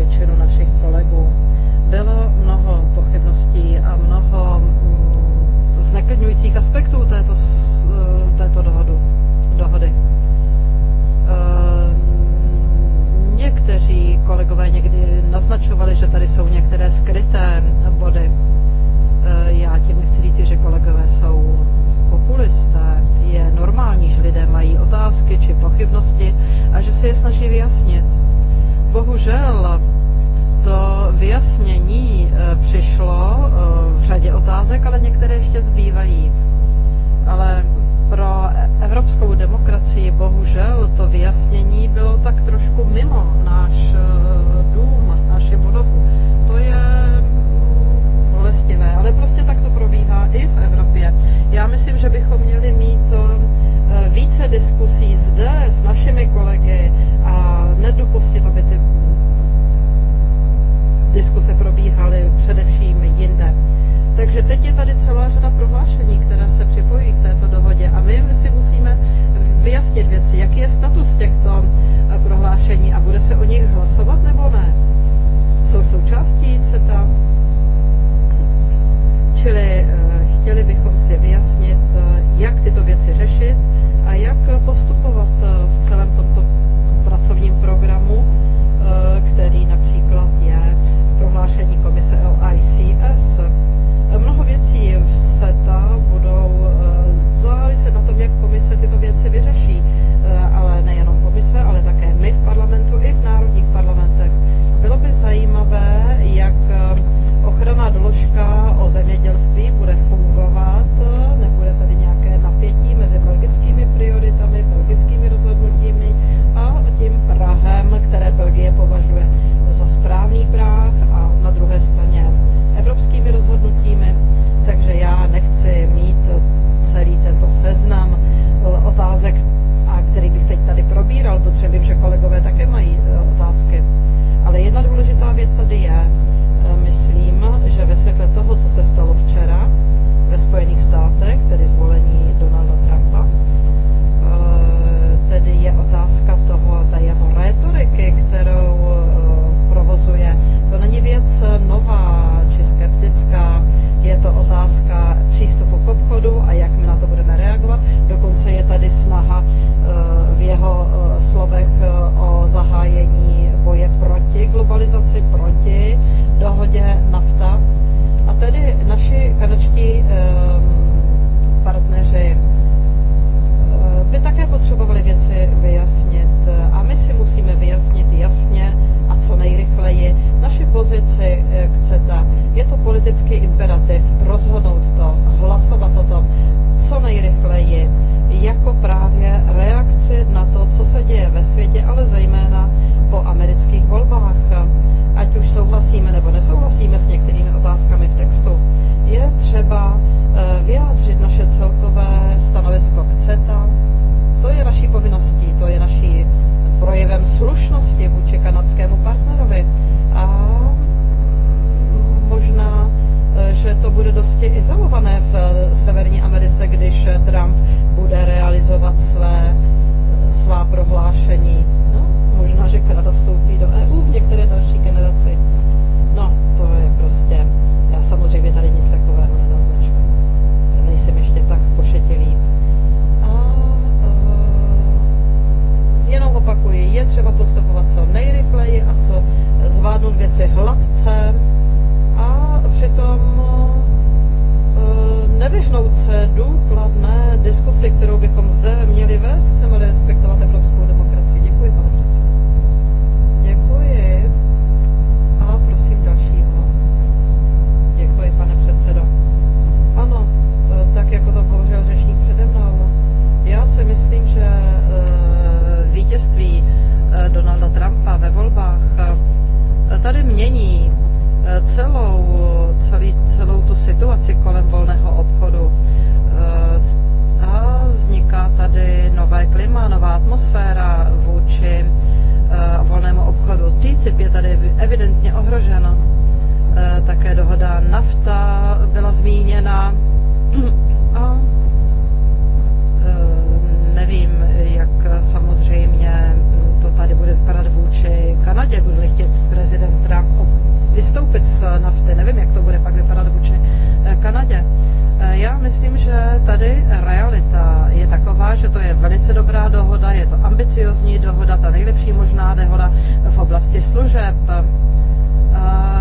většinu našich kolegů. Bylo mnoho pochybností a mnoho mm, zneklidňujících aspektů této, eh, této dohodu, dohody. Eh, někteří kolegové někdy naznačovali, že tady jsou některé skryté body. Eh, já tím nechci říct, že kolegové jsou populisté. Je normální, že lidé mají otázky či pochybnosti a že se je snaží vyjasnit. Bohužel to vyjasnění e, přišlo e, v řadě otázek, ale některé ještě zbývají. Ale pro evropskou demokracii bohužel to vyjasnění bylo tak trošku mimo náš e, dům, naši budovu. To je bolestivé, ale prostě tak to probíhá i v Evropě. Já myslím, že bychom měli mít Eh, více diskusí zde s našimi kolegy a nedopustit, aby ty diskuse probíhaly především jinde. Takže teď je tady celá řada prohlášení, která se připojí k této dohodě a my si musíme vyjasnit věci, jaký je status těchto eh, prohlášení a bude se o nich hlasovat nebo ne. Jsou součástí CETA, čili eh, chtěli bychom si vyjasnit, jak tyto jak eh, ochrana doložka o zemědělství bude fungovat, eh, nebude tady nějaké napětí mezi belgickými prioritami, belgickými rozhodnutími a tím Prahem, které Belgie považuje za správný práh a na druhé straně evropskými rozhodnutími. Takže já nechci mít celý tento seznam eh, otázek, a který bych teď tady probíral, protože vím, že kolegové také mají proti globalizaci, proti dohodě NAFTA. A tedy naši kanadští ehm, partneři eh, by také potřebovali věci vyjasnit a my si musíme vyjasnit jasně a co nejrychleji naši pozici eh, k CETA. Je to politický imperativ rozhodnout to, hlasovat o tom co nejrychleji, jako právě reakci na to, co se děje ve světě, ale zejména po amerických ať už souhlasíme nebo nesouhlasíme s některými otázkami v textu, je třeba eh, vyjádřit naše celkové stanovisko k CETA. To je naší povinností, to je naší projevem slušnosti vůči kanadskému partnerovi. A možná, eh, že to bude dosti izolované v eh, Severní Americe, když Trump bude realizovat své, svá prohlášení možná, že Kanada vstoupí do EU v některé další generaci. No, to je prostě, já samozřejmě tady nic takového nenaznačuji. Nejsem ještě tak pošetilý. A uh, jenom opakuji, je třeba postupovat co nejrychleji a co zvládnout věci hladce a přitom eh, nevyhnout se důkladné diskusy, kterou bychom zde měli vést, chceme respektovat Evropskou demokracii ve volbách, tady mění eh, celou, celý, celou tu situaci kolem volného obchodu. Eh, a vzniká tady nové klima, nová atmosféra vůči eh, volnému obchodu. TTIP je tady evidentně ohrožena. Také dohoda NAFTA byla zmíněna. A nevím, jak samozřejmě tady bude vypadat vůči Kanadě, bude chtět prezident Trump vystoupit z nafty. Nevím, jak to bude pak vypadat vůči eh, Kanadě. Eh, já myslím, že tady realita je taková, že to je velice dobrá dohoda, je to ambiciozní dohoda, ta nejlepší možná dohoda v oblasti služeb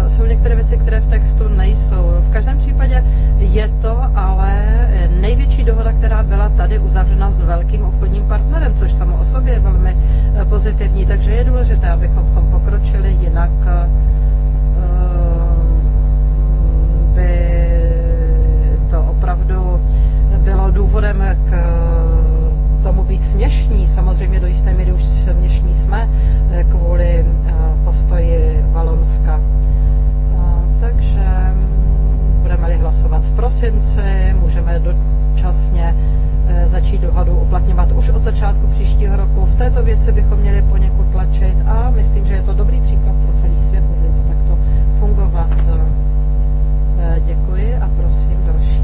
jsou některé věci, které v textu nejsou. V každém případě je to ale největší dohoda, která byla tady uzavřena s velkým obchodním partnerem, což samo o sobě je velmi eh, pozitivní, takže je důležité, abychom v tom pokročili, jinak eh, eh, by to opravdu bylo důvodem k tomu být směšní. Samozřejmě do jisté míry už směšní jsme kvůli postoji Valonska takže budeme-li hlasovat v prosinci, můžeme dočasně eh, začít dohodu uplatňovat už od začátku příštího roku. V této věci bychom měli poněkud tlačit a myslím, že je to dobrý příklad pro celý svět, bude to takto fungovat. Eh, děkuji a prosím další.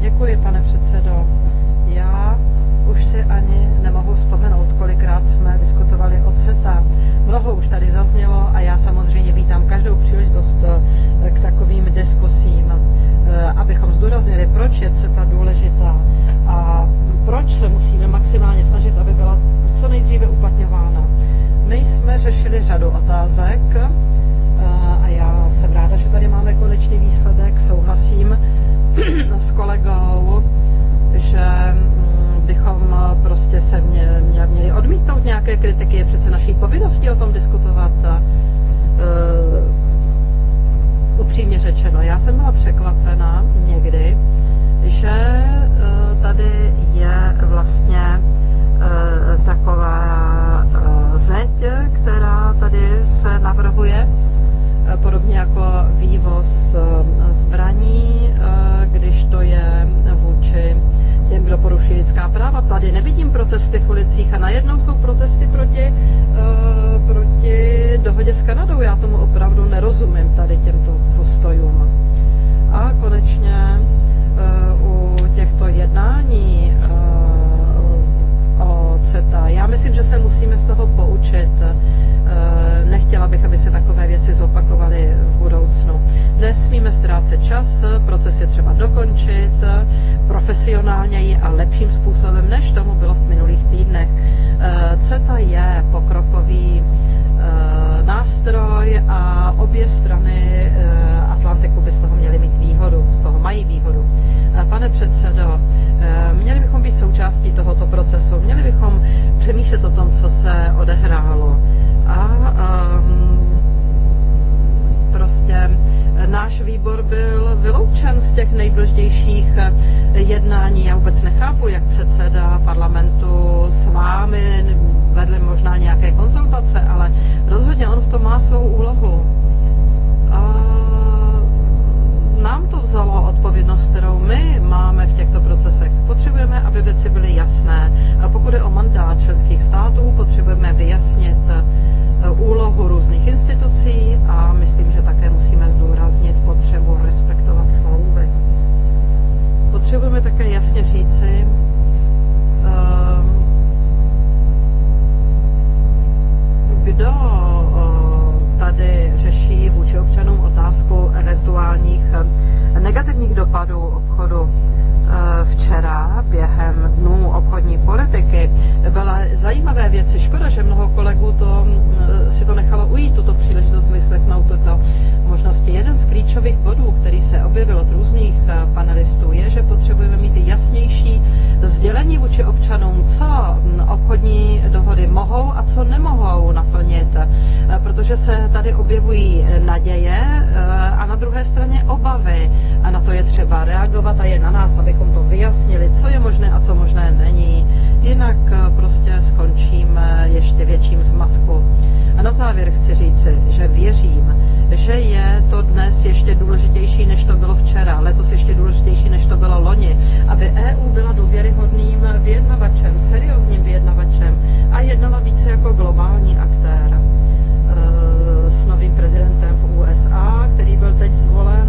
Děkuji, pane předsedo. Já už si ani nemohu vzpomenout, kolikrát jsme diskutovali o CETA. Mnoho už tady zaznělo a já samozřejmě vítám každou příležitost eh, k takovým diskusím, eh, abychom zdůraznili, proč je CETA důležitá a proč se musíme maximálně snažit, aby byla co nejdříve uplatňována. My jsme řešili řadu otázek eh, a já jsem ráda, že tady máme konečný výsledek. Souhlasím s kolegou, že mm, bychom eh, prostě se mě, mě, měli odmítnout nějaké kritiky. Je přece naší povinností o tom diskutovat. A, uh, upřímně řečeno, já jsem byla překvapena někdy, že uh, tady je vlastně uh, taková uh, zeď, která tady se navrhuje podobně jako vývoz zbraní, když to je vůči těm, kdo poruší lidská práva. Tady nevidím protesty v ulicích a najednou jsou protesty proti, uh, proti dohodě s Kanadou. Já tomu opravdu nerozumím tady těmto postojům. A konečně uh, u těchto jednání dohodnout CETA. Já myslím, že se musíme z toho poučit. Eh, nechtěla bych, aby se takové věci zopakovaly v budoucnu. Nesmíme ztrácet čas, proces je třeba dokončit profesionálněji a lepším způsobem, než tomu bylo v minulých týdnech. Eh, CETA je pokrokový eh, nástroj a obě strany Atlantiku by z toho měli mít výhodu, z toho mají výhodu. Eh, pane předsedo, eh, měli bychom být součástí tohoto procesu, měli bychom přemýšlet o tom, co se odehrálo. A um, prostě eh, náš výbor byl vyloučen z těch nejdůležitějších jednání. Já vůbec nechápu, jak předseda parlamentu s vámi vedli možná nějaké konzultace, ale rozhodně on v tom má svou úlohu nám to vzalo odpovědnost, kterou my máme v těchto procesech. Potřebujeme, aby věci byly jasné. Pokud je o mandát členských států, potřebujeme vyjasnit eh, úlohu různých institucí a myslím, že také musíme zdůraznit potřebu respektovat smlouvy. Potřebujeme také jasně říci, ehm, kdo tady řeší vůči občanům otázku eventuálních eh, negativních dopadů obchodu Eh, včera během dnů obchodní politiky byla zajímavé věci. Škoda, že mnoho kolegů to, eh, si to nechalo ujít, tuto příležitost vyslechnout tuto možnosti. Jeden z klíčových bodů, který se objevil od různých eh, panelistů, je, že potřebujeme mít jasnější sdělení vůči občanům, co hm, obchodní dohody mohou a co nemohou naplnit, protože se tady objevují naděje a na druhé straně obavy. A na to je třeba reagovat a je na nás, abychom abychom to vyjasnili, co je možné a co možné není. Jinak eh, prostě skončíme ještě větším zmatku. A na závěr chci říci, že věřím, že je to dnes ještě důležitější, než to bylo včera, letos ještě důležitější, než to bylo loni, aby EU byla důvěryhodným vyjednavačem, seriózním vyjednavačem a jednala více jako globální aktér eh, s novým prezidentem v USA, který byl teď zvolen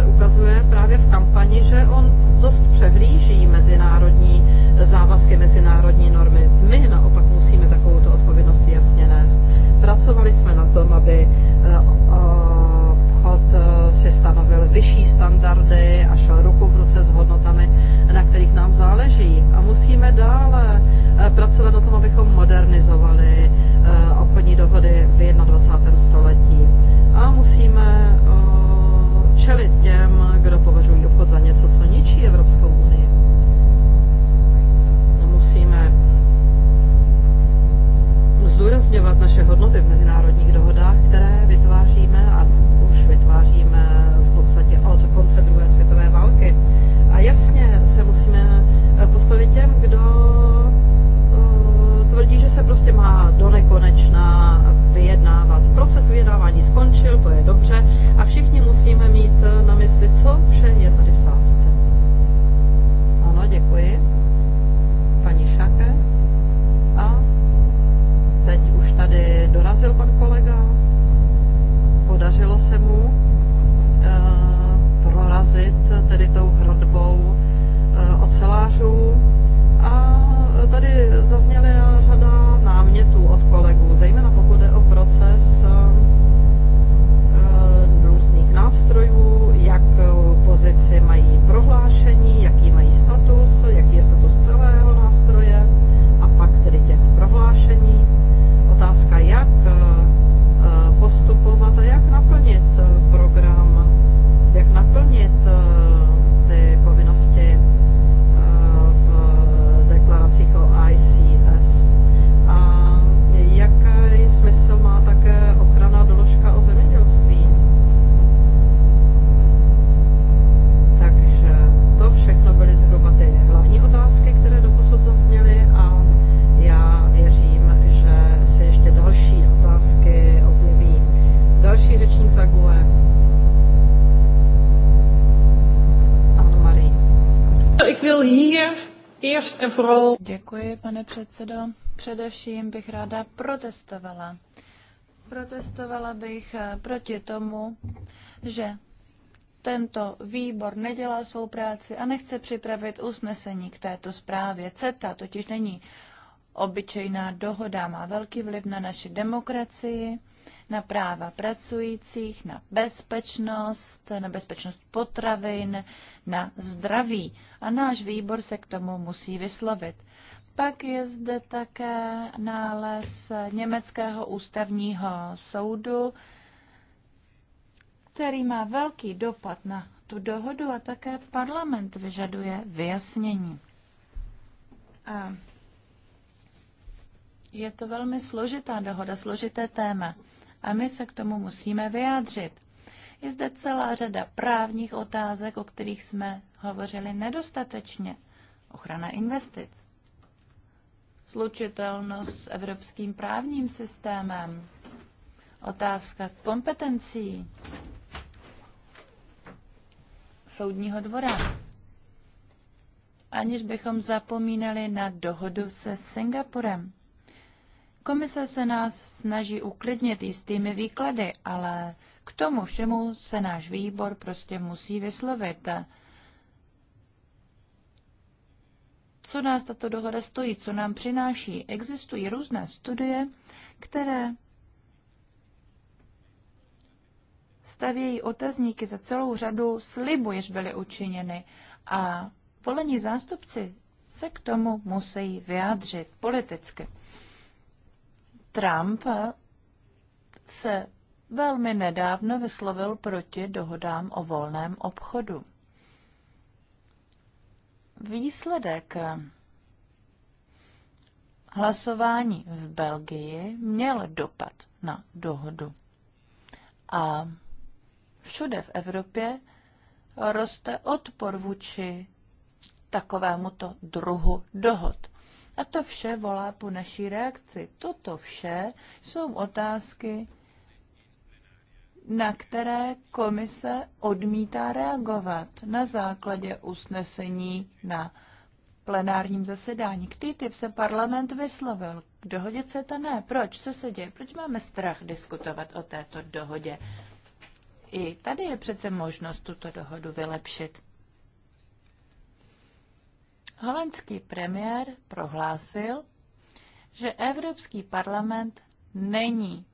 se ukazuje právě v kampani, že on dost přehlíží mezinárodní závazky, mezinárodní normy. My naopak musíme takovou odpovědnost jasně nést. Pracovali jsme na tom, aby eh, obchod eh, si stanovil vyšší standardy a šel ruku v ruce s hodnotami, na kterých nám záleží. A musíme dále eh, pracovat na tom, abychom modernizovali obchodní dohody v 21. století. A musíme čelit těm, kdo považují obchod za něco, co ničí Evropskou unii. Musíme zdůrazňovat naše hodnoty v mezinárodních dohodách, které vytváříme a už vytváříme v podstatě od konce druhé světové války. A jasně se musíme postavit těm, kdo se prostě má do nekonečna vyjednávat. Proces vyjednávání skončil, to je dobře a všichni musíme mít na mysli, co vše je tady v sázce. Ano, děkuji. Paní Šake. A teď už tady dorazil pan kolega. Podařilo se mu e, prorazit tedy tou hrodbou e, eh, ocelářů a Tady zazněla řada námětů od kolegů, zejména pokud jde o proces eh, různých nástrojů, jak pozici mají prohlášení, jaký mají status, jaký je status celého nástroje a pak tedy těch prohlášení. Otázka, jak eh, postupovat a jak naplnit eh, program First and for all... Děkuji, pane předsedo. Především bych ráda protestovala. Protestovala bych eh, proti tomu, že tento výbor nedělá svou práci a nechce připravit usnesení k této zprávě. CETA totiž není obyčejná dohoda, má velký vliv na naši demokracii na práva pracujících, na bezpečnost, na bezpečnost potravin, na zdraví. A náš výbor se k tomu musí vyslovit. Pak je zde také nález Německého ústavního soudu, který má velký dopad na tu dohodu a také parlament vyžaduje vyjasnění. A je to velmi složitá dohoda, složité téma a my se k tomu musíme vyjádřit. Je zde celá řada právních otázek, o kterých jsme hovořili nedostatečně. Ochrana investic, slučitelnost s evropským právním systémem, otázka kompetencí soudního dvora, aniž bychom zapomínali na dohodu se Singapurem. Komise se nás snaží uklidnit jistými výklady, ale k tomu všemu se náš výbor prostě musí vyslovit. Co nás tato dohoda stojí, co nám přináší? Existují různé studie, které stavějí otazníky za celou řadu slibů, jež byly učiněny a volení zástupci se k tomu musí vyjádřit politicky. Trump se velmi nedávno vyslovil proti dohodám o volném obchodu. Výsledek hlasování v Belgii měl dopad na dohodu. A všude v Evropě roste odpor vůči takovémuto druhu dohod. A to vše volá po naší reakci. Toto vše jsou otázky, na které komise odmítá reagovat na základě usnesení na plenárním zasedání. K TTIP se parlament vyslovil. K dohodě CETA ne. Proč? Co se děje? Proč máme strach diskutovat o této dohodě? I tady je přece možnost tuto dohodu vylepšit. Holandský premiér prohlásil, že Evropský parlament není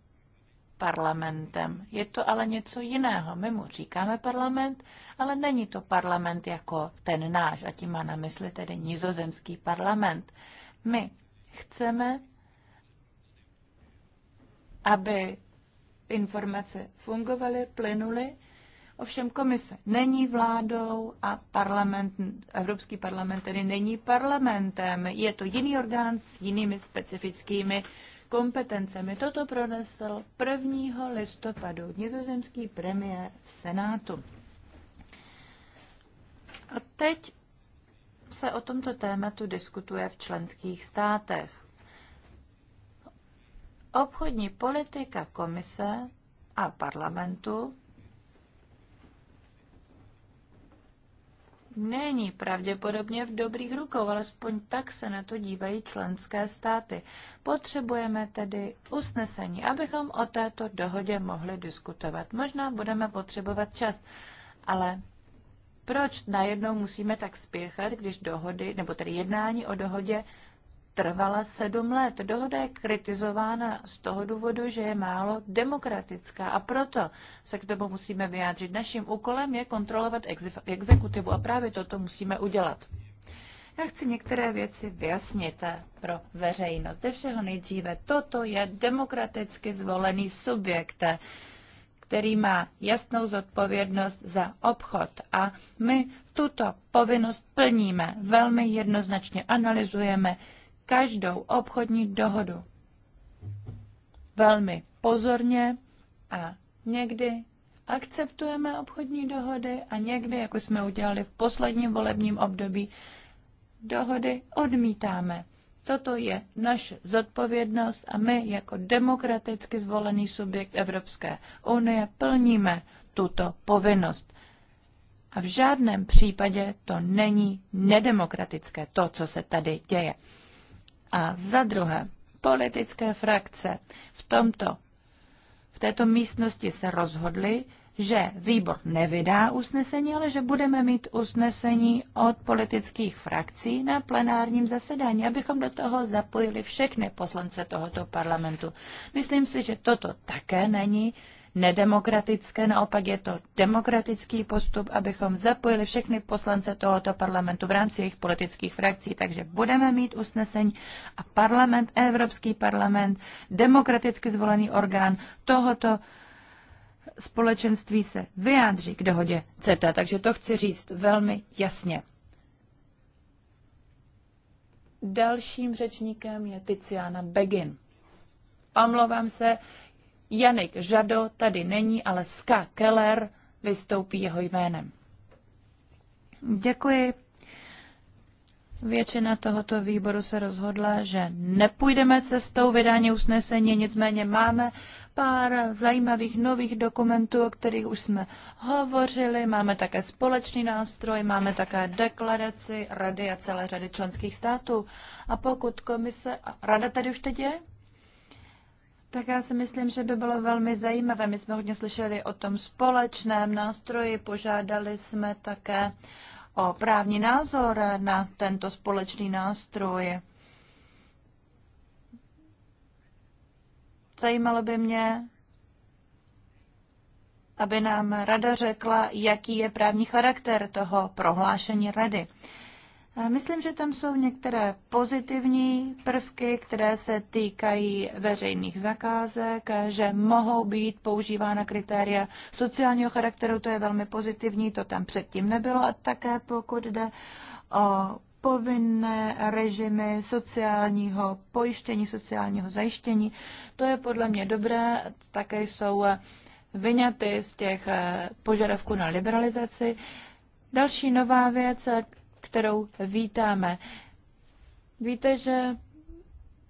parlamentem. Je to ale něco jiného. My mu říkáme parlament, ale není to parlament jako ten náš, a tím má na mysli tedy nizozemský parlament. My chceme, aby informace fungovaly, plynuly Ovšem komise není vládou a parlament, Evropský parlament tedy není parlamentem. Je to jiný orgán s jinými specifickými kompetencemi. Toto pronesl 1. listopadu nizozemský premiér v Senátu. A teď se o tomto tématu diskutuje v členských státech. Obchodní politika komise a parlamentu není pravděpodobně v dobrých rukou, alespoň tak se na to dívají členské státy. Potřebujeme tedy usnesení, abychom o této dohodě mohli diskutovat. Možná budeme potřebovat čas, ale proč najednou musíme tak spěchat, když dohody, nebo tedy jednání o dohodě trvala sedm let. Dohoda je kritizována z toho důvodu, že je málo demokratická a proto se k tomu musíme vyjádřit. Naším úkolem je kontrolovat exekutivu a právě toto musíme udělat. Já chci některé věci vyjasnit pro veřejnost. Ze všeho nejdříve, toto je demokraticky zvolený subjekt, který má jasnou zodpovědnost za obchod a my tuto povinnost plníme. Velmi jednoznačně analyzujeme každou obchodní dohodu velmi pozorně a někdy akceptujeme obchodní dohody a někdy, jako jsme udělali v posledním volebním období, dohody odmítáme. Toto je naše zodpovědnost a my jako demokraticky zvolený subjekt Evropské unie plníme tuto povinnost. A v žádném případě to není nedemokratické, to, co se tady děje. A za druhé, politické frakce v tomto, v této místnosti se rozhodly, že výbor nevydá usnesení, ale že budeme mít usnesení od politických frakcí na plenárním zasedání, abychom do toho zapojili všechny poslance tohoto parlamentu. Myslím si, že toto také není nedemokratické, naopak je to demokratický postup, abychom zapojili všechny poslance tohoto parlamentu v rámci jejich politických frakcí. Takže budeme mít usnesení a parlament, Evropský parlament, demokraticky zvolený orgán tohoto společenství se vyjádří k dohodě CETA. Takže to chci říct velmi jasně. Dalším řečníkem je Tiziana Begin. Omlouvám se, Janik Žado tady není, ale Ska Keller vystoupí jeho jménem. Děkuji. Většina tohoto výboru se rozhodla, že nepůjdeme cestou vydání usnesení, nicméně máme pár zajímavých nových dokumentů, o kterých už jsme hovořili. Máme také společný nástroj, máme také deklaraci Rady a celé řady členských států. A pokud komise... rada tady už teď je? tak já si myslím, že by bylo velmi zajímavé. My jsme hodně slyšeli o tom společném nástroji, požádali jsme také o právní názor na tento společný nástroj. Zajímalo by mě, aby nám rada řekla, jaký je právní charakter toho prohlášení rady. Myslím, že tam jsou některé pozitivní prvky, které se týkají veřejných zakázek, že mohou být používána kritéria sociálního charakteru, to je velmi pozitivní, to tam předtím nebylo. A také pokud jde o povinné režimy sociálního pojištění, sociálního zajištění, to je podle mě dobré, také jsou vyňaty z těch požadavků na liberalizaci. Další nová věc, kterou vítáme. Víte, že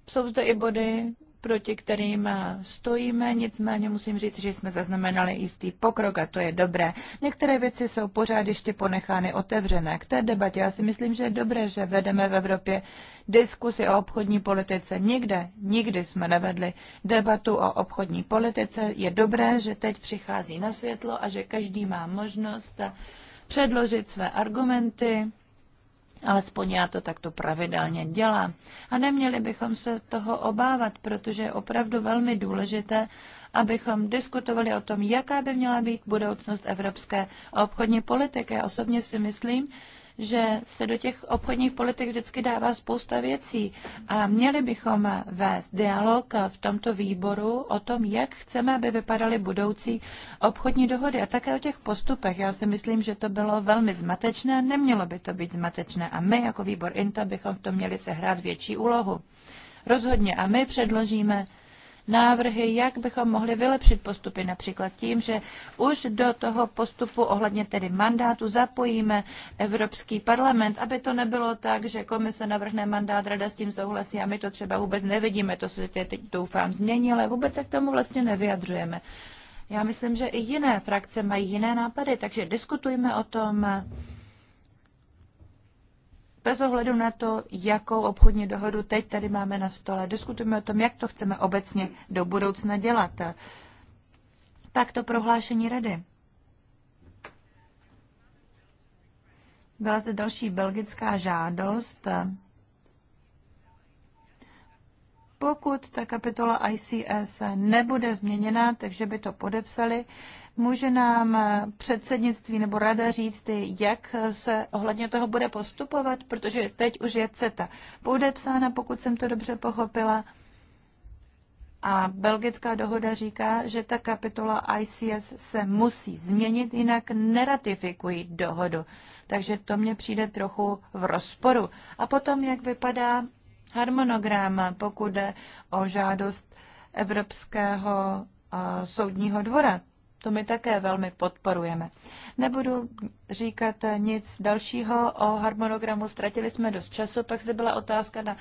jsou zde i body, proti kterým stojíme, nicméně musím říct, že jsme zaznamenali jistý pokrok a to je dobré. Některé věci jsou pořád ještě ponechány otevřené. K té debatě já si myslím, že je dobré, že vedeme v Evropě diskusy o obchodní politice. Nikde, nikdy jsme nevedli debatu o obchodní politice. Je dobré, že teď přichází na světlo a že každý má možnost předložit své argumenty Alespoň já to takto pravidelně dělám. A neměli bychom se toho obávat, protože je opravdu velmi důležité, abychom diskutovali o tom, jaká by měla být budoucnost evropské obchodní politiky. osobně si myslím, že se do těch obchodních politik vždycky dává spousta věcí a měli bychom vést dialog v tomto výboru o tom, jak chceme, aby vypadaly budoucí obchodní dohody a také o těch postupech. Já si myslím, že to bylo velmi zmatečné, nemělo by to být zmatečné a my jako výbor INTA bychom v tom měli sehrát větší úlohu. Rozhodně a my předložíme návrhy, jak bychom mohli vylepšit postupy, například tím, že už do toho postupu ohledně tedy mandátu zapojíme Evropský parlament, aby to nebylo tak, že komise navrhne mandát, rada s tím souhlasí a my to třeba vůbec nevidíme, to se teď doufám změní, ale vůbec se k tomu vlastně nevyjadřujeme. Já myslím, že i jiné frakce mají jiné nápady, takže diskutujme o tom, bez ohledu na to, jakou obchodní dohodu teď tady máme na stole, diskutujeme o tom, jak to chceme obecně do budoucna dělat. Pak to prohlášení rady. Byla zde další belgická žádost. Pokud ta kapitola ICS nebude změněna, takže by to podepsali, Může nám předsednictví nebo rada říct, jak se ohledně toho bude postupovat, protože teď už je CETA podepsána, pokud jsem to dobře pochopila. A belgická dohoda říká, že ta kapitola ICS se musí změnit, jinak neratifikují dohodu. Takže to mně přijde trochu v rozporu. A potom, jak vypadá harmonogram, pokud jde o žádost Evropského eh, soudního dvora. To my také velmi podporujeme. Nebudu říkat nic dalšího o harmonogramu. Ztratili jsme dost času, pak zde byla otázka na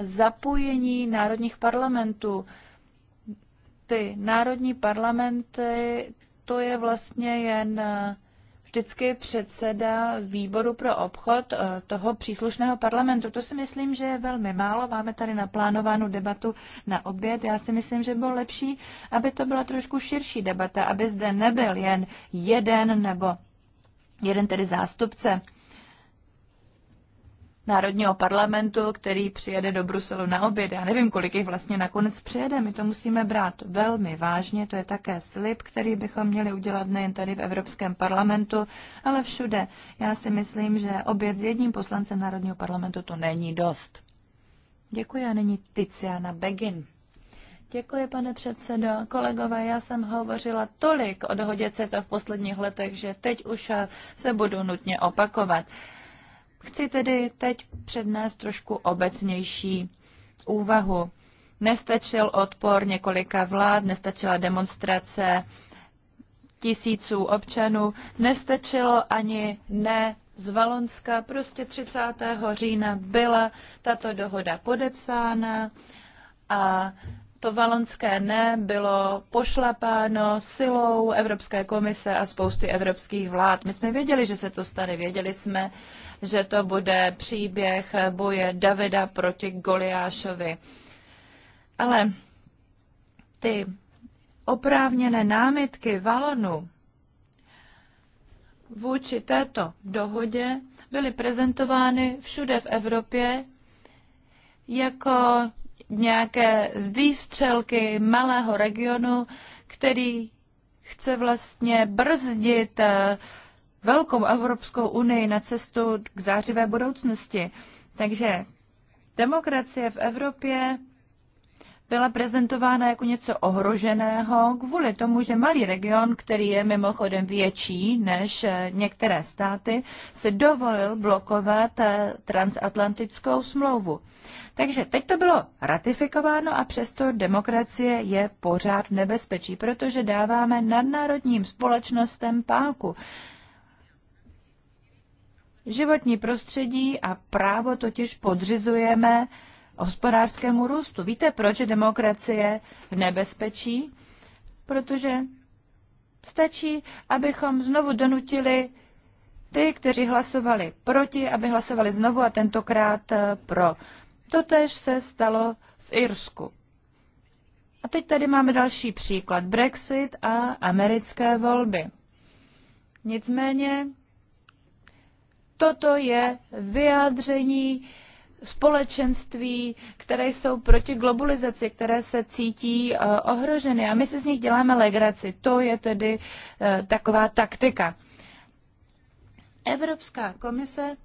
zapojení národních parlamentů. Ty národní parlamenty, to je vlastně jen vždycky předseda výboru pro obchod eh, toho příslušného parlamentu. To si myslím, že je velmi málo. Máme tady naplánovanou debatu na oběd. Já si myslím, že bylo lepší, aby to byla trošku širší debata, aby zde nebyl jen jeden nebo jeden tedy zástupce Národního parlamentu, který přijede do Bruselu na oběd. Já nevím, kolik jich vlastně nakonec přijede. My to musíme brát velmi vážně. To je také slib, který bychom měli udělat nejen tady v Evropském parlamentu, ale všude. Já si myslím, že oběd s jedním poslancem Národního parlamentu to není dost. Děkuji a nyní Tiziana Begin. Děkuji, pane předsedo. Kolegové, já jsem hovořila tolik o dohodě CETA v posledních letech, že teď už se budu nutně opakovat. Chci tedy teď přednést trošku obecnější úvahu. Nestačil odpor několika vlád, nestačila demonstrace tisíců občanů, nestačilo ani ne z Valonska. Prostě 30. října byla tato dohoda podepsána a to valonské ne bylo pošlapáno silou Evropské komise a spousty evropských vlád. My jsme věděli, že se to stane, věděli jsme, že to bude příběh boje Davida proti Goliášovi. Ale ty oprávněné námitky Valonu vůči této dohodě byly prezentovány všude v Evropě jako nějaké výstřelky malého regionu, který chce vlastně brzdit eh, velkou Evropskou unii na cestu k zářivé budoucnosti. Takže demokracie v Evropě byla prezentována jako něco ohroženého kvůli tomu, že malý region, který je mimochodem větší než eh, některé státy, se dovolil blokovat eh, transatlantickou smlouvu. Takže teď to bylo ratifikováno a přesto demokracie je pořád v nebezpečí, protože dáváme nadnárodním společnostem páku. Životní prostředí a právo totiž podřizujeme hospodářskému růstu. Víte, proč je demokracie v nebezpečí? Protože stačí, abychom znovu donutili ty, kteří hlasovali proti, aby hlasovali znovu a tentokrát eh, pro. Totež se stalo v Irsku. A teď tady máme další příklad. Brexit a americké volby. Nicméně Toto je vyjádření společenství, které jsou proti globalizaci, které se cítí eh, ohroženy a my si z nich děláme legraci. To je tedy eh, taková taktika. Evropská komise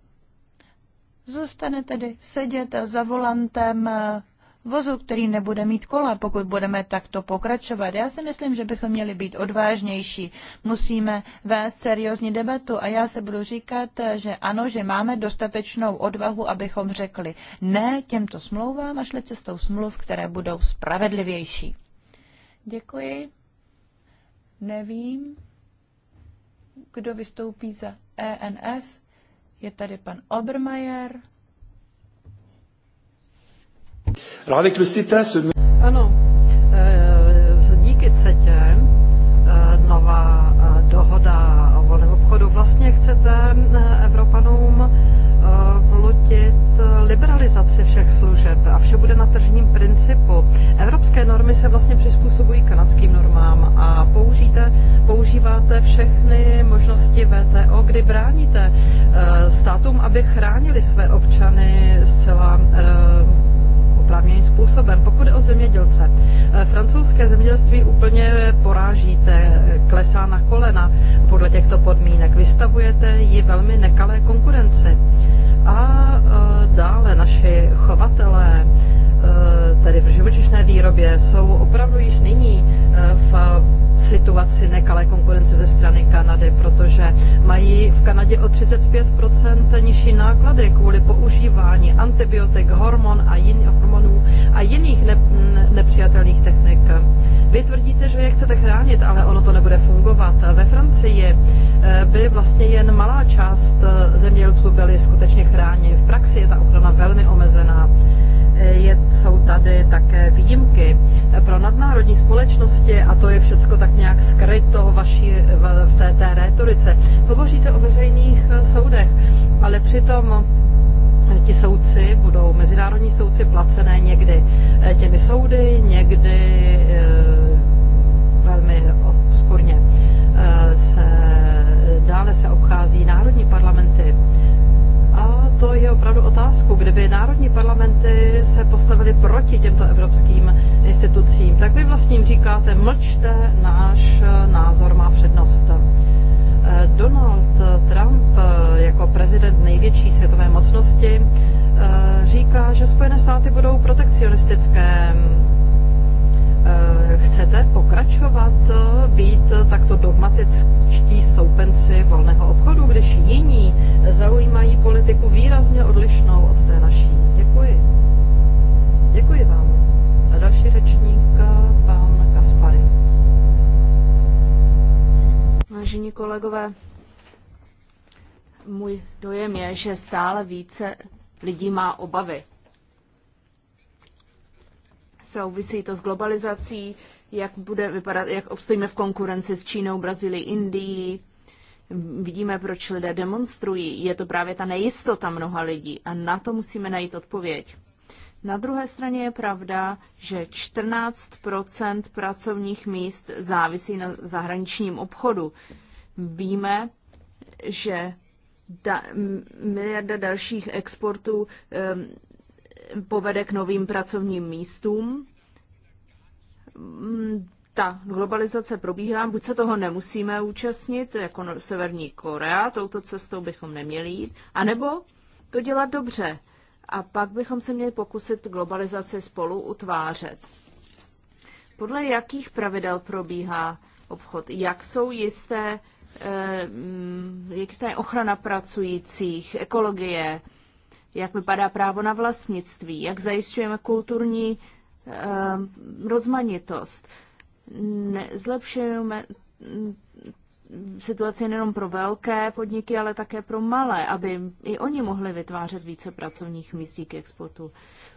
zůstane tedy sedět za volantem eh, vozu, který nebude mít kola, pokud budeme takto pokračovat. Já si myslím, že bychom měli být odvážnější. Musíme vést seriózní debatu a já se budu říkat, že ano, že máme dostatečnou odvahu, abychom řekli ne těmto smlouvám a šli cestou smluv, které budou spravedlivější. Děkuji. Nevím, kdo vystoupí za ENF. Je tady pan Obermajer. Alors avec le CETA, Ano, eh, díky CETě eh, nová eh, dohoda o volném obchodu vlastně chcete Evropanům vlutit liberalizaci všech služeb a vše bude na tržním principu. Evropské normy se vlastně přizpůsobují kanadským normám a použijte, používáte všechny možnosti VTO, kdy bráníte státům, aby chránili své občany zcela správným způsobem. Pokud o zemědělce, eh, francouzské zemědělství úplně porážíte, eh, klesá na kolena podle těchto podmínek. Vystavujete ji velmi nekalé konkurenci. A e, dále naši chovatelé, e, tedy v živočišné výrobě, jsou opravdu již nyní e, v situaci nekalé konkurence ze strany Kanady, protože mají v Kanadě o 35 nižší náklady kvůli používání antibiotik, hormon a jin, hormonů a jiných ne, nepřijatelných technik. Vy tvrdíte, že je chcete chránit, ale ono to nebude fungovat. Ve Francii by vlastně jen malá část zemědělců byly skutečně chránit chráněn. V praxi je ta ochrana velmi omezená. E, je, jsou tady také výjimky pro nadnárodní společnosti a to je všecko tak nějak skryto vaší, v, v té, té rétorice. Hovoříte o veřejných e, soudech, ale přitom ti soudci budou mezinárodní soudci placené někdy e, těmi soudy, někdy e, velmi obskurně. E, se, dále se obchází národní parlamenty to je opravdu otázku. Kdyby národní parlamenty se postavily proti těmto evropským institucím, tak vy vlastně říkáte, mlčte, náš eh, názor má přednost. Eh, Donald Trump eh, jako prezident největší světové mocnosti říká, že Spojené státy budou protekcionistické Eh, chcete pokračovat eh, být eh, takto dogmatičtí stoupenci volného obchodu, když jiní zaujímají politiku výrazně odlišnou od té naší? Děkuji. Děkuji vám. A další řečník, pan Kaspary. Vážení kolegové, můj dojem je, že stále více lidí má obavy Souvisí to s globalizací, jak bude vypadat, jak obstojíme v konkurenci s Čínou, Brazílií, Indií. Vidíme, proč lidé demonstrují. Je to právě ta nejistota mnoha lidí a na to musíme najít odpověď. Na druhé straně je pravda, že 14 pracovních míst závisí na zahraničním obchodu. Víme, že da, miliarda dalších exportů povede k novým pracovním místům. Mm, ta globalizace probíhá, buď se toho nemusíme účastnit, jako no- Severní Korea, touto cestou bychom neměli jít, anebo to dělat dobře. A pak bychom se měli pokusit globalizaci spolu utvářet. Podle jakých pravidel probíhá obchod? Jak jsou jisté, eh, mm, jisté ochrana pracujících, ekologie, jak vypadá právo na vlastnictví, jak zajišťujeme kulturní uh, rozmanitost. Zlepšujeme mm, situaci nejenom pro velké podniky, ale také pro malé, aby i oni mohli vytvářet více pracovních míst k exportu.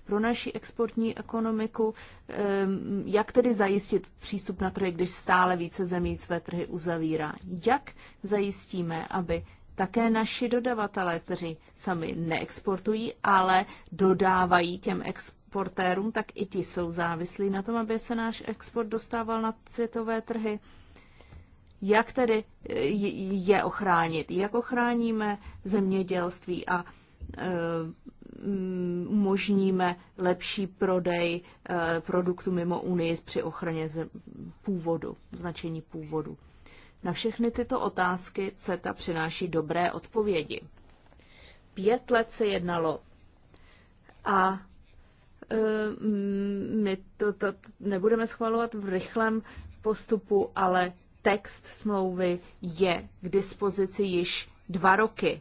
Pro naši exportní ekonomiku, ehm, jak tedy zajistit přístup na trhy, když stále více zemí své trhy uzavírá? Jak zajistíme, aby také naši dodavatelé, kteří sami neexportují, ale dodávají těm exportérům, tak i ti jsou závislí na tom, aby se náš export dostával na světové trhy. Jak tedy eh, je ochránit? Jak ochráníme zemědělství a eh, umožníme lepší prodej eh, produktů mimo Unii při ochraně původu, značení původu. Na všechny tyto otázky CETA přináší dobré odpovědi. Pět let se jednalo a e, my to, to nebudeme schvalovat v rychlém postupu, ale text smlouvy je k dispozici již dva roky.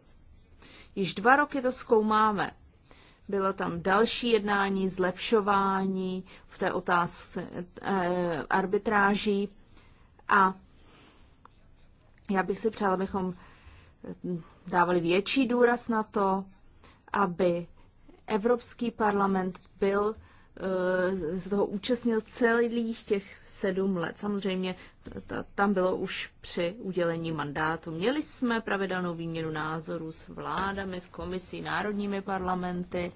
Již dva roky to zkoumáme. Bylo tam další jednání, zlepšování v té otázce eh, arbitráží a já bych si přála, abychom eh, dávali větší důraz na to, aby Evropský parlament byl eh, z toho účastnil celých těch sedm let. Samozřejmě tam bylo už při udělení mandátu. Měli jsme pravidelnou výměnu názorů s vládami, s komisí, národními parlamenty.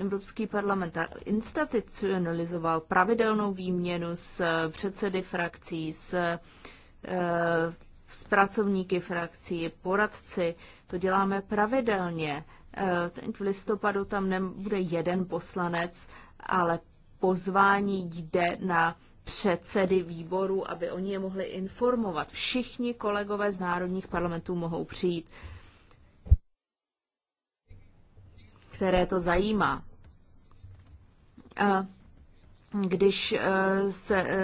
Evropský parlament institucionalizoval pravidelnou výměnu s eh, předsedy frakcí, s Eh, s pracovníky frakcí, poradci. To děláme pravidelně. Eh, Teď v listopadu tam nebude jeden poslanec, ale pozvání jde na předsedy výboru, aby oni je mohli informovat. Všichni kolegové z národních parlamentů mohou přijít, které to zajímá. A eh, když eh, se eh,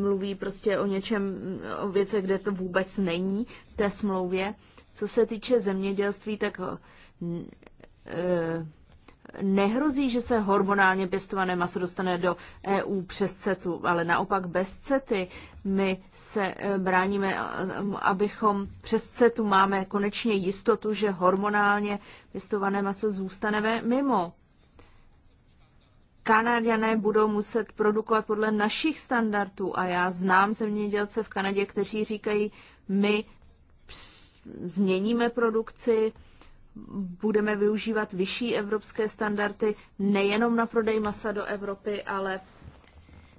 mluví prostě o něčem, o věcech, kde to vůbec není, té smlouvě. Co se týče zemědělství, tak eh, nehrozí, že se hormonálně pěstované maso dostane do EU přes CETu, ale naopak bez CETy my se bráníme, abychom přes CETu máme konečně jistotu, že hormonálně pěstované maso zůstane mimo. Kanaděné budou muset produkovat podle našich standardů a já znám zemědělce v Kanadě, kteří říkají, my změníme produkci, budeme využívat vyšší evropské standardy nejenom na prodej masa do Evropy, ale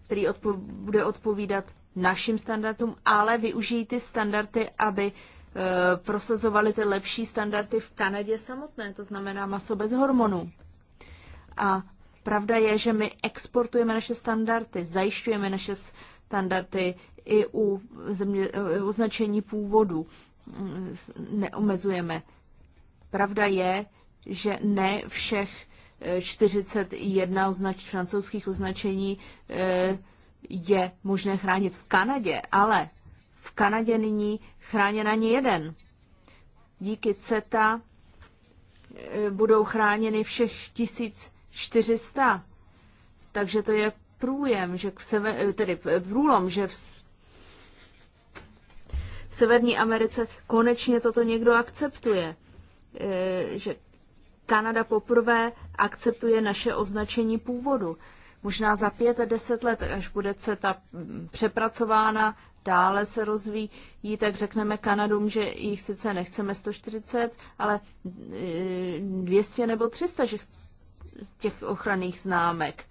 který odpo- bude odpovídat našim standardům, ale využijí ty standardy, aby e, prosazovali ty lepší standardy v Kanadě samotné, to znamená maso bez hormonů. A Pravda je, že my exportujeme naše standardy, zajišťujeme naše standardy i u země, e, označení původu. Mm, neomezujeme. Pravda je, že ne všech 41 e, označ, francouzských označení e, je možné chránit v Kanadě, ale v Kanadě nyní chráněn ani jeden. Díky CETA budou chráněny všech tisíc 400. Takže to je průjem, že v sever, eh, tedy průlom, že v, Severní Americe konečně toto někdo akceptuje. Eh, že Kanada poprvé akceptuje naše označení původu. Možná za pět a deset let, až bude ta mm, přepracována, dále se rozvíjí, tak řekneme Kanadům, že jich sice nechceme 140, ale 200 eh, nebo 300, že těch ochranných známek.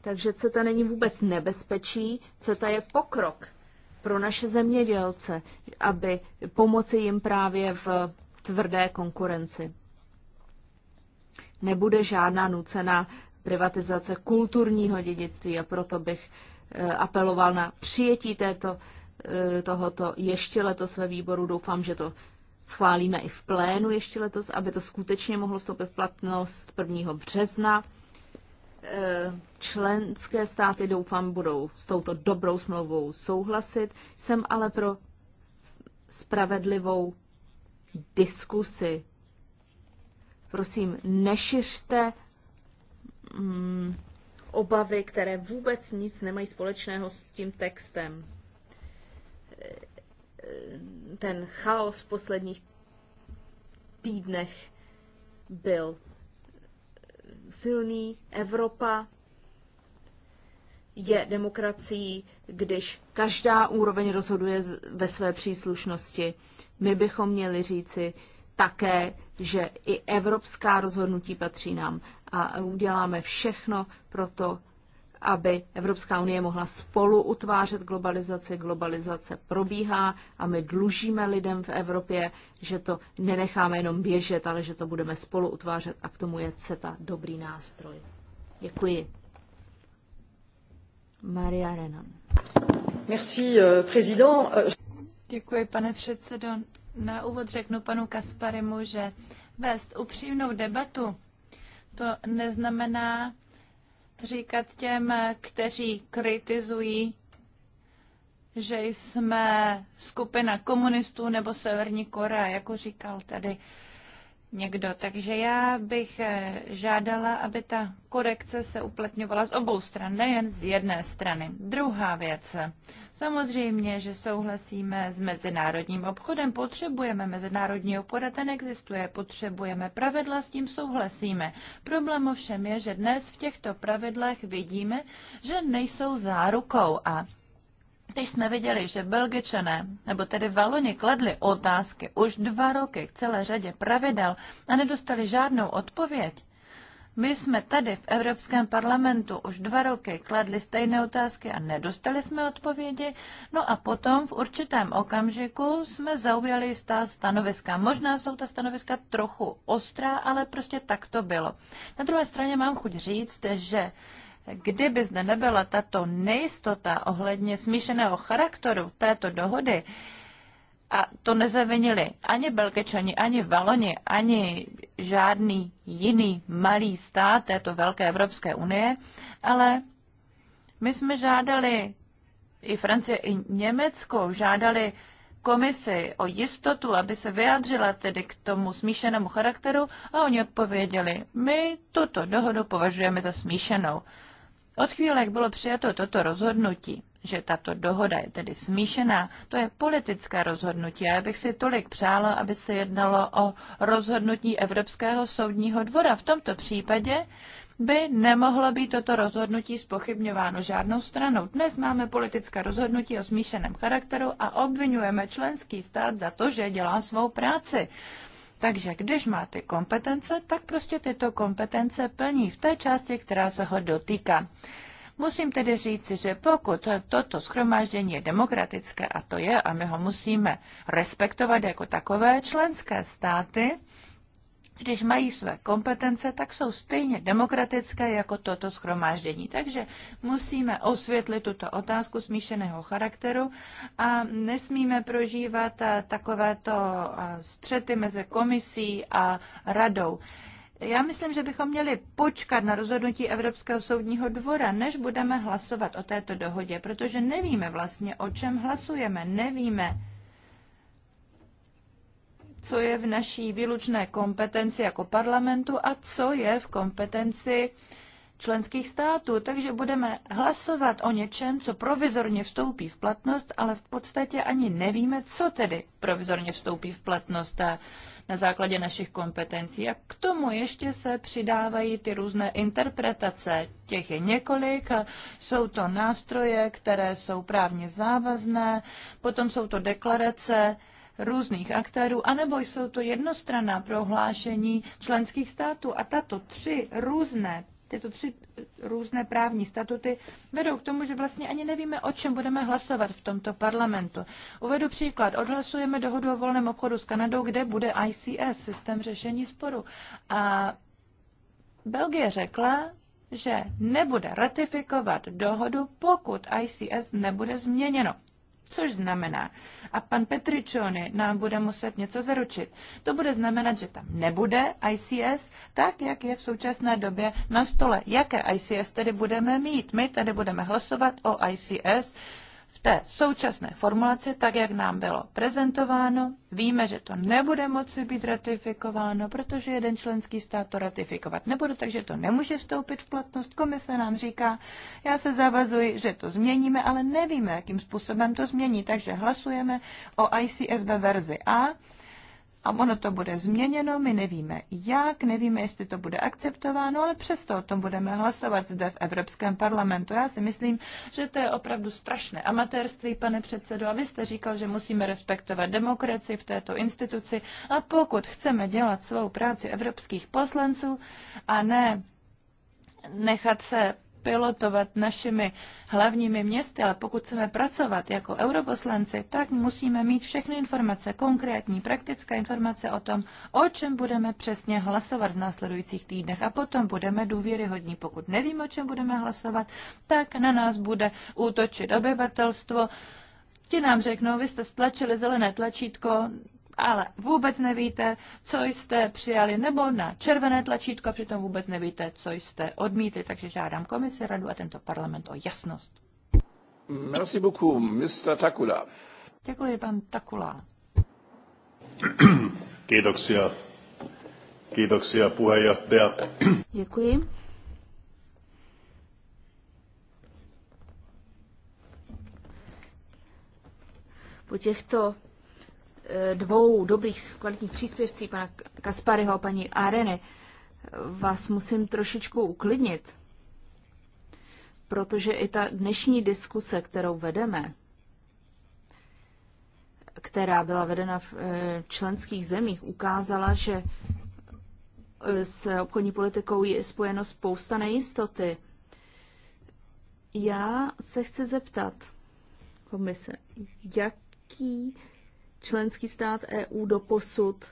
Takže CETA není vůbec nebezpečí, CETA je pokrok pro naše zemědělce, aby pomoci jim právě v tvrdé konkurenci. Nebude žádná nucená privatizace kulturního dědictví a proto bych eh, apeloval na přijetí této, eh, tohoto ještě letos ve výboru. Doufám, že to schválíme i v plénu ještě letos, aby to skutečně mohlo vstoupit v platnost 1. března. Eh, členské státy, doufám, budou s touto dobrou smlouvou souhlasit. Jsem ale pro spravedlivou diskusi. Prosím, nešiřte mm, obavy, které vůbec nic nemají společného s tím textem ten chaos v posledních týdnech byl silný. Evropa je demokracií, když každá úroveň rozhoduje ve své příslušnosti. My bychom měli říci také, že i evropská rozhodnutí patří nám a uděláme všechno pro to, aby Evropská unie mohla spolu utvářet globalizaci. Globalizace probíhá a my dlužíme lidem v Evropě, že to nenecháme jenom běžet, ale že to budeme spolu utvářet a k tomu je CETA dobrý nástroj. Děkuji. Maria Renan. Merci, euh, président. Děkuji, pane předsedo. Na úvod řeknu panu Kasparimu, že vést upřímnou debatu to neznamená říkat těm, kteří kritizují, že jsme skupina komunistů nebo Severní Korea, jako říkal tady někdo. Takže já bych eh, žádala, aby ta korekce se uplatňovala z obou stran, nejen z jedné strany. Druhá věc. Samozřejmě, že souhlasíme s mezinárodním obchodem, potřebujeme mezinárodní obchod a ten existuje, potřebujeme pravidla, s tím souhlasíme. Problém ovšem je, že dnes v těchto pravidlech vidíme, že nejsou zárukou a když jsme viděli, že Belgičané, nebo tedy Valoni, kladli otázky už dva roky k celé řadě pravidel a nedostali žádnou odpověď, my jsme tady v Evropském parlamentu už dva roky kladli stejné otázky a nedostali jsme odpovědi, no a potom v určitém okamžiku jsme zaujali jistá stanoviska. Možná jsou ta stanoviska trochu ostrá, ale prostě tak to bylo. Na druhé straně mám chuť říct, že kdyby zde nebyla tato nejistota ohledně smíšeného charakteru této dohody, a to nezavinili ani Belkečani, ani Valoni, ani žádný jiný malý stát této velké Evropské unie, ale my jsme žádali, i Francie, i Německo, žádali komisi o jistotu, aby se vyjádřila tedy k tomu smíšenému charakteru a oni odpověděli, my tuto dohodu považujeme za smíšenou. Od chvíle, jak bylo přijato toto rozhodnutí, že tato dohoda je tedy smíšená, to je politické rozhodnutí a já bych si tolik přála, aby se jednalo o rozhodnutí Evropského soudního dvora. V tomto případě by nemohlo být toto rozhodnutí spochybňováno žádnou stranou. Dnes máme politická rozhodnutí o smíšeném charakteru a obvinujeme členský stát za to, že dělá svou práci. Takže když máte kompetence, tak prostě tyto kompetence plní v té části, která se ho dotýká. Musím tedy říci, že pokud toto schromáždění je demokratické, a to je, a my ho musíme respektovat jako takové, členské státy když mají své kompetence, tak jsou stejně demokratické jako toto schromáždění. Takže musíme osvětlit tuto otázku smíšeného charakteru a nesmíme prožívat eh, takovéto eh, střety mezi komisí a radou. Já myslím, že bychom měli počkat na rozhodnutí Evropského soudního dvora, než budeme hlasovat o této dohodě, protože nevíme vlastně, o čem hlasujeme. Nevíme, co je v naší výlučné kompetenci jako parlamentu a co je v kompetenci členských států. Takže budeme hlasovat o něčem, co provizorně vstoupí v platnost, ale v podstatě ani nevíme, co tedy provizorně vstoupí v platnost a na základě našich kompetencí. A k tomu ještě se přidávají ty různé interpretace. Těch je několik. Jsou to nástroje, které jsou právně závazné, potom jsou to deklarace, různých aktérů, anebo jsou to jednostranná prohlášení členských států. A tato tři různé tyto tři eh, různé právní statuty vedou k tomu, že vlastně ani nevíme, o čem budeme hlasovat v tomto parlamentu. Uvedu příklad. Odhlasujeme dohodu o volném obchodu s Kanadou, kde bude ICS, systém řešení sporu. A Belgie řekla, že nebude ratifikovat dohodu, pokud ICS nebude změněno. Což znamená, a pan Petričony nám bude muset něco zaručit. To bude znamenat, že tam nebude ICS, tak jak je v současné době na stole. Jaké ICS tedy budeme mít? My tady budeme hlasovat o ICS, té současné formulaci, tak jak nám bylo prezentováno, víme, že to nebude moci být ratifikováno, protože jeden členský stát to ratifikovat nebude, takže to nemůže vstoupit v platnost. Komise nám říká, já se zavazuji, že to změníme, ale nevíme, jakým způsobem to změní, takže hlasujeme o ICS ve verzi A a ono to bude změněno, my nevíme jak, nevíme, jestli to bude akceptováno, ale přesto o tom budeme hlasovat zde v Evropském parlamentu. Já si myslím, že to je opravdu strašné amatérství, pane předsedo, a vy jste říkal, že musíme respektovat demokracii v této instituci a pokud chceme dělat svou práci evropských poslanců a ne nechat se pilotovat našimi hlavními městy, ale pokud chceme pracovat jako europoslanci, tak musíme mít všechny informace, konkrétní, praktické informace o tom, o čem budeme přesně hlasovat v následujících týdnech a potom budeme důvěryhodní. Pokud nevím, o čem budeme hlasovat, tak na nás bude útočit obyvatelstvo, ti nám řeknou, vy jste stlačili zelené tlačítko, ale vůbec nevíte, co jste přijali, nebo na červené tlačítko, a přitom vůbec nevíte, co jste odmítli. Takže žádám komisi, radu a tento parlament o jasnost. Merci beaucoup, Mr. Takula. Děkuji, pan Takula. Kiitoksia. Kiitoksia, puheenjohtaja. Děkuji. Po těchto dvou dobrých kvalitních příspěvcí pana Kasparyho a paní Areny vás musím trošičku uklidnit, protože i ta dnešní diskuse, kterou vedeme, která byla vedena v eh, členských zemích, ukázala, že eh, s obchodní politikou je spojeno spousta nejistoty. Já se chci zeptat komise, jaký členský stát EU do posud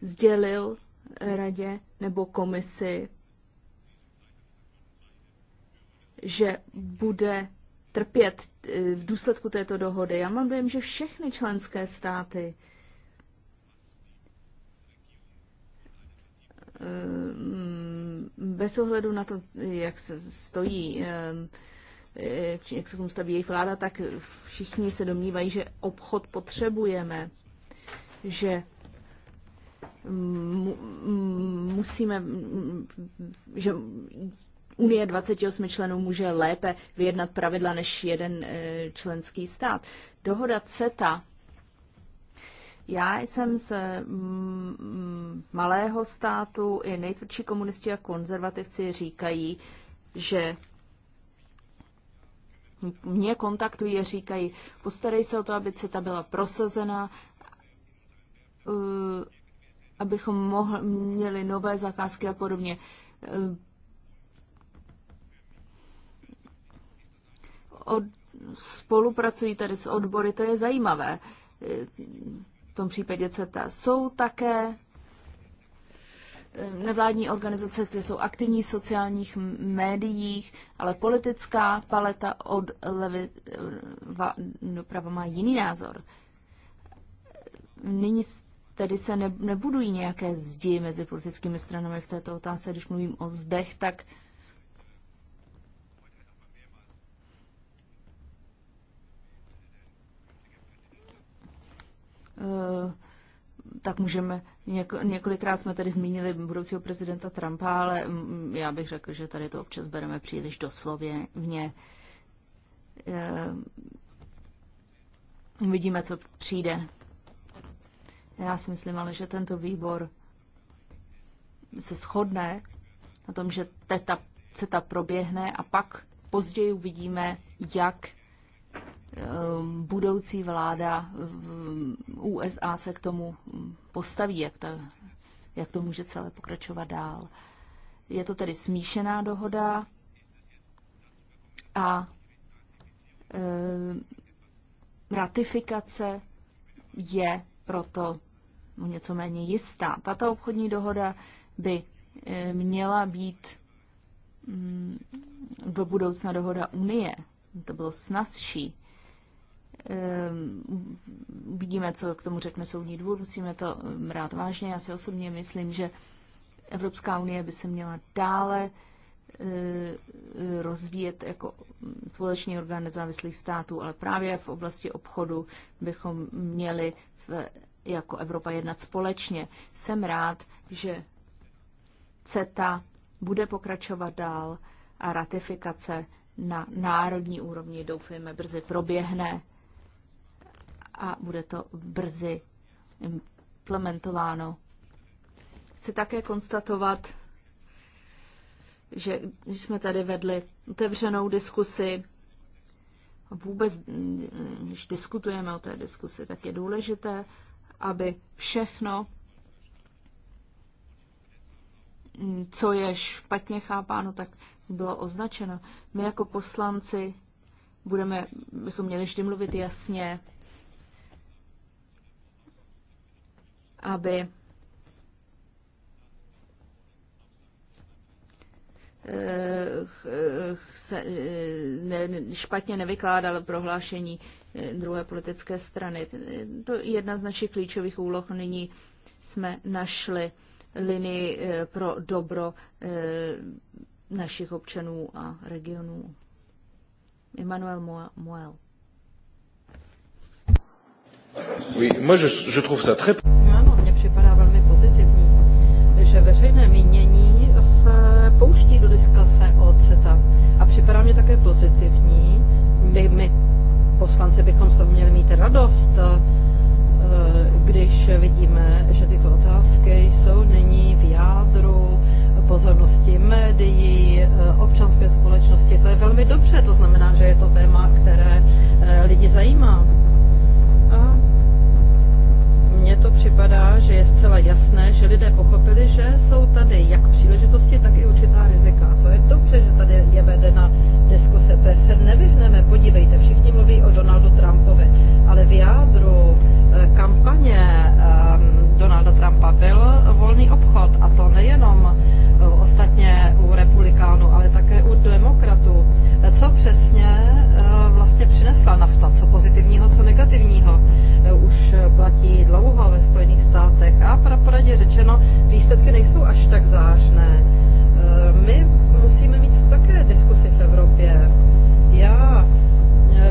sdělil radě nebo komisi, že bude trpět e, v důsledku této dohody. Já mám dojem, že všechny členské státy e, bez ohledu na to, jak se stojí e, Eh, jak se k tomu staví jejich vláda, tak všichni se domnívají, že obchod potřebujeme, že musíme, že Unie 28 členů může lépe vyjednat pravidla než jeden eh, členský stát. Dohoda CETA. Já jsem z mm, malého státu, i nejtvrdší komunisti a konzervativci říkají, že mě kontaktují a říkají, postarej se o to, aby CETA byla prosazena, eh, abychom mohli, měli nové zakázky a podobně. Eh, od, spolupracují tady s odbory, to je zajímavé. Eh, v tom případě CETA jsou také nevládní organizace, které jsou aktivní v sociálních médiích, ale politická paleta od levy doprava no, má jiný názor. Nyní tedy se ne, nebudují nějaké zdi mezi politickými stranami v této otázce. Když mluvím o zdech, tak uh, tak můžeme, něk, několikrát jsme tady zmínili budoucího prezidenta Trumpa, ale mm, mm, já bych řekl, že tady to občas bereme příliš V ně ehm, uvidíme, co přijde. Já si myslím ale, že tento výbor se shodne na tom, že teta, CETA proběhne a pak později uvidíme, jak Ehm, budoucí vláda v USA se k tomu postaví, jak to, jak to může celé pokračovat dál. Je to tedy smíšená dohoda a e, ratifikace je proto něco méně jistá. Tato obchodní dohoda by ehm, měla být mm, do budoucna dohoda Unie. To bylo snazší uvidíme, ehm, co k tomu řekne soudní dvůr, musíme to ehm, brát vážně. Já si osobně myslím, že Evropská unie by se měla dále eh, rozvíjet jako společný orgán nezávislých států, ale právě v oblasti obchodu bychom měli v, jako Evropa jednat společně. Jsem rád, že CETA bude pokračovat dál a ratifikace na národní úrovni doufejme brzy proběhne a bude to brzy implementováno. Chci také konstatovat, že když jsme tady vedli otevřenou diskusi, vůbec, když diskutujeme o té diskusi, tak je důležité, aby všechno, co je špatně chápáno, tak bylo označeno. My jako poslanci budeme, bychom měli vždy mluvit jasně, aby eh, eh, se eh, špatně nevykládal prohlášení druhé politické strany. To je jedna z našich klíčových úloh. Nyní jsme našli linii pro dobro našich občanů a regionů. Emmanuel Moel. Oui, moi je, je trouve ça très že veřejné mínění se pouští do diskuse o CETA. A připadá mě také pozitivní, my, my poslanci bychom z toho měli mít radost, eh, když vidíme, že tyto otázky jsou nyní v jádru pozornosti médií, eh, občanské společnosti. To je velmi dobře, to znamená, že je to téma, které eh, lidi zajímá mně to připadá, že je zcela jasné, že lidé pochopili, že jsou tady jak příležitosti, tak i určitá rizika. To je dobře, že tady je vedena diskuse. Té se nevyhneme. Podívejte, všichni mluví o Donaldu Trumpovi, ale v jádru eh, kampaně ehm, Donalda Trumpa byl volný obchod. A to nejenom eh, ostatně u republikánů, ale také u demokratů. Co přesně eh, vlastně přinesla nafta, co pozitivního, co negativního, eh, už platí dlouho ve Spojených státech a praporadě řečeno, výsledky nejsou až tak zářné. Eh, my musíme mít také diskusy v Evropě. Já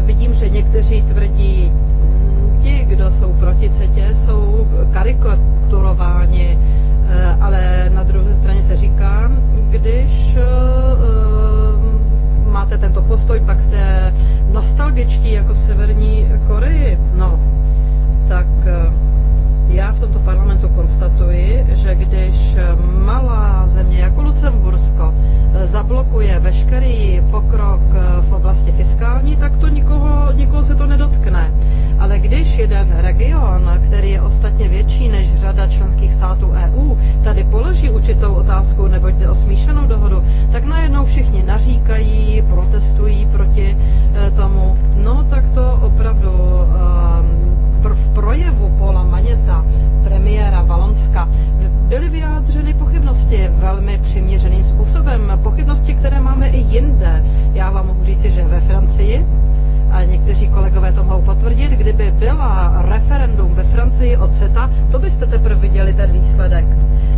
vidím, že někteří tvrdí, hm, ti, kdo jsou proti CETě, jsou karikaturováni, ale na druhé straně se říká, když máte tento postoj, pak jste nostalgičtí jako v Severní Koreji. No, tak eh, já v tomto parlamentu konstatuji, že když malá země jako Lucembursko zablokuje veškerý pokrok v oblasti fiskální, tak to nikoho, nikoho se to nedotkne. Ale když jeden region, který je ostatně větší než řada členských států EU, tady položí určitou otázku nebo jde o smíšenou dohodu, tak najednou všichni naříkají, protestují proti eh, tomu. No tak to opravdu eh, v projevu Paula Maněta, premiéra Valonska, byly vyjádřeny pochybnosti velmi přiměřeným způsobem. Pochybnosti, které máme i jinde. Já vám mohu říci, že ve Francii a někteří kolegové to mohou potvrdit, kdyby byla referendum ve Francii o CETA, to byste teprve viděli ten výsledek.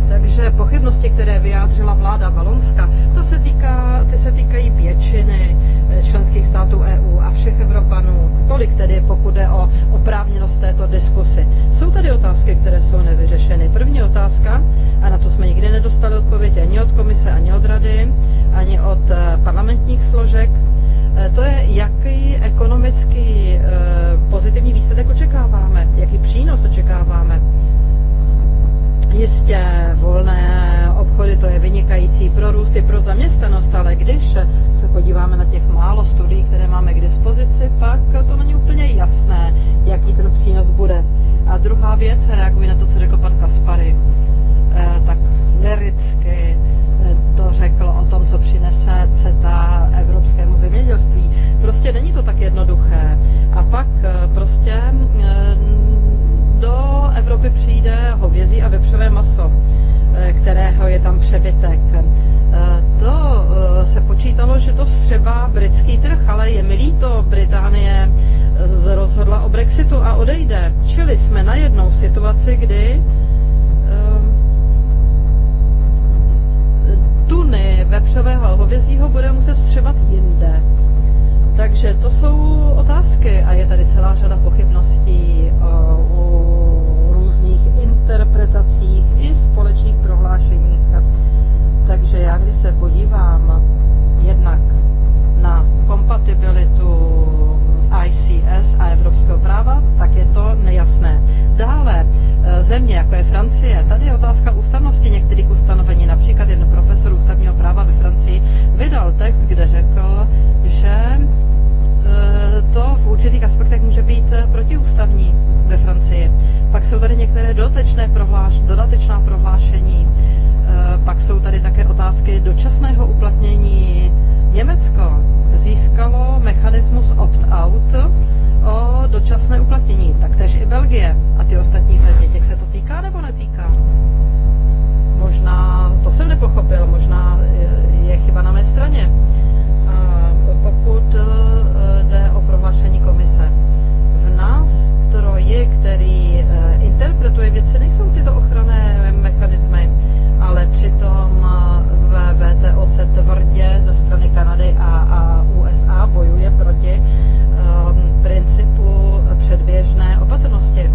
Takže pochybnosti, které vyjádřila vláda Valonska, to se týká, ty se týkají většiny eh, členských států EU a všech Evropanů. Tolik tedy, pokud je o oprávněnost této diskusy. Jsou tady otázky, které jsou nevyřešeny. První otázka, a na to jsme nikdy nedostali odpověď ani od komise, ani od rady, ani od eh, parlamentních složek, Eh, to je, jaký ekonomický eh, pozitivní výsledek očekáváme, jaký přínos očekáváme. Jistě, volné obchody, to je vynikající pro růst i pro zaměstnanost, ale když se podíváme na těch málo studií, které máme k dispozici, pak to není úplně jasné, jaký ten přínos bude. A druhá věc, reaguji na to, co Evropy přijde hovězí a vepřové maso, eh, kterého je tam přebytek. Eh, to eh, se počítalo, že to vstřebá britský trh, ale je milý to Británie rozhodla o Brexitu a odejde. Čili jsme najednou v situaci, kdy tuny vepřového a hovězího bude muset vstřebat jinde. Takže to jsou otázky a je tady celá řada pochybností o, o interpretacích i společných prohlášeních. Takže já, když se podívám jednak na kompatibilitu ICS a evropského práva, tak je to nejasné. Dále eh, země, jako je Francie, tady je otázka ústavnosti některých ustanovení. Například jeden profesor ústavního práva ve Francii vydal text, kde řekl, že Eh, to v určitých aspektech může být eh, protiústavní ve Francii. Pak jsou tady některé dodatečné prohláš, dodatečná prohlášení, eh, pak jsou tady také otázky dočasného uplatnění. Německo získalo mechanismus opt-out o dočasné uplatnění, taktéž i Belgie. A ty ostatní země, těch se to týká nebo netýká? Možná, to jsem nepochopil, možná je chyba na mé straně. A pokud jde o prohlášení komise. V nástroji, který eh, interpretuje věci, nejsou tyto ochranné mechanismy, ale přitom eh, v VTO se tvrdě ze strany Kanady a, USA bojuje proti eh, principu předběžné opatrnosti.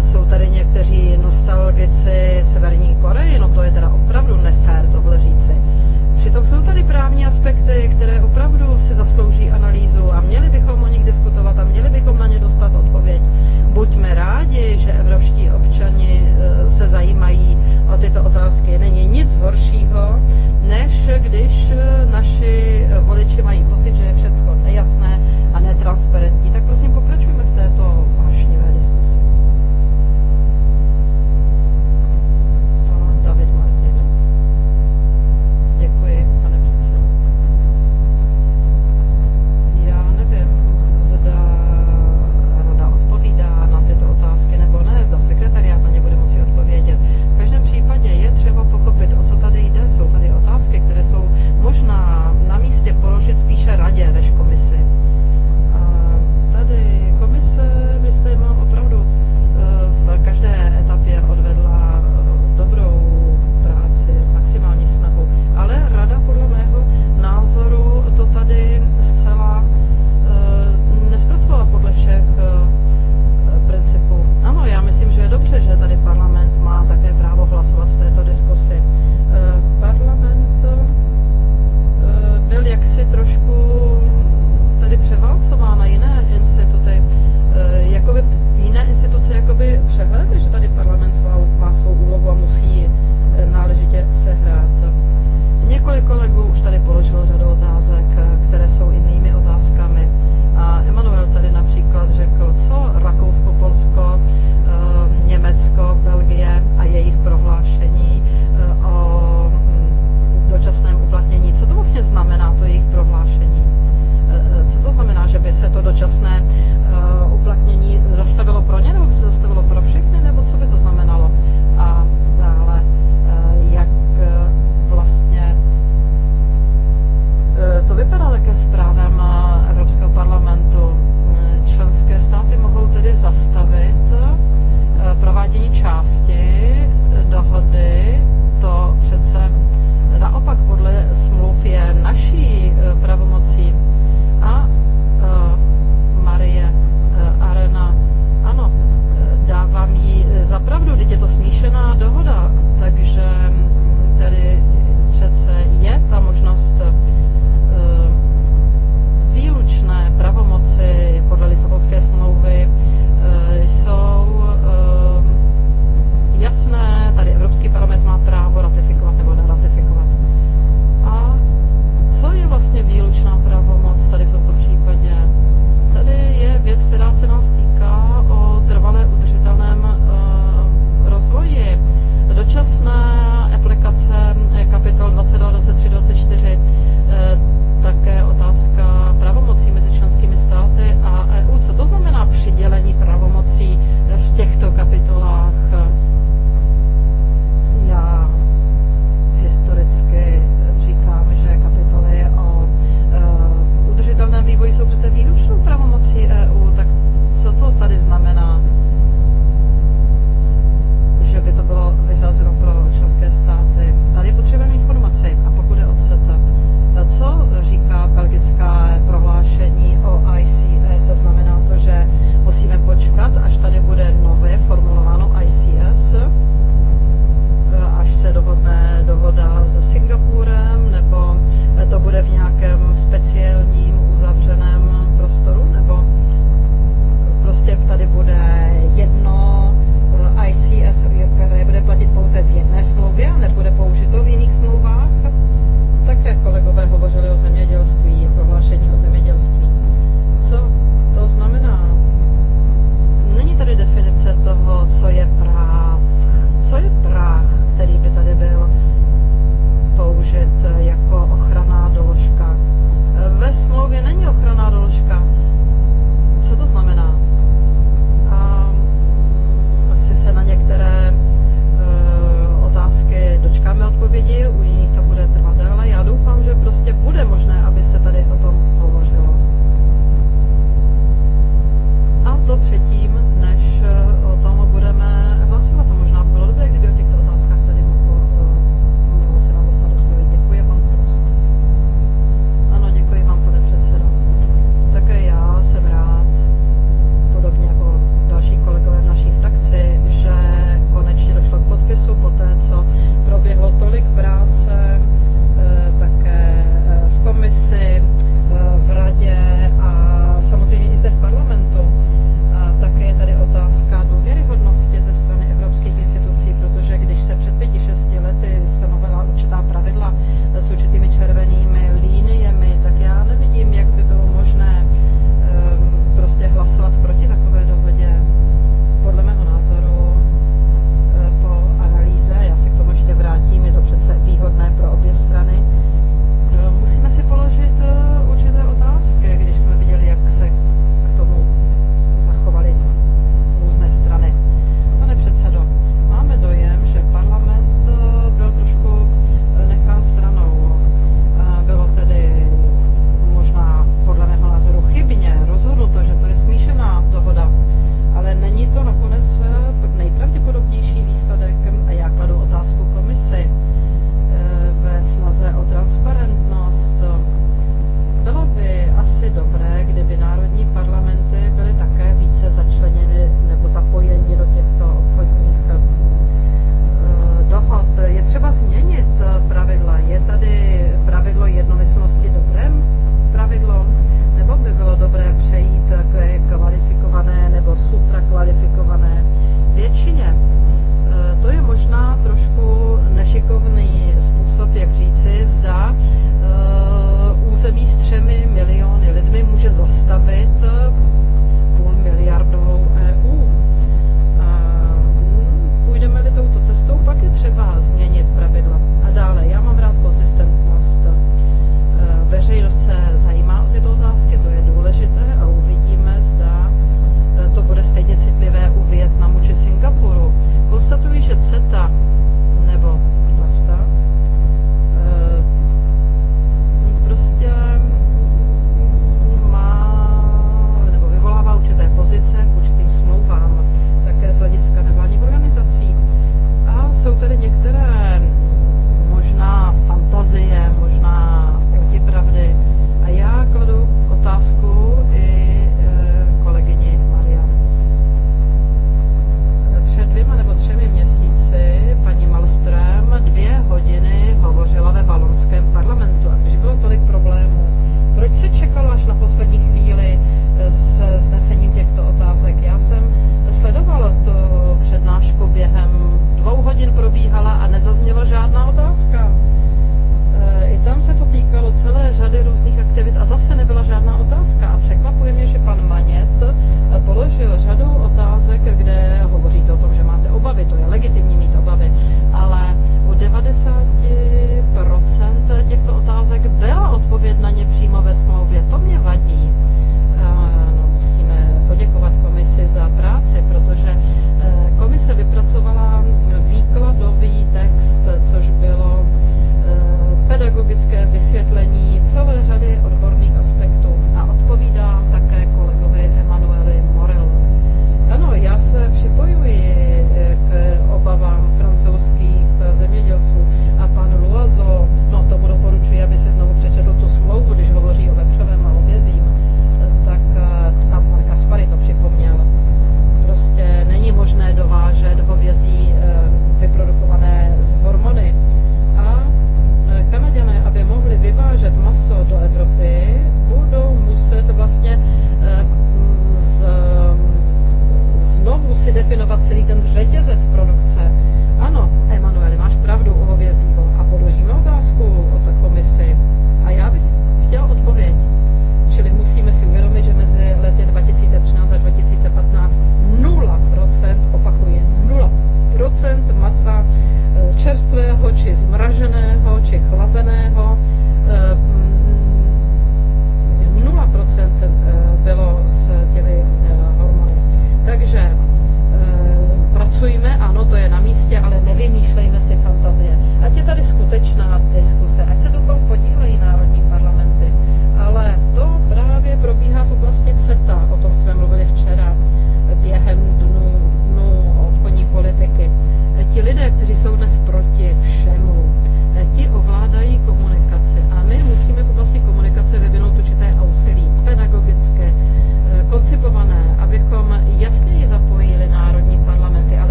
jsou tady někteří nostalgici Severní Koreji, no že evropští občani e, se zajímají o tyto otázky. Není nic horšího, než když e, naši voliči mají pocit, že je všechno nejasné a netransparentní. Tak prosím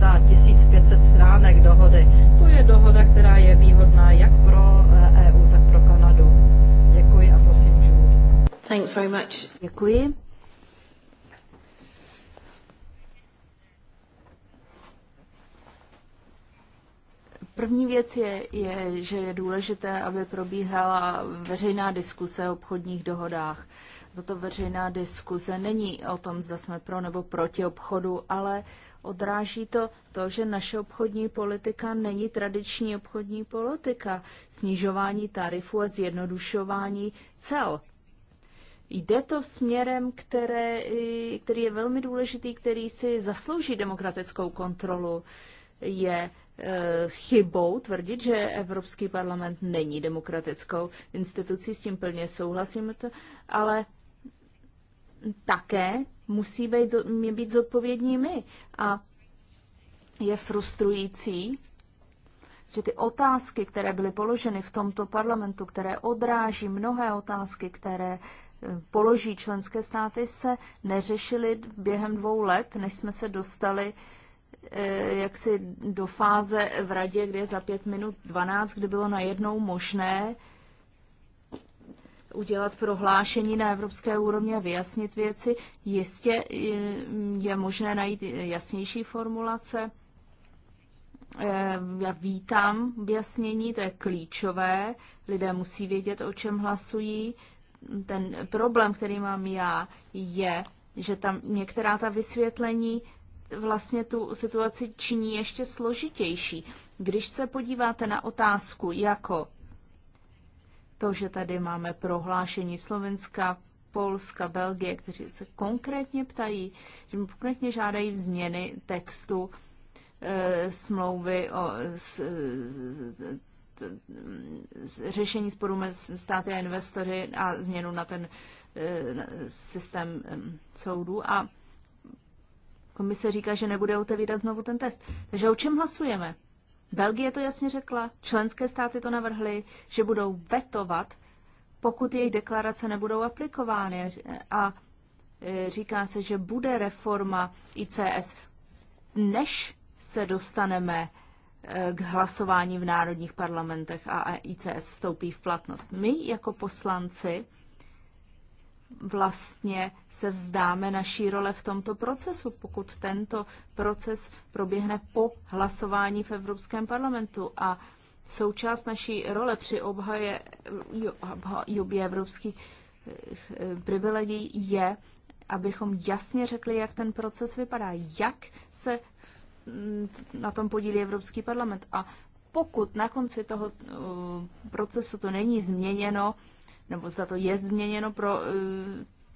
ta 1500 stránek dohody. To je dohoda, která je výhodná jak pro EU, eh, e tak pro Kanadu. Děkuji a prosím, Jude. Thanks very much. Děkuji. První věc je, je, že je důležité, aby probíhala veřejná diskuse o obchodních dohodách. Tato veřejná diskuse není o tom, zda jsme pro nebo proti obchodu, ale Odráží to to, že naše obchodní politika není tradiční obchodní politika, snižování tarifů a zjednodušování cel. Jde to směrem, které, který je velmi důležitý, který si zaslouží demokratickou kontrolu. Je e, chybou tvrdit, že Evropský parlament není demokratickou institucí, s tím plně souhlasím, to, ale také musí být, mě být zodpovědní my. A je frustrující, že ty otázky, které byly položeny v tomto parlamentu, které odráží mnohé otázky, které eh, položí členské státy, se neřešily během dvou let, než jsme se dostali eh, jaksi do fáze v radě, kde za pět minut 12, kdy bylo najednou možné udělat prohlášení na evropské úrovni a vyjasnit věci. Jistě eh, je možné najít jasnější formulace. Eh, já vítám vyjasnění, to je klíčové. Lidé musí vědět, o čem hlasují. Ten problém, který mám já, je, že tam některá ta vysvětlení vlastně tu situaci činí ještě složitější. Když se podíváte na otázku jako to, že tady máme prohlášení Slovenska, Polska, Belgie, kteří se konkrétně ptají, že konkrétně žádají změny textu e, smlouvy o s, s, řešení sporů mezi státy a investory a změnu na ten e, systém e, soudů. A komise říká, že nebude otevírat znovu ten test. Takže o čem hlasujeme? Belgie to jasně řekla, členské státy to navrhly, že budou vetovat, pokud jejich deklarace nebudou aplikovány. A e, říká se, že bude reforma ICS, než se dostaneme e, k hlasování v národních parlamentech a ICS vstoupí v platnost. My jako poslanci vlastně se vzdáme naší role v tomto procesu, pokud tento proces proběhne po hlasování v Evropském parlamentu a součást naší role při obhaje, obhajobě evropských eh, privilegií je, abychom jasně řekli, jak ten proces vypadá, jak se mm, na tom podílí Evropský parlament. A pokud na konci toho eh, procesu to není změněno, nebo zda to je změněno, pro,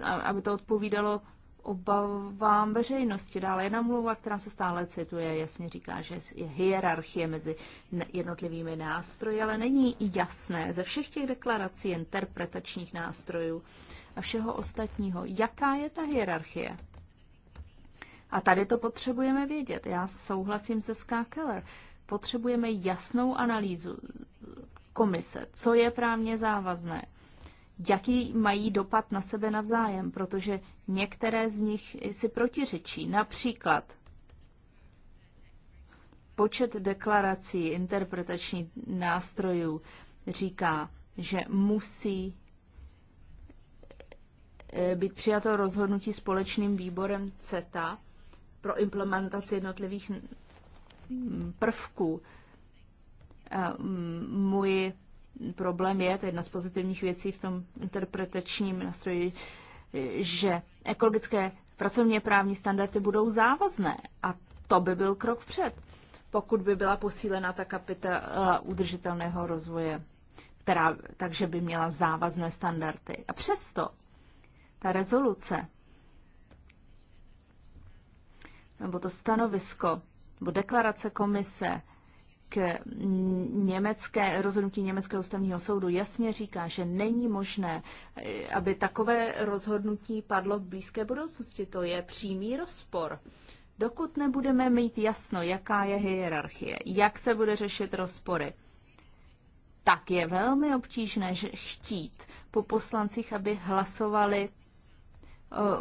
eh, aby to odpovídalo obavám veřejnosti. Dále jedna mluva, která se stále cituje, jasně říká, že je hierarchie mezi jednotlivými nástroji, ale není jasné ze všech těch deklarací, interpretačních nástrojů a všeho ostatního, jaká je ta hierarchie. A tady to potřebujeme vědět. Já souhlasím se Ska Keller. Potřebujeme jasnou analýzu komise, co je právně závazné, jaký mají dopad na sebe navzájem, protože některé z nich si protiřečí. Například počet deklarací interpretačních nástrojů říká, že musí e, být přijato rozhodnutí společným výborem CETA pro implementaci jednotlivých prvků. Můj problém je, to je jedna z pozitivních věcí v tom interpretačním nástroji, že ekologické pracovně právní standardy budou závazné a to by byl krok před, pokud by byla posílena ta kapitola udržitelného rozvoje, která takže by měla závazné standardy. A přesto ta rezoluce nebo to stanovisko nebo deklarace komise k německé, rozhodnutí Německého ústavního soudu jasně říká, že není možné, aby takové rozhodnutí padlo v blízké budoucnosti. To je přímý rozpor. Dokud nebudeme mít jasno, jaká je hierarchie, jak se bude řešit rozpory, tak je velmi obtížné že chtít po poslancích, aby hlasovali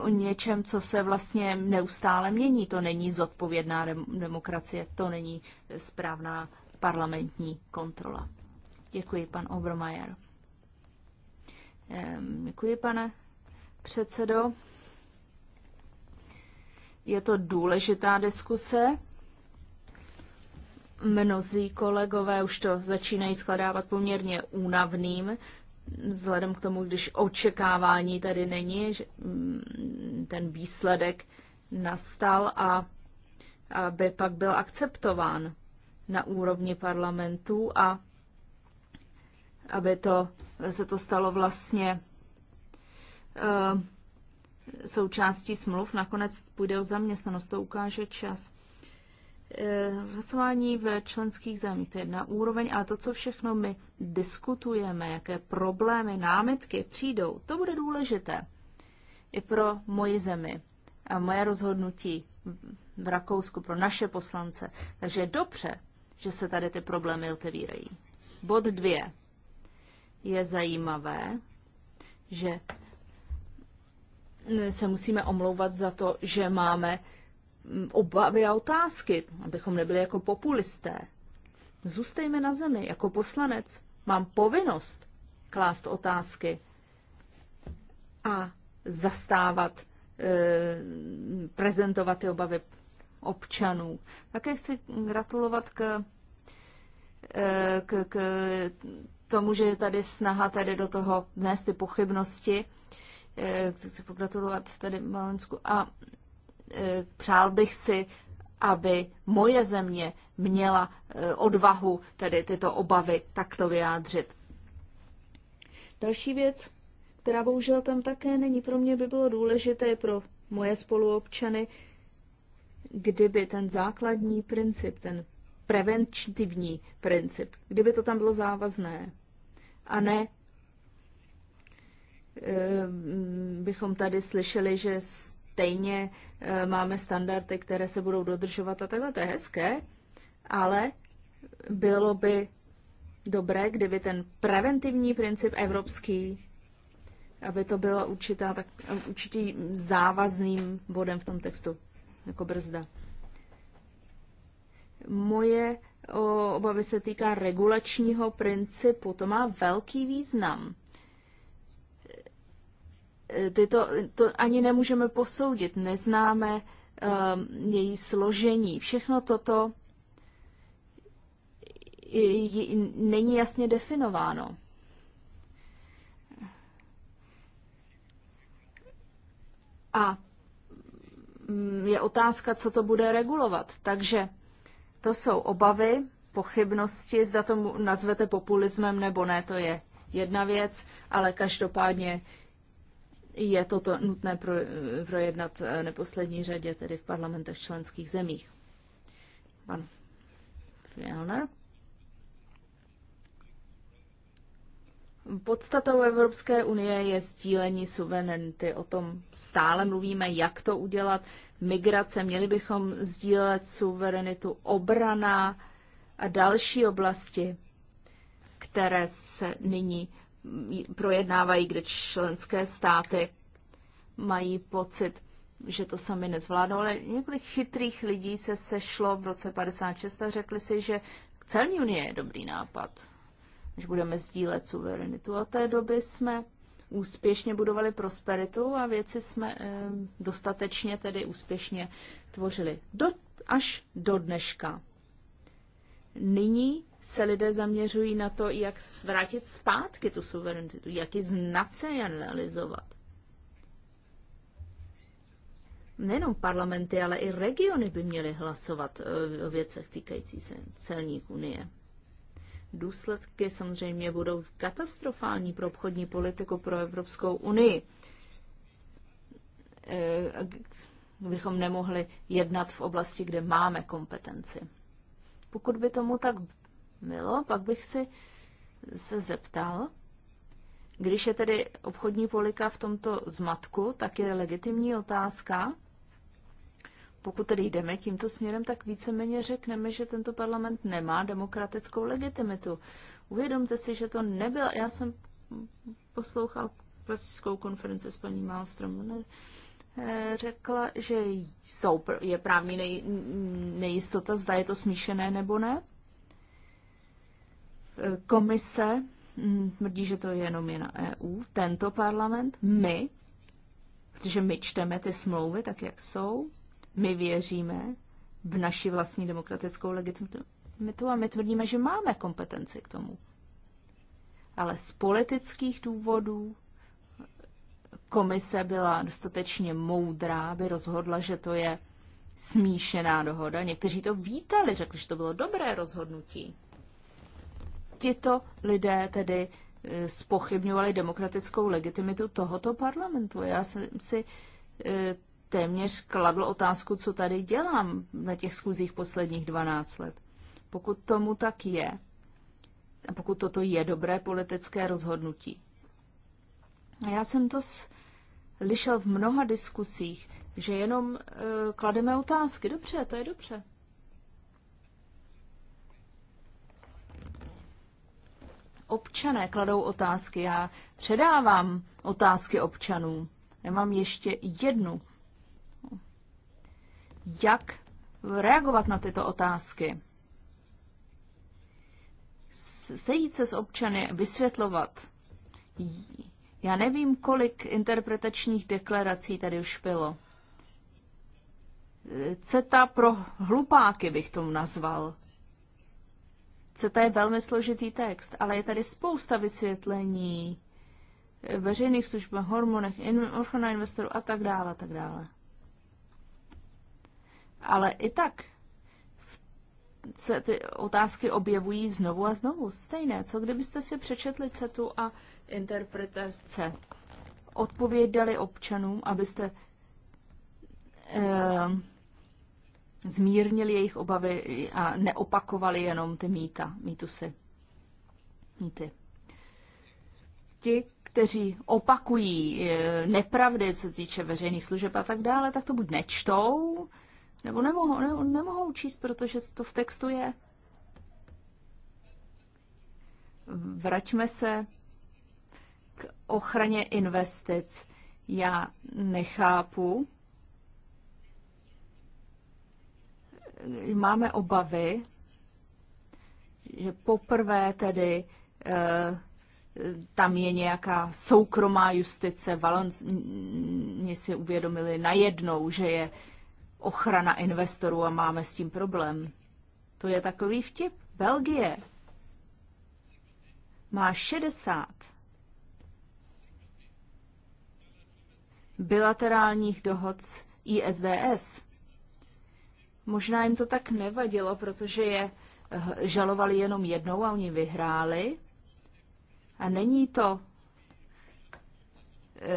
o něčem, co se vlastně neustále mění. To není zodpovědná demokracie, to není správná parlamentní kontrola. Děkuji, pan Obromajer. Děkuji, pane předsedo. Je to důležitá diskuse. Mnozí kolegové už to začínají skladávat poměrně únavným vzhledem k tomu, když očekávání tady není, že mm, ten výsledek nastal a aby pak byl akceptován na úrovni parlamentu a aby to, se to stalo vlastně eh, součástí smluv. Nakonec půjde o zaměstnanost, to ukáže čas. Eh, hlasování ve členských zemích, to je jedna úroveň, ale to, co všechno my diskutujeme, jaké problémy, námitky přijdou, to bude důležité i pro moji zemi a moje rozhodnutí v Rakousku pro naše poslance. Takže je dobře, že se tady ty problémy otevírají. Bod dvě. Je zajímavé, že se musíme omlouvat za to, že máme obavy a otázky, abychom nebyli jako populisté. Zůstejme na zemi. Jako poslanec mám povinnost klást otázky a zastávat, e, prezentovat ty obavy občanů. Také chci gratulovat k, e, k, k tomu, že je tady snaha tady do toho vnést ty pochybnosti. E, chci pogratulovat tady Malensku. A Eh, přál bych si, aby moje země měla eh, odvahu tedy tyto obavy takto vyjádřit. Další věc, která bohužel tam také není, pro mě by bylo důležité pro moje spoluobčany, kdyby ten základní princip, ten preventivní princip, kdyby to tam bylo závazné a ne eh, bychom tady slyšeli, že stejně eh, máme standardy, které se budou dodržovat a takhle, to je hezké, ale bylo by dobré, kdyby ten preventivní princip evropský, aby to bylo určitá, tak, eh, určitý závazným bodem v tom textu, jako brzda. Moje eh, obavy se týká regulačního principu. To má velký význam tyto, to ani nemůžeme posoudit, neznáme um, její složení. Všechno toto není jasně definováno. A mm, je otázka, co to bude regulovat. Takže to jsou obavy, pochybnosti, zda to nazvete populismem nebo ne, to je jedna věc, ale každopádně je toto nutné projednat neposlední řadě, tedy v parlamentech členských zemích. Pan Fjellner. Podstatou Evropské unie je sdílení suverenity. O tom stále mluvíme, jak to udělat. Migrace, měli bychom sdílet suverenitu, obrana a další oblasti, které se nyní projednávají, kde členské státy mají pocit, že to sami nezvládnou, ale několik chytrých lidí se sešlo v roce 56 a řekli si, že celní unie je dobrý nápad, že budeme sdílet suverenitu. A té doby jsme úspěšně budovali prosperitu a věci jsme e, dostatečně tedy úspěšně tvořili. Do, až do dneška. Nyní se lidé zaměřují na to, jak zvrátit zpátky tu suverenitu, jak ji znacionalizovat. Nejenom parlamenty, ale i regiony by měly hlasovat eh, o věcech týkající se celník Unie. Důsledky samozřejmě budou katastrofální pro obchodní politiku pro Evropskou unii. Eh, Bychom nemohli jednat v oblasti, kde máme kompetenci. Pokud by tomu tak milo, pak bych si se zeptal, když je tedy obchodní polika v tomto zmatku, tak je legitimní otázka, pokud tedy jdeme tímto směrem, tak víceméně řekneme, že tento parlament nemá demokratickou legitimitu. Uvědomte si, že to nebyla. Já jsem poslouchal klasickou konferenci s paní Malstrom. Eh, řekla, že jsou, je právní nej, nejistota, zda je to smíšené nebo ne. Komise mm, tvrdí, že to je jenom je na EU, tento parlament, my, protože my čteme ty smlouvy tak, jak jsou, my věříme v naši vlastní demokratickou legitimitu a my tvrdíme, že máme kompetenci k tomu. Ale z politických důvodů komise byla dostatečně moudrá, aby rozhodla, že to je smíšená dohoda. Někteří to vítali, řekli, že to bylo dobré rozhodnutí tito lidé tedy eh, spochybňovali demokratickou legitimitu tohoto parlamentu. Já jsem si eh, téměř kladl otázku, co tady dělám na těch schůzích posledních 12 let. Pokud tomu tak je, a pokud toto je dobré politické rozhodnutí. já jsem to slyšel v mnoha diskusích, že jenom e, klademe otázky. Dobře, to je dobře. občané kladou otázky. Já předávám otázky občanům. Já mám ještě jednu. Jak reagovat na tyto otázky? Sejít se s občany, vysvětlovat. Já nevím, kolik interpretačních deklarací tady už bylo. E, CETA pro hlupáky bych tomu nazval. CETA je velmi složitý text, ale je tady spousta vysvětlení veřejných služb, hormonech, in, ochrana investorů a tak dále, a tak dále. Ale i tak se ty otázky objevují znovu a znovu. Stejné, co kdybyste si přečetli CETu a interpretace. Odpověď dali občanům, abyste eh, zmírnili jejich obavy a neopakovali jenom ty mýta, mýtusy. Mýty. Ti, kteří opakují eh, nepravdy, co týče veřejných služeb a tak dále, tak to buď nečtou, nebo nemohou, ne, nemohou číst, protože to v textu je. Vraťme se k ochraně investic. Já nechápu, máme obavy, že poprvé tedy eh, tam je nějaká soukromá justice. valonci si uvědomili najednou, že je ochrana investorů a máme s tím problém. To je takový vtip. Belgie má 60 bilaterálních dohod s ISDS. Možná jim to tak nevadilo, protože je eh, žalovali jenom jednou a oni vyhráli. A není to e,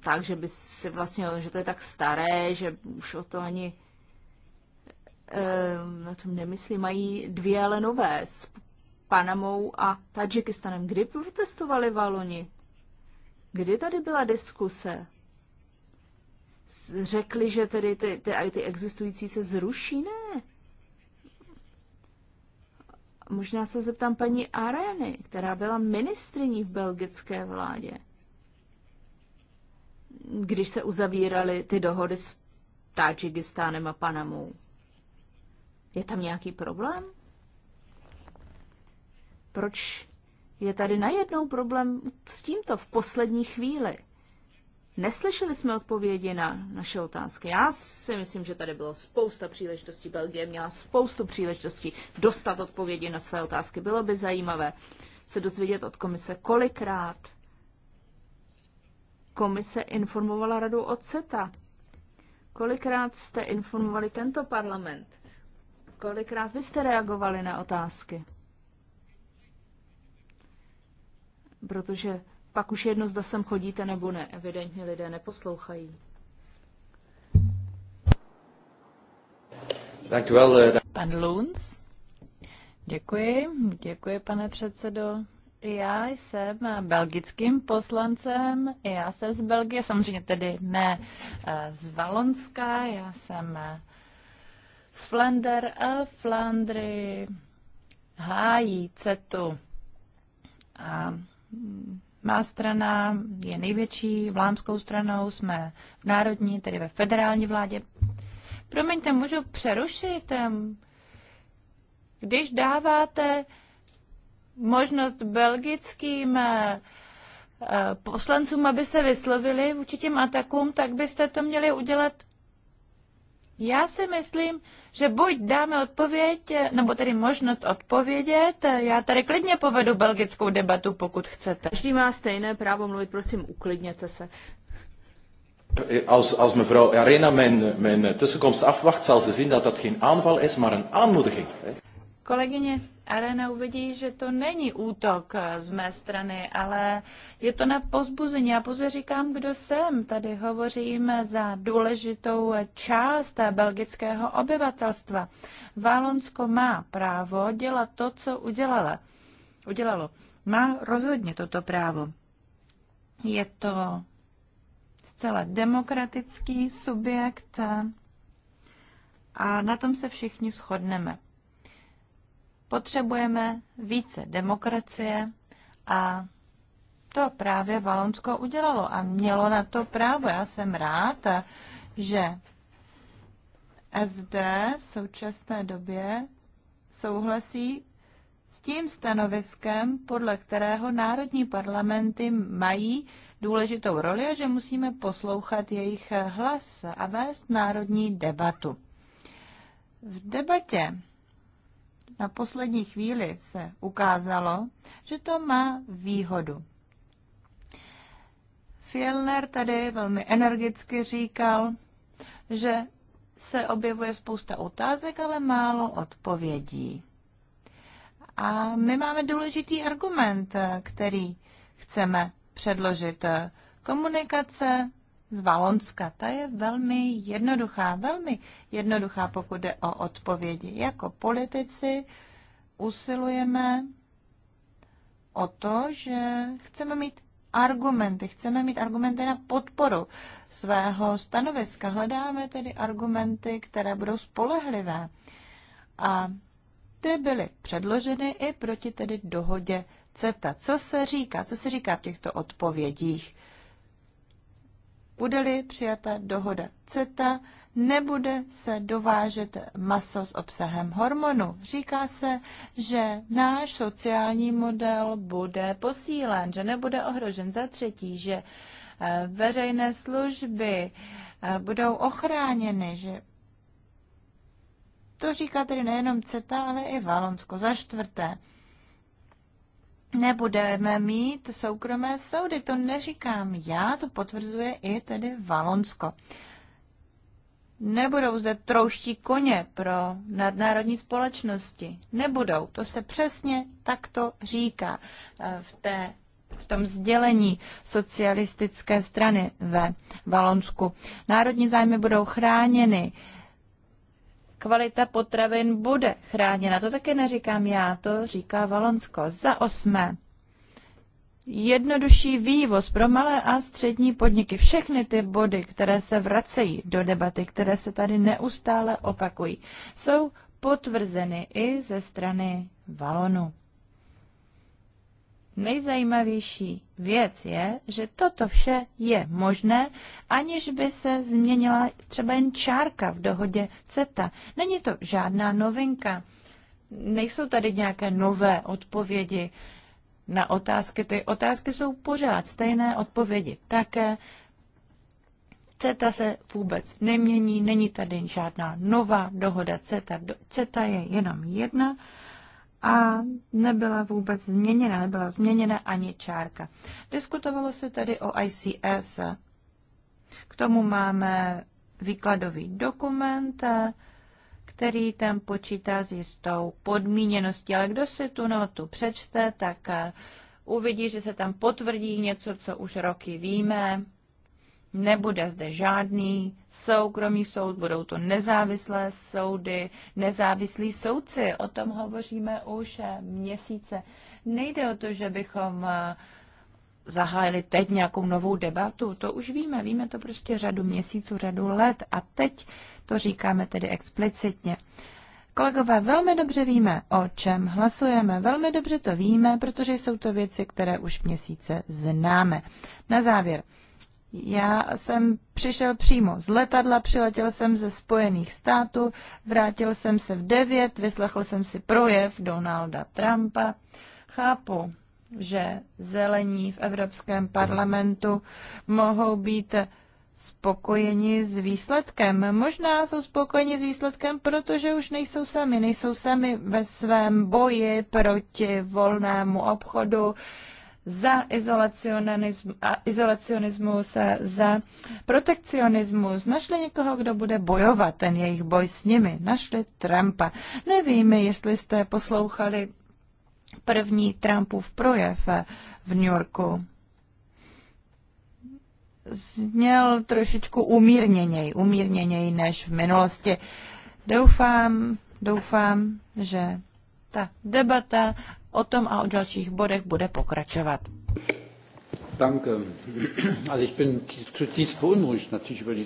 tak, že by si vlastně, že to je tak staré, že už o to ani e, eh, na tom nemyslí. Mají dvě ale nové s Panamou a Tadžikistanem. Kdy protestovali Valoni? Kdy tady byla diskuse? řekli, že tedy ty, ty, ty existující se zruší? Ne. Možná se zeptám paní Areny, která byla ministriní v belgické vládě, když se uzavíraly ty dohody s Tadžikistánem a Panamou. Je tam nějaký problém? Proč je tady najednou problém s tímto v poslední chvíli? Neslyšeli jsme odpovědi na naše otázky. Já si myslím, že tady bylo spousta příležitostí. Belgie měla spoustu příležitostí dostat odpovědi na své otázky. Bylo by zajímavé se dozvědět od komise, kolikrát komise informovala radu o CETA. Kolikrát jste informovali tento parlament? Kolikrát vy jste reagovali na otázky? Protože pak už jedno, zda sem chodíte nebo ne. Evidentně lidé neposlouchají. Pan Luns. Děkuji, děkuji pane předsedo. Já jsem belgickým poslancem, já jsem z Belgie, samozřejmě tedy ne eh, z Valonska, já jsem eh, z Flander a eh, Flandry hájí CETu. A mm, má strana je největší, vlámskou stranou jsme v národní, tedy ve federální vládě. Promiňte, můžu přerušit? Když dáváte možnost belgickým eh, eh, poslancům, aby se vyslovili vůči těm atakům, tak byste to měli udělat já si myslím, že buď dáme odpověď, nebo tedy možnost odpovědět. Já tady klidně povedu belgickou debatu, pokud chcete. Každý má stejné právo mluvit, prosím, uklidněte se. Als, als mevrouw Arena mijn, mijn tussenkomst afwacht, zal ze zien dat dat geen aanval is, maar een aanmoediging. Kolegyně arena uvidí, že to není útok eh, z mé strany, ale je to na pozbuzení. Já pouze říkám, kdo jsem. Tady hovořím za důležitou část belgického obyvatelstva. Valonsko má právo dělat to, co udělala. udělalo. Má rozhodně toto právo. Je to zcela demokratický subjekt a na tom se všichni shodneme. Potřebujeme více demokracie a to právě Valonsko udělalo a mělo na to právo. Já jsem rád, že SD v současné době souhlasí s tím stanoviskem, podle kterého národní parlamenty mají důležitou roli a že musíme poslouchat jejich hlas a vést národní debatu. V debatě na poslední chvíli se ukázalo, že to má výhodu. Fielner tady velmi energicky říkal, že se objevuje spousta otázek, ale málo odpovědí. A my máme důležitý argument, který chceme předložit. Komunikace z Valonska. Ta je velmi jednoduchá, velmi jednoduchá, pokud jde o odpovědi. Jako politici usilujeme o to, že chceme mít argumenty, chceme mít argumenty na podporu svého stanoviska. Hledáme tedy argumenty, které budou spolehlivé. A ty byly předloženy i proti tedy dohodě CETA. Co se říká? Co se říká v těchto odpovědích? Bude-li přijata dohoda CETA, nebude se dovážet maso s obsahem hormonu. Říká se, že náš sociální model bude posílen, že nebude ohrožen za třetí, že eh, veřejné služby eh, budou ochráněny, že to říká tedy nejenom CETA, ale i Valonsko za čtvrté nebudeme mít soukromé soudy. To neříkám já, to potvrzuje i tedy Valonsko. Nebudou zde trouští koně pro nadnárodní společnosti. Nebudou. To se přesně takto říká eh, v, té, v tom sdělení socialistické strany ve Valonsku. Národní zájmy budou chráněny kvalita potravin bude chráněna. To také neříkám já, to říká Valonsko. Za osmé. Jednodušší vývoz pro malé a střední podniky. Všechny ty body, které se vracejí do debaty, které se tady neustále opakují, jsou potvrzeny i ze strany Valonu nejzajímavější věc je, že toto vše je možné, aniž by se změnila třeba jen čárka v dohodě CETA. Není to žádná novinka. Nejsou tady nějaké nové odpovědi na otázky. Ty otázky jsou pořád stejné, odpovědi také. CETA se vůbec nemění, není tady žádná nová dohoda CETA. CETA je jenom jedna a nebyla vůbec změněna, nebyla změněna ani čárka. Diskutovalo se tedy o ICS. K tomu máme výkladový dokument, který tam počítá s jistou podmíněností. Ale kdo si tu notu přečte, tak uvidí, že se tam potvrdí něco, co už roky víme. Nebude zde žádný soukromý soud, budou to nezávislé soudy, nezávislí soudci. O tom hovoříme už eh, měsíce. Nejde o to, že bychom eh, zahájili teď nějakou novou debatu. To už víme, víme to prostě řadu měsíců, řadu let a teď to říkáme tedy explicitně. Kolegové, velmi dobře víme, o čem hlasujeme, velmi dobře to víme, protože jsou to věci, které už měsíce známe. Na závěr, já jsem přišel přímo z letadla, přiletěl jsem ze Spojených států, vrátil jsem se v devět. vyslechl jsem si projev Donalda Trumpa. Chápu, že zelení v Evropském parlamentu mohou být spokojeni s výsledkem. Možná jsou spokojeni s výsledkem, protože už nejsou sami. Nejsou sami ve svém boji proti volnému obchodu, za izolacionismus, za protekcionismus. Našli někoho, kdo bude bojovat ten jejich boj s nimi. Našli Trumpa. Nevíme, jestli jste poslouchali první Trumpův projev v New Yorku. Zněl trošičku umírněněji, umírněněji než v minulosti. Doufám, doufám, že ta debata O tom a o dalších bodech bude pokračovat.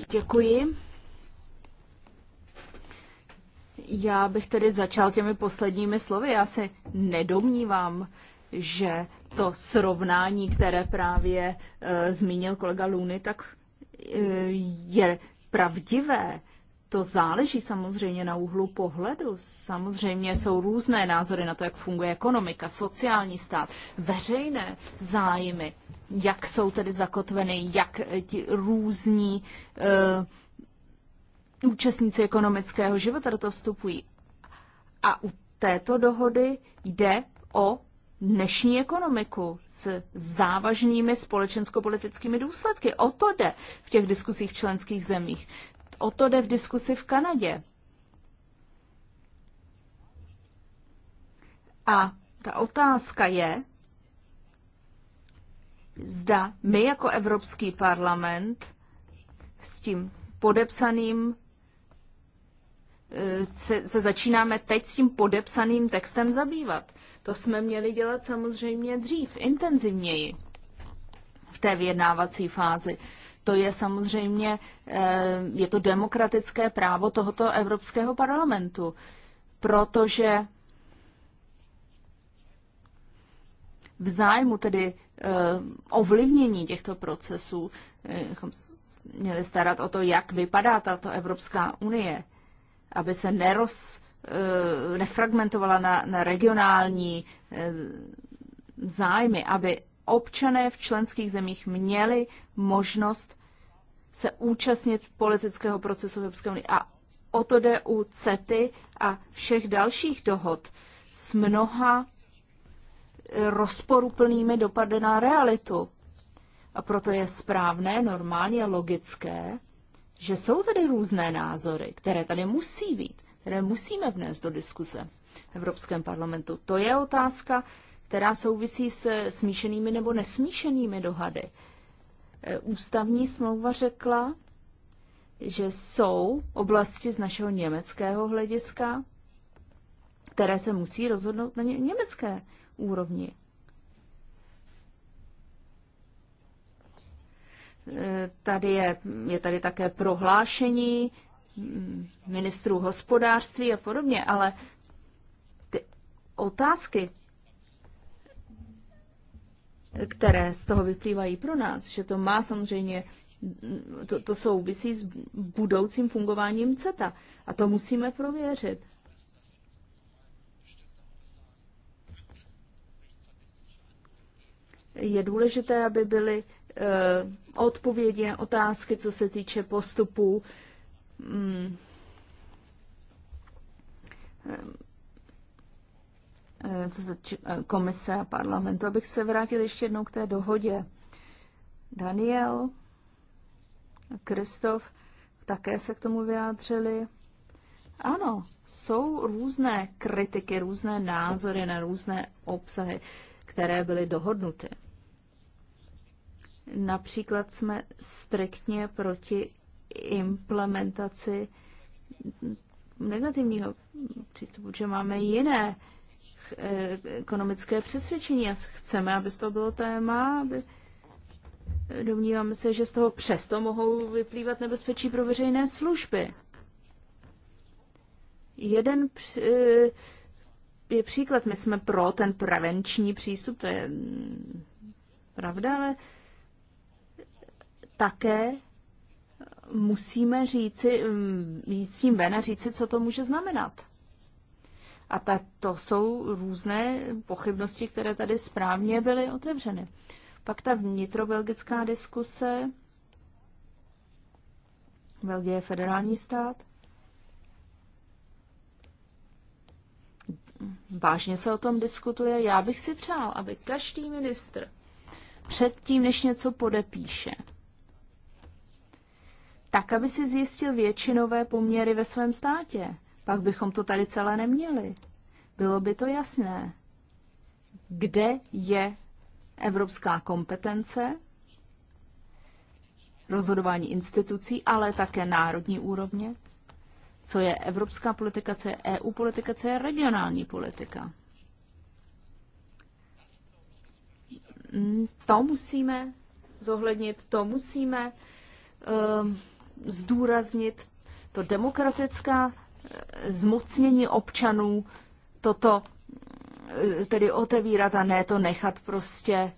Děkuji. Já bych tedy začal těmi posledními slovy. Já se nedomnívám, že to srovnání, které právě e, zmínil kolega Luny, tak e, je pravdivé. E, to záleží samozřejmě na úhlu pohledu. Samozřejmě jsou různé názory na to, jak funguje ekonomika, sociální stát, veřejné zájmy, jak jsou tedy zakotveny, jak ti různí uh, účastníci ekonomického života do toho vstupují. A u této dohody jde o dnešní ekonomiku s závažnými společensko-politickými důsledky. O to jde v těch diskusích v členských zemích. O to jde v diskusi v Kanadě. A ta otázka je, zda my jako Evropský parlament s tím podepsaným eh, se, se začínáme teď s tím podepsaným textem zabývat. To jsme měli dělat samozřejmě dřív, intenzivněji v té vyjednávací fázi. To je samozřejmě, eh, je to demokratické právo tohoto Evropského parlamentu, protože v zájmu tedy eh, ovlivnění těchto procesů bychom eh, měli starat o to, jak vypadá tato Evropská unie, aby se neroz, nefragmentovala na, na regionální zájmy, aby občané v členských zemích měli možnost se účastnit politického procesu Evropské unie. A o to jde u CETY a všech dalších dohod s mnoha eh, rozporuplnými dopady na realitu. A proto je správné, normálně logické, že jsou tady různé názory, které tady musí být, které musíme vnést do diskuse v Evropském parlamentu. To je otázka která souvisí s smíšenými nebo nesmíšenými dohady. E, ústavní smlouva řekla, že jsou oblasti z našeho německého hlediska, které se musí rozhodnout na ně německé úrovni. E, tady je, je tady také prohlášení mm, ministrů hospodářství a podobně, ale ty otázky které z toho vyplývají pro nás, že to má samozřejmě, to, to souvisí s budoucím fungováním CETA a to musíme prověřit. Je důležité, aby byly eh, odpovědi na otázky, co se týče postupů. Mm, Eh, co se eh, komise a parlamentu. Abych se vrátil ještě jednou k té dohodě. Daniel, Kristof také se k tomu vyjádřili. Ano, jsou různé kritiky, různé názory na různé obsahy, které byly dohodnuty. Například jsme striktně proti implementaci negativního přístupu, že máme jiné Eh, ekonomické přesvědčení a chceme, aby to bylo téma, aby domníváme se, že z toho přesto mohou vyplývat nebezpečí pro veřejné služby. Jeden eh, je příklad, my jsme pro ten prevenční přístup, to je mm, pravda, ale také musíme říci, mm, jít s tím ven a říci, co to může znamenat. A ta, to jsou různé pochybnosti, které tady správně byly otevřeny. Pak ta vnitrobelgická diskuse. Belgie je federální stát. Vážně se o tom diskutuje. Já bych si přál, aby každý ministr předtím, než něco podepíše, tak, aby si zjistil většinové poměry ve svém státě. Pak bychom to tady celé neměli. Bylo by to jasné. Kde je evropská kompetence, rozhodování institucí, ale také národní úrovně, co je evropská politika, co je EU politika, co je regionální politika. To musíme zohlednit, to musíme um, zdůraznit. To demokratická zmocnění občanů toto eh, tedy otevírat a ne to nechat prostě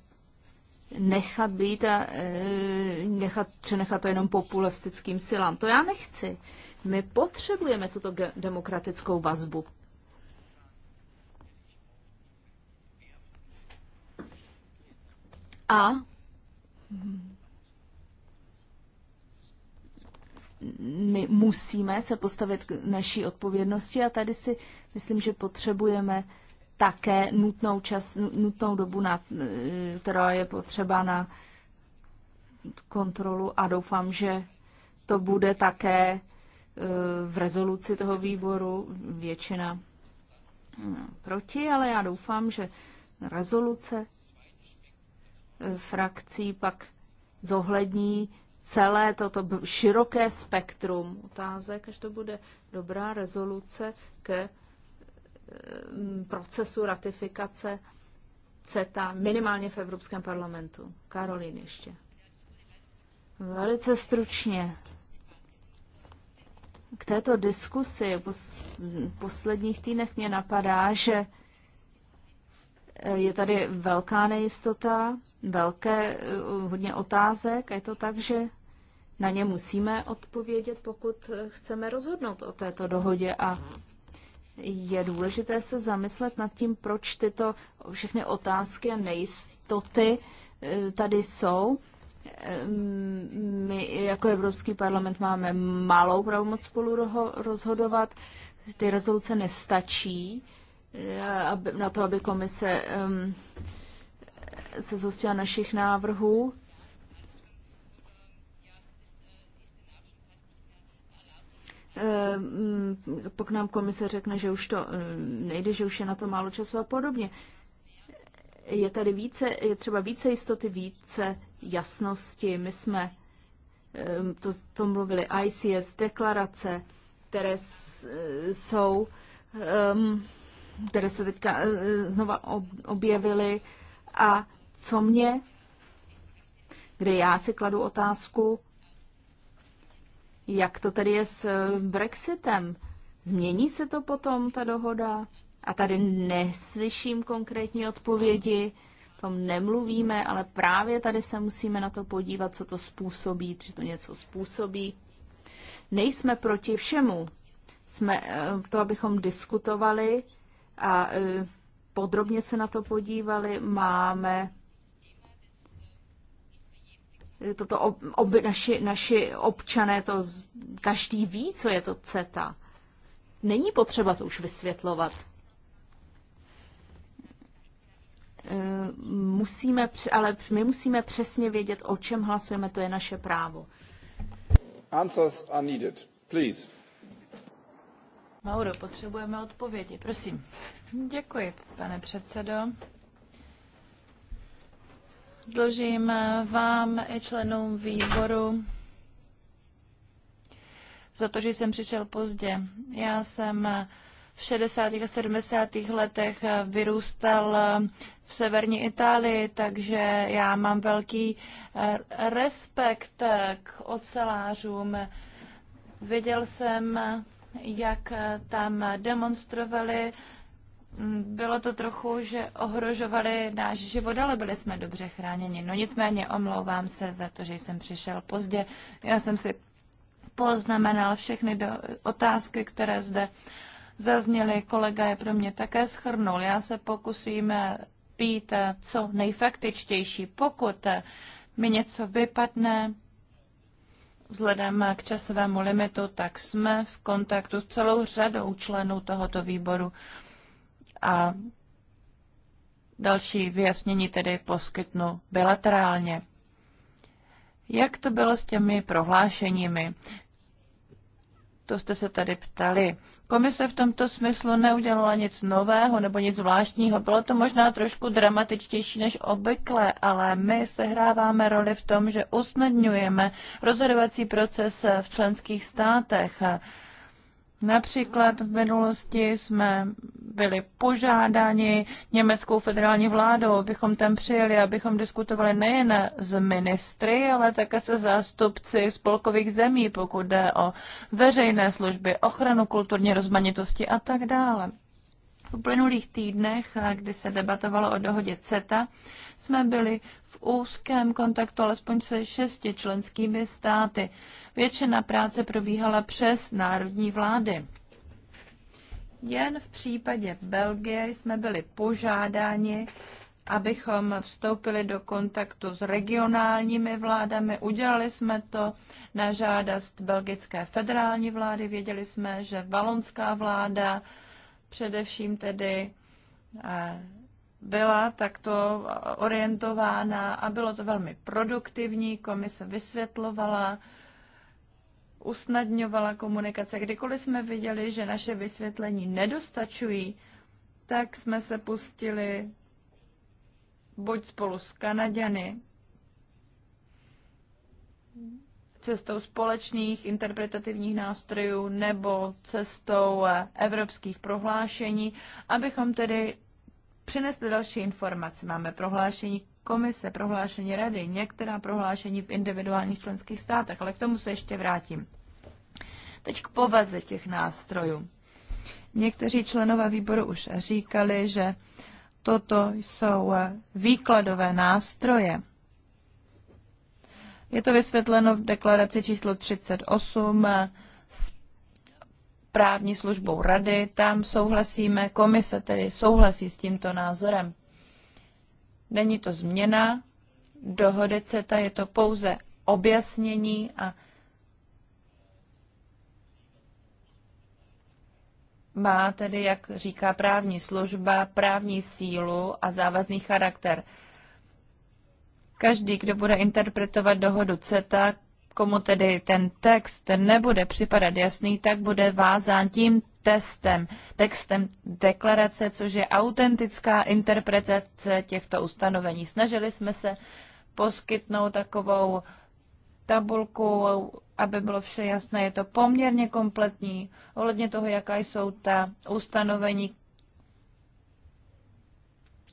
nechat být a eh, nechat, přenechat to jenom populistickým silám. To já nechci. My potřebujeme tuto demokratickou vazbu. A my musíme se postavit k naší odpovědnosti a tady si myslím, že potřebujeme také nutnou, čas, nutnou dobu, na, eh, která je potřeba na kontrolu a doufám, že to bude také eh, v rezoluci toho výboru většina eh, proti, ale já doufám, že rezoluce frakcí pak zohlední celé toto široké spektrum otázek, až to bude dobrá rezoluce ke e, procesu ratifikace CETA, minimálně v Evropském parlamentu. Karolín ještě. Velice stručně. K této diskusi v posledních týdnech mě napadá, že e, je tady velká nejistota velké, eh, hodně otázek. Je to tak, že na ně musíme odpovědět, pokud eh, chceme rozhodnout o této dohodě a je důležité se zamyslet nad tím, proč tyto všechny otázky a nejistoty eh, tady jsou. Ehm, my jako Evropský parlament máme malou pravomoc spolu rozhodovat. Ty rezoluce nestačí na to, aby komise ehm, se zhostila našich návrhů. Ehm, Pokud nám komise řekne, že už to ehm, nejde, že už je na to málo času a podobně. Je tady více, je třeba více jistoty, více jasnosti. My jsme ehm, to, to mluvili ICS deklarace, které e, jsou, které se teďka e, e, znova objevily a co mě, Kde já si kladu otázku, jak to tedy je s eh, Brexitem? Změní se to potom, ta dohoda? A tady neslyším konkrétní odpovědi, tom nemluvíme, ale právě tady se musíme na to podívat, co to způsobí, že to něco způsobí. Nejsme proti všemu. Jsme eh, to, abychom diskutovali a eh, podrobně se na to podívali. Máme toto ob, ob, naši, naši občané, to každý ví, co je to CETA. Není potřeba to už vysvětlovat. E, musíme, ale my musíme přesně vědět, o čem hlasujeme, to je naše právo. Answers are needed. Please. Mauro, potřebujeme odpovědi, prosím. Děkuji, pane předsedo. Dlužím eh, vám i členům výboru za to, že jsem přišel pozdě. Já jsem eh, v 60. a 70. letech eh, vyrůstal v severní Itálii, takže já mám velký respekt k ocelářům. Viděl jsem jak eh, tam demonstrovali. Mm, bylo to trochu, že ohrožovali náš život, ale byli jsme dobře chráněni. No nicméně omlouvám se za to, že jsem přišel pozdě. Já jsem si poznamenal všechny do, otázky, které zde zazněly. Kolega je pro mě také schrnul. Já se pokusím eh, být eh, co nejfaktičtější. Pokud mi něco vypadne, Vzhledem k časovému limitu, tak jsme v kontaktu s celou řadou členů tohoto výboru a další vyjasnění tedy poskytnu bilaterálně. Jak to bylo s těmi prohlášeními? To jste se tady ptali. Komise v tomto smyslu neudělala nic nového nebo nic zvláštního. Bylo to možná trošku dramatičtější než obvykle, ale my sehráváme roli v tom, že usnadňujeme rozhodovací proces v členských státech. Například v minulosti jsme byli požádáni německou federální vládou, abychom tam přijeli, abychom diskutovali nejen s ministry, ale také se zástupci spolkových zemí, pokud jde o veřejné služby, ochranu kulturní rozmanitosti a tak dále. V uplynulých týdnech, eh, kdy se debatovalo o dohodě CETA, jsme byli v úzkém kontaktu alespoň se šesti členskými státy. Většina práce probíhala přes národní vlády. Jen v případě Belgie jsme byli požádáni, abychom vstoupili do kontaktu s regionálními vládami. Udělali jsme to na žádost belgické federální vlády. Věděli jsme, že valonská vláda především tedy eh, byla takto orientována a bylo to velmi produktivní. Komise vysvětlovala, usnadňovala komunikace. Kdykoliv jsme viděli, že naše vysvětlení nedostačují, tak jsme se pustili buď spolu s Kanaďany cestou společných interpretativních nástrojů nebo cestou eh, evropských prohlášení, abychom tedy přinesli další informace. Máme prohlášení komise, prohlášení rady, některá prohlášení v individuálních členských státech, ale k tomu se ještě vrátím. Teď k povaze těch nástrojů. Někteří členové výboru už říkali, že toto jsou eh, výkladové nástroje. Je to vysvětleno v deklaraci číslo 38 s právní službou rady. Tam souhlasíme, komise tedy souhlasí s tímto názorem. Není to změna dohody CETA, je to pouze objasnění a má tedy, jak říká právní služba, právní sílu a závazný charakter. Každý, kdo bude interpretovat dohodu CETA, komu tedy ten text nebude připadat jasný, tak bude vázán tím testem, textem deklarace, což je autentická interpretace těchto ustanovení. Snažili jsme se poskytnout takovou tabulku, aby bylo vše jasné. Je to poměrně kompletní ohledně toho, jaká jsou ta ustanovení,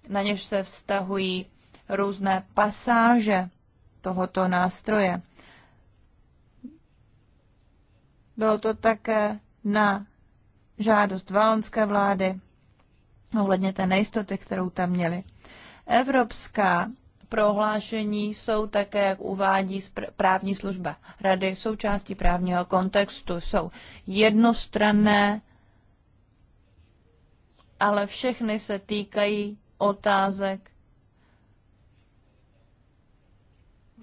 na něž se vztahují různé pasáže tohoto nástroje. Bylo to také na žádost valonské vlády ohledně té nejistoty, kterou tam měli. Evropská prohlášení jsou také, jak uvádí právní služba rady, součástí právního kontextu. Jsou jednostranné, ale všechny se týkají otázek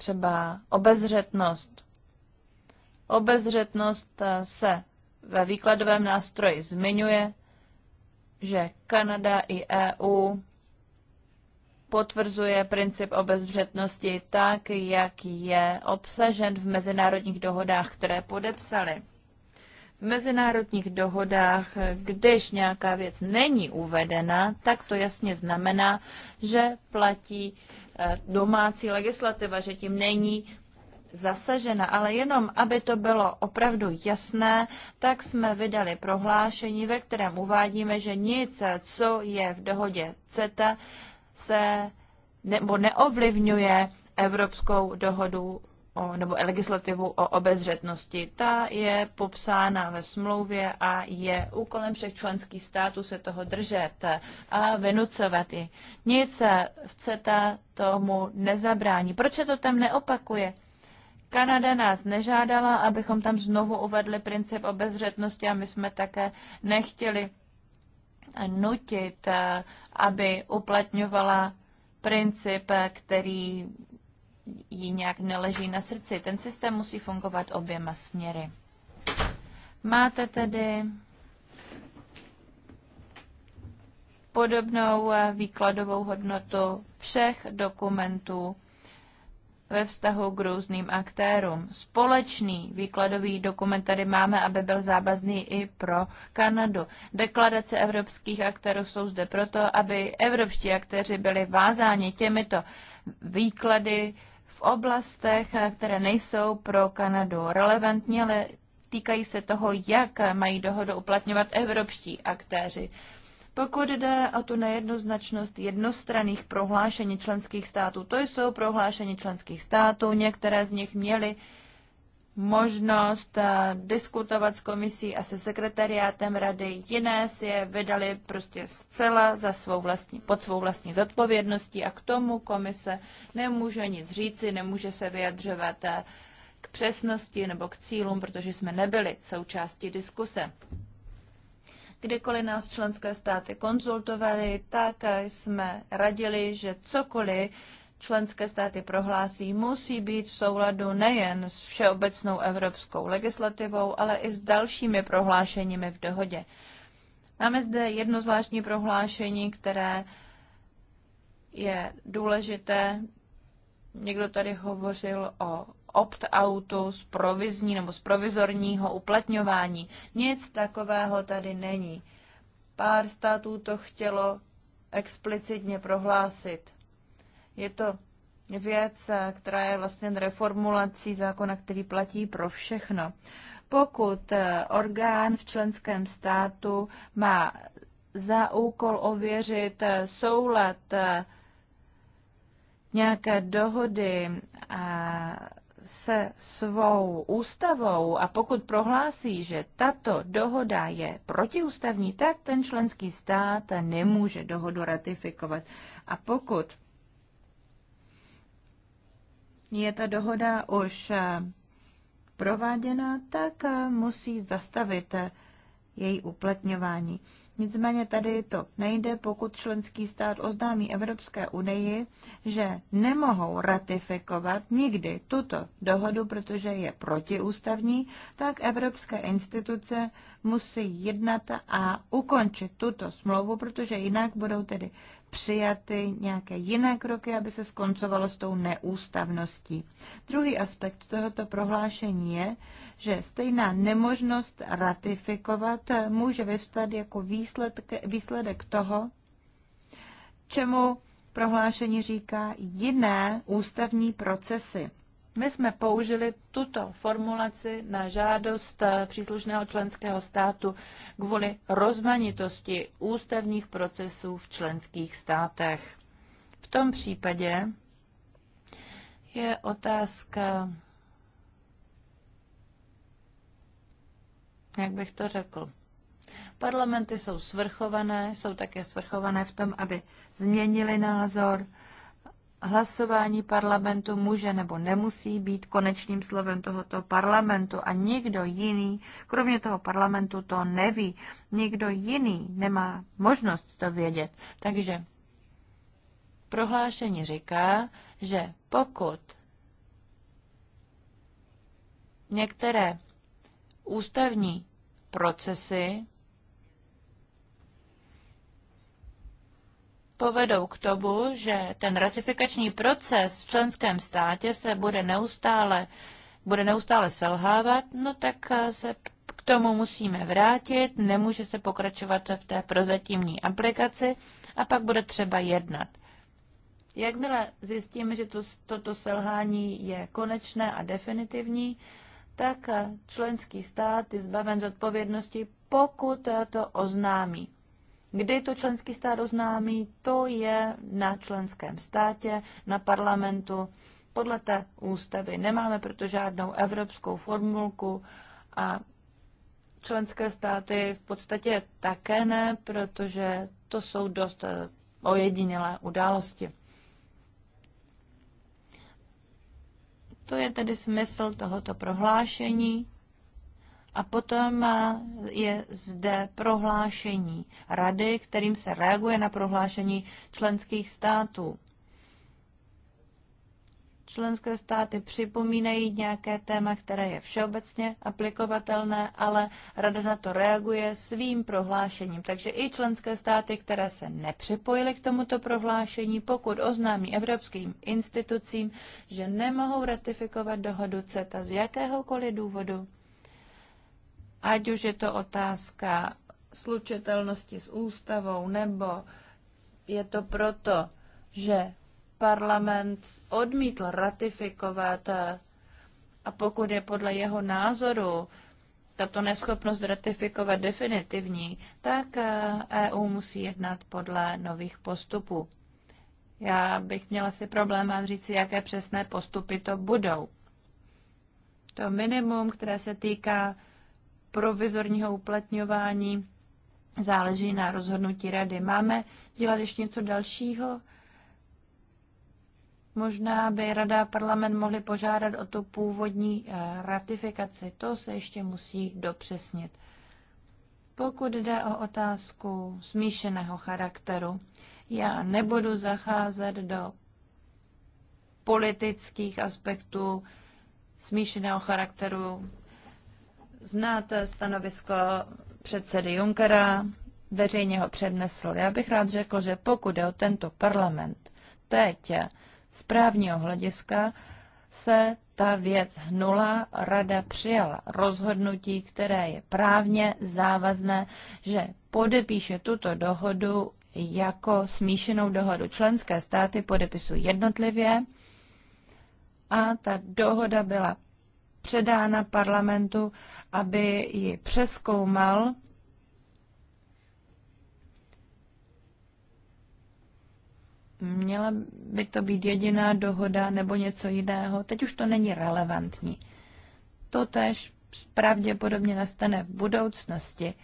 třeba obezřetnost. Obezřetnost eh, se ve výkladovém nástroji zmiňuje, že Kanada i EU potvrzuje princip obezřetnosti tak, jak je obsažen v mezinárodních dohodách, které podepsali. V mezinárodních dohodách, když nějaká věc není uvedena, tak to jasně znamená, že platí Eh, domácí legislativa, že tím není zasažena, ale jenom, aby to bylo opravdu jasné, tak jsme vydali prohlášení, ve kterém uvádíme, že nic, eh, co je v dohodě CETA, se nebo neovlivňuje Evropskou dohodu o, nebo legislativu o obezřetnosti. Ta je popsána ve smlouvě a je úkolem všech členských států se toho držet a vynucovat ji. Nic v CETA tomu nezabrání. Proč se to tam neopakuje? Kanada nás nežádala, abychom tam znovu uvedli princip obezřetnosti a my jsme také nechtěli nutit, eh, aby uplatňovala princip, eh, který jí nějak neleží na srdci. Ten systém musí fungovat oběma směry. Máte tedy podobnou eh, výkladovou hodnotu všech dokumentů ve vztahu k různým aktérům. Společný výkladový dokument tady máme, aby byl závazný i pro Kanadu. Deklarace evropských aktérů jsou zde proto, aby evropští aktéři byli vázáni těmito výklady v oblastech, eh, které nejsou pro Kanadu relevantní, ale týkají se toho, jak mají dohodu uplatňovat evropští aktéři. Pokud jde o tu nejednoznačnost jednostranných prohlášení členských států, to jsou prohlášení členských států, některé z nich měly možnost eh, diskutovat s komisí a se sekretariátem rady. Jiné si je vydali prostě zcela za svou vlastní, pod svou vlastní zodpovědností a k tomu komise nemůže nic říci, nemůže se vyjadřovat eh, k přesnosti nebo k cílům, protože jsme nebyli součástí diskuse. Kdykoliv nás členské státy konzultovali, tak eh, jsme radili, že cokoliv členské státy prohlásí, musí být v souladu nejen s všeobecnou evropskou legislativou, ale i s dalšími prohlášeními v dohodě. Máme zde jedno zvláštní prohlášení, které je důležité. Někdo tady hovořil o opt-outu z provizní nebo z provizorního uplatňování. Nic takového tady není. Pár států to chtělo explicitně prohlásit. Je to věc, která je vlastně reformulací zákona, který platí pro všechno. Pokud eh, orgán v členském státu má za úkol ověřit eh, soulad eh, nějaké dohody se svou ústavou a pokud prohlásí, že tato dohoda je protiústavní, tak ten členský stát nemůže dohodu ratifikovat. A pokud je ta dohoda už eh, prováděna, tak eh, musí zastavit eh, její uplatňování. Nicméně tady to nejde, pokud členský stát oznámí Evropské unii, že nemohou ratifikovat nikdy tuto dohodu, protože je protiústavní, tak evropské instituce musí jednat a ukončit tuto smlouvu, protože jinak budou tedy přijaty nějaké jiné kroky, aby se skoncovalo s tou neústavností. Druhý aspekt tohoto prohlášení je, že stejná nemožnost ratifikovat může vyvstat jako výsledk, výsledek toho, čemu prohlášení říká jiné ústavní procesy. My jsme použili tuto formulaci na žádost eh, příslušného členského státu kvůli rozmanitosti ústavních procesů v členských státech. V tom případě je otázka, jak bych to řekl, Parlamenty jsou svrchované, jsou také svrchované v tom, aby změnili názor, hlasování parlamentu může nebo nemusí být konečným slovem tohoto parlamentu a nikdo jiný, kromě toho parlamentu, to neví. Nikdo jiný nemá možnost to vědět. Takže prohlášení říká, že pokud některé ústavní procesy povedou k tomu, že ten ratifikační proces v členském státě se bude neustále, bude neustále selhávat, no tak eh, se k tomu musíme vrátit, nemůže se pokračovat v té prozatímní aplikaci a pak bude třeba jednat. Jakmile zjistíme, že to, toto selhání je konečné a definitivní, tak eh, členský stát je zbaven zodpovědnosti, pokud eh, to oznámí. Kdy to členský stát oznámí, to je na členském státě, na parlamentu. Podle té ústavy nemáme proto žádnou evropskou formulku a členské státy v podstatě také ne, protože to jsou dost eh, ojedinělé události. To je tedy smysl tohoto prohlášení a potom eh, je zde prohlášení rady, kterým se reaguje na prohlášení členských států. Členské státy připomínají nějaké téma, které je všeobecně aplikovatelné, ale Rada na to reaguje svým prohlášením. Takže i členské státy, které se nepřipojily k tomuto prohlášení, pokud oznámí evropským institucím, že nemohou ratifikovat dohodu CETA z jakéhokoliv důvodu, ať už je to otázka slučitelnosti s ústavou, nebo je to proto, že parlament odmítl ratifikovat a pokud je podle jeho názoru tato neschopnost ratifikovat definitivní, tak EU eh, e musí jednat podle nových postupů. Já bych měla si problém vám říci, jaké přesné postupy to budou. To minimum, které se týká provizorního uplatňování záleží na rozhodnutí rady. Máme dělat ještě něco dalšího? Možná by Rada a parlament mohli požádat o tu původní eh, ratifikaci. To se ještě musí dopřesnit. Pokud jde o otázku smíšeného charakteru, já nebudu zacházet do politických aspektů smíšeného charakteru znáte stanovisko předsedy Junckera, veřejně ho přednesl. Já bych rád řekl, že pokud je o tento parlament, teď z právního hlediska se ta věc hnula, rada přijala rozhodnutí, které je právně závazné, že podepíše tuto dohodu jako smíšenou dohodu. Členské státy podepisují jednotlivě a ta dohoda byla předána parlamentu, aby ji přeskoumal. Měla by to být jediná dohoda nebo něco jiného. Teď už to není relevantní. To tež pravděpodobně nastane v budoucnosti.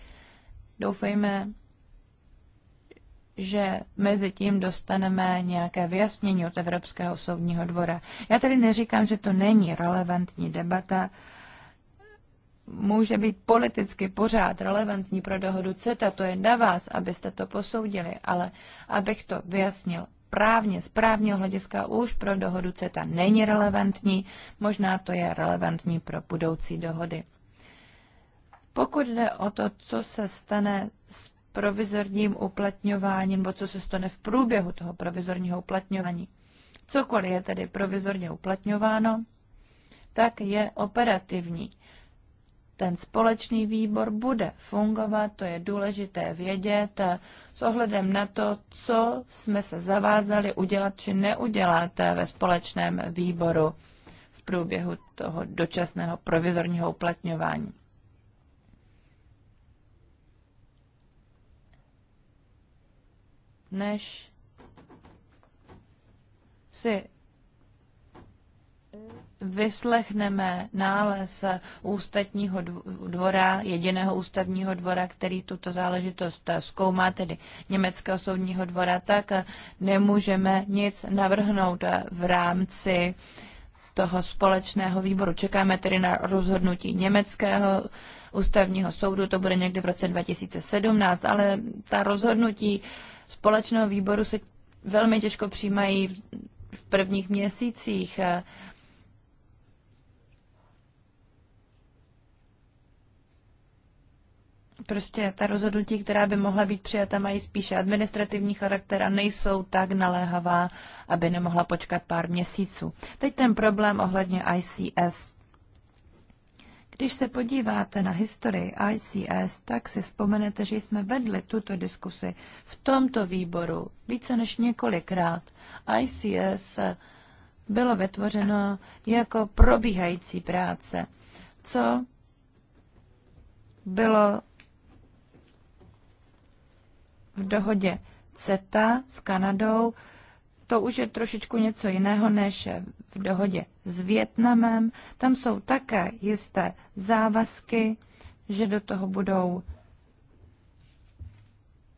Doufejme, že mezi tím dostaneme nějaké vyjasnění od Evropského soudního dvora. Já tady neříkám, že to není relevantní debata, může být politicky pořád relevantní pro dohodu CETA, to je na vás, abyste to posoudili, ale abych to vyjasnil právně, z právního hlediska už pro dohodu CETA není relevantní, možná to je relevantní pro budoucí dohody. Pokud jde o to, co se stane s provizorním uplatňováním, nebo co se stane v průběhu toho provizorního uplatňování. Cokoliv je tedy provizorně uplatňováno, tak je operativní. Ten společný výbor bude fungovat, to je důležité vědět, s ohledem na to, co jsme se zavázali udělat či neudělat ve společném výboru v průběhu toho dočasného provizorního uplatňování. než si vyslechneme nález ústatního dvora, jediného ústavního dvora, který tuto záležitost zkoumá, tedy německého soudního dvora, tak nemůžeme nic navrhnout v rámci toho společného výboru. Čekáme tedy na rozhodnutí německého ústavního soudu, to bude někdy v roce 2017, ale ta rozhodnutí společného výboru se velmi těžko přijímají v prvních měsících. Prostě ta rozhodnutí, která by mohla být přijata, mají spíše administrativní charakter a nejsou tak naléhavá, aby nemohla počkat pár měsíců. Teď ten problém ohledně ICS. Když se podíváte na historii ICS, tak si vzpomenete, že jsme vedli tuto diskusi v tomto výboru více než několikrát. ICS bylo vytvořeno jako probíhající práce, co bylo v dohodě CETA s Kanadou, to už je trošičku něco jiného než v dohodě s Větnamem. Tam jsou také jisté závazky, že do toho budou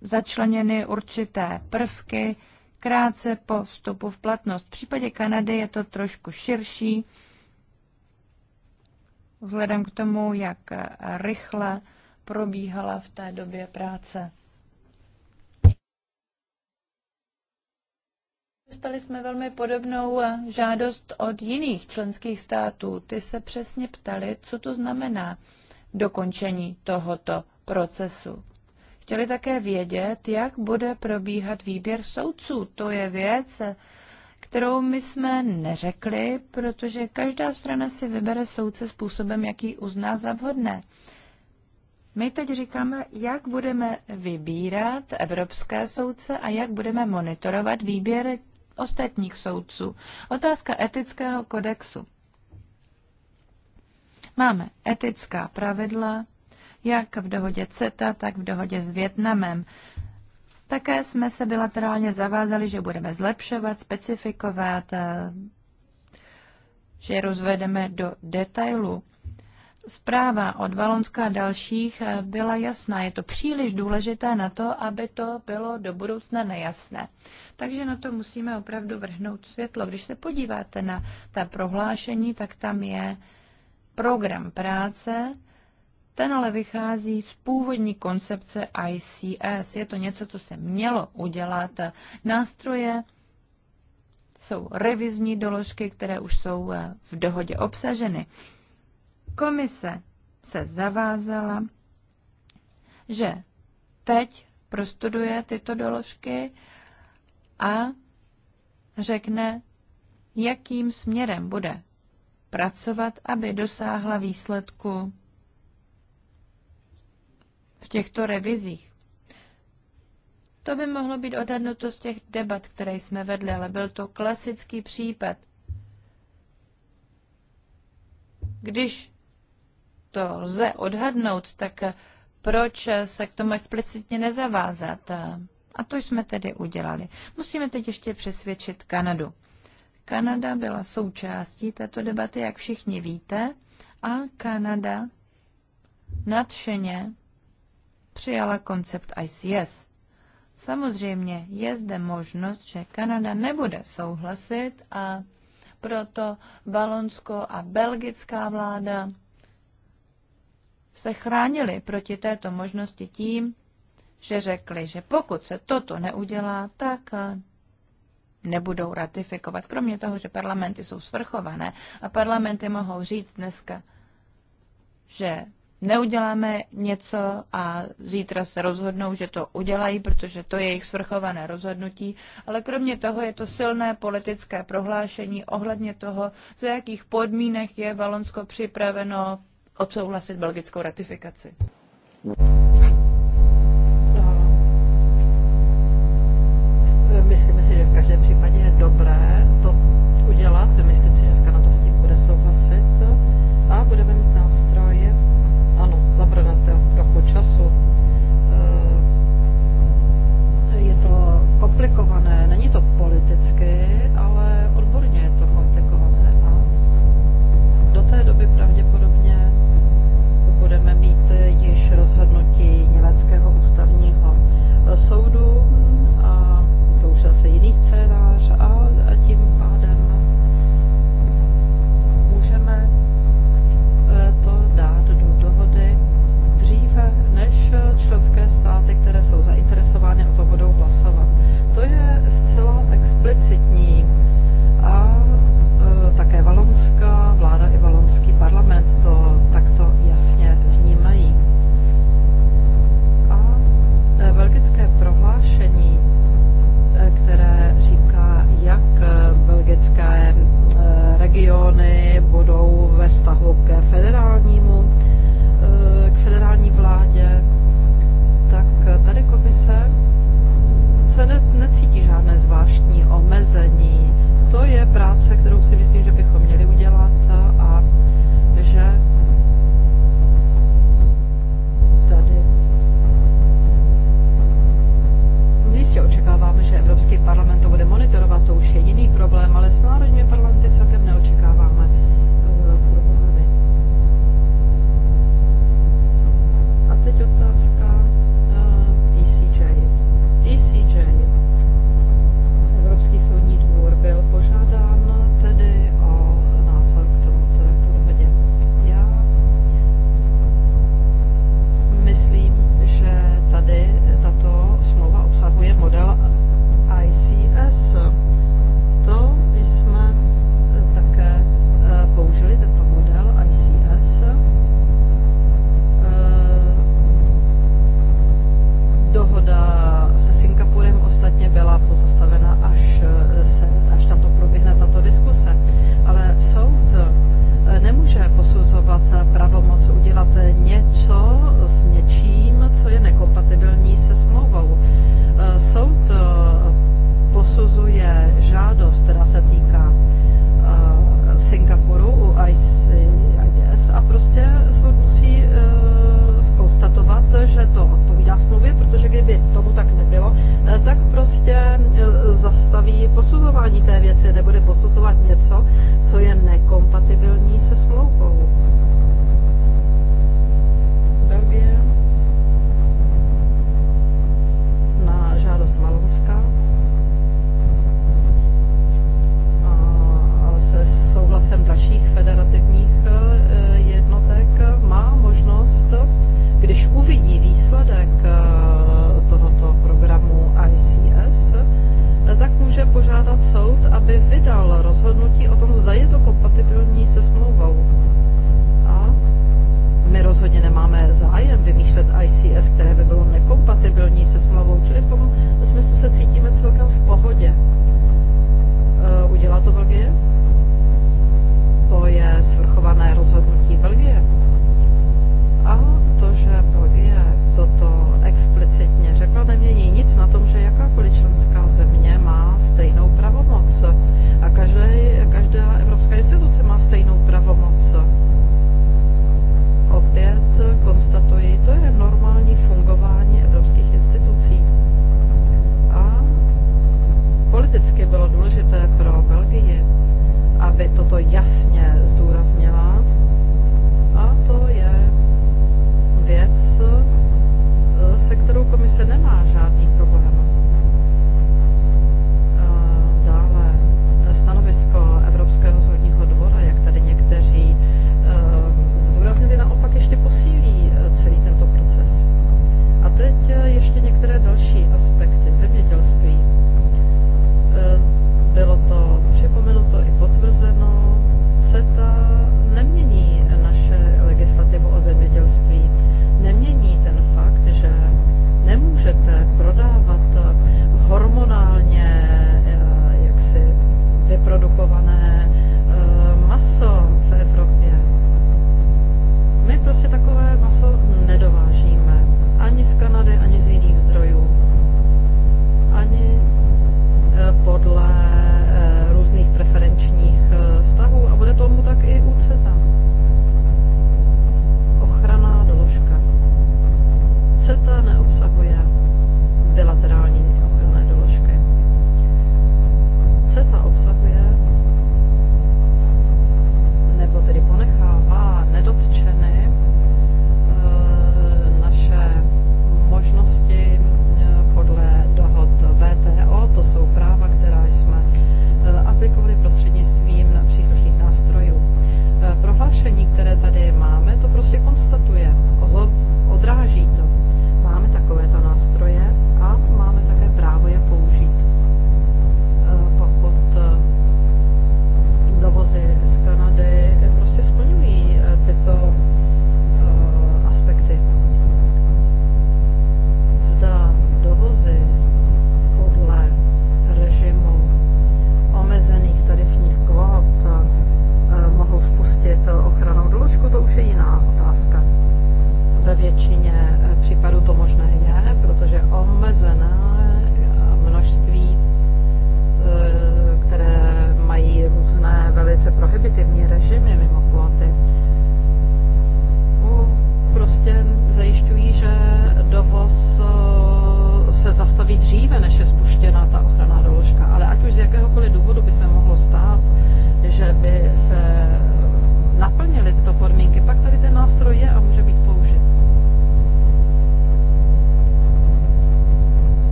začleněny určité prvky krátce po vstupu v platnost. V případě Kanady je to trošku širší, vzhledem k tomu, jak rychle probíhala v té době práce. Dostali jsme velmi podobnou eh, žádost od jiných členských států. Ty se přesně ptali, co to znamená dokončení tohoto procesu. Chtěli také vědět, jak bude probíhat výběr soudců. To je věc, eh, kterou my jsme neřekli, protože každá strana si vybere soudce způsobem, jaký uzná za vhodné. My teď říkáme, jak budeme vybírat evropské soudce a jak budeme monitorovat výběr ostatních soudců. Otázka etického kodexu. Máme etická pravidla, jak v dohodě CETA, tak v dohodě s Větnamem. Také jsme se bilaterálně zavázali, že budeme zlepšovat, specifikovat, eh, že je rozvedeme do detailu. Zpráva od Valonska a dalších eh, byla jasná. Je to příliš důležité na to, aby to bylo do budoucna nejasné. Takže na to musíme opravdu vrhnout světlo. Když se podíváte na ta prohlášení, tak tam je program práce, ten ale vychází z původní koncepce ICS. Je to něco, co se mělo udělat. Nástroje jsou revizní doložky, které už jsou eh, v dohodě obsaženy. Komise se zavázala, že teď prostuduje tyto doložky a řekne, jakým směrem bude pracovat, aby dosáhla výsledku v těchto revizích. To by mohlo být odhadnuto z těch debat, které jsme vedli, ale byl to klasický případ. Když to lze odhadnout, tak proč se k tomu explicitně nezavázat? A to jsme tedy udělali. Musíme teď ještě přesvědčit Kanadu. Kanada byla součástí této debaty, jak všichni víte, a Kanada nadšeně přijala koncept ICS. Samozřejmě je zde možnost, že Kanada nebude souhlasit a proto Valonsko a belgická vláda se chránili proti této možnosti tím, že řekli, že pokud se toto neudělá, tak eh, nebudou ratifikovat. Kromě toho, že parlamenty jsou svrchované a parlamenty mohou říct dneska, že neuděláme něco a zítra se rozhodnou, že to udělají, protože to je jejich svrchované rozhodnutí, ale kromě toho je to silné politické prohlášení ohledně toho, za jakých podmínek je Valonsko připraveno odsouhlasit belgickou ratifikaci.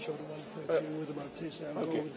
shot at 1.30 uh, with the Maltese. Okay.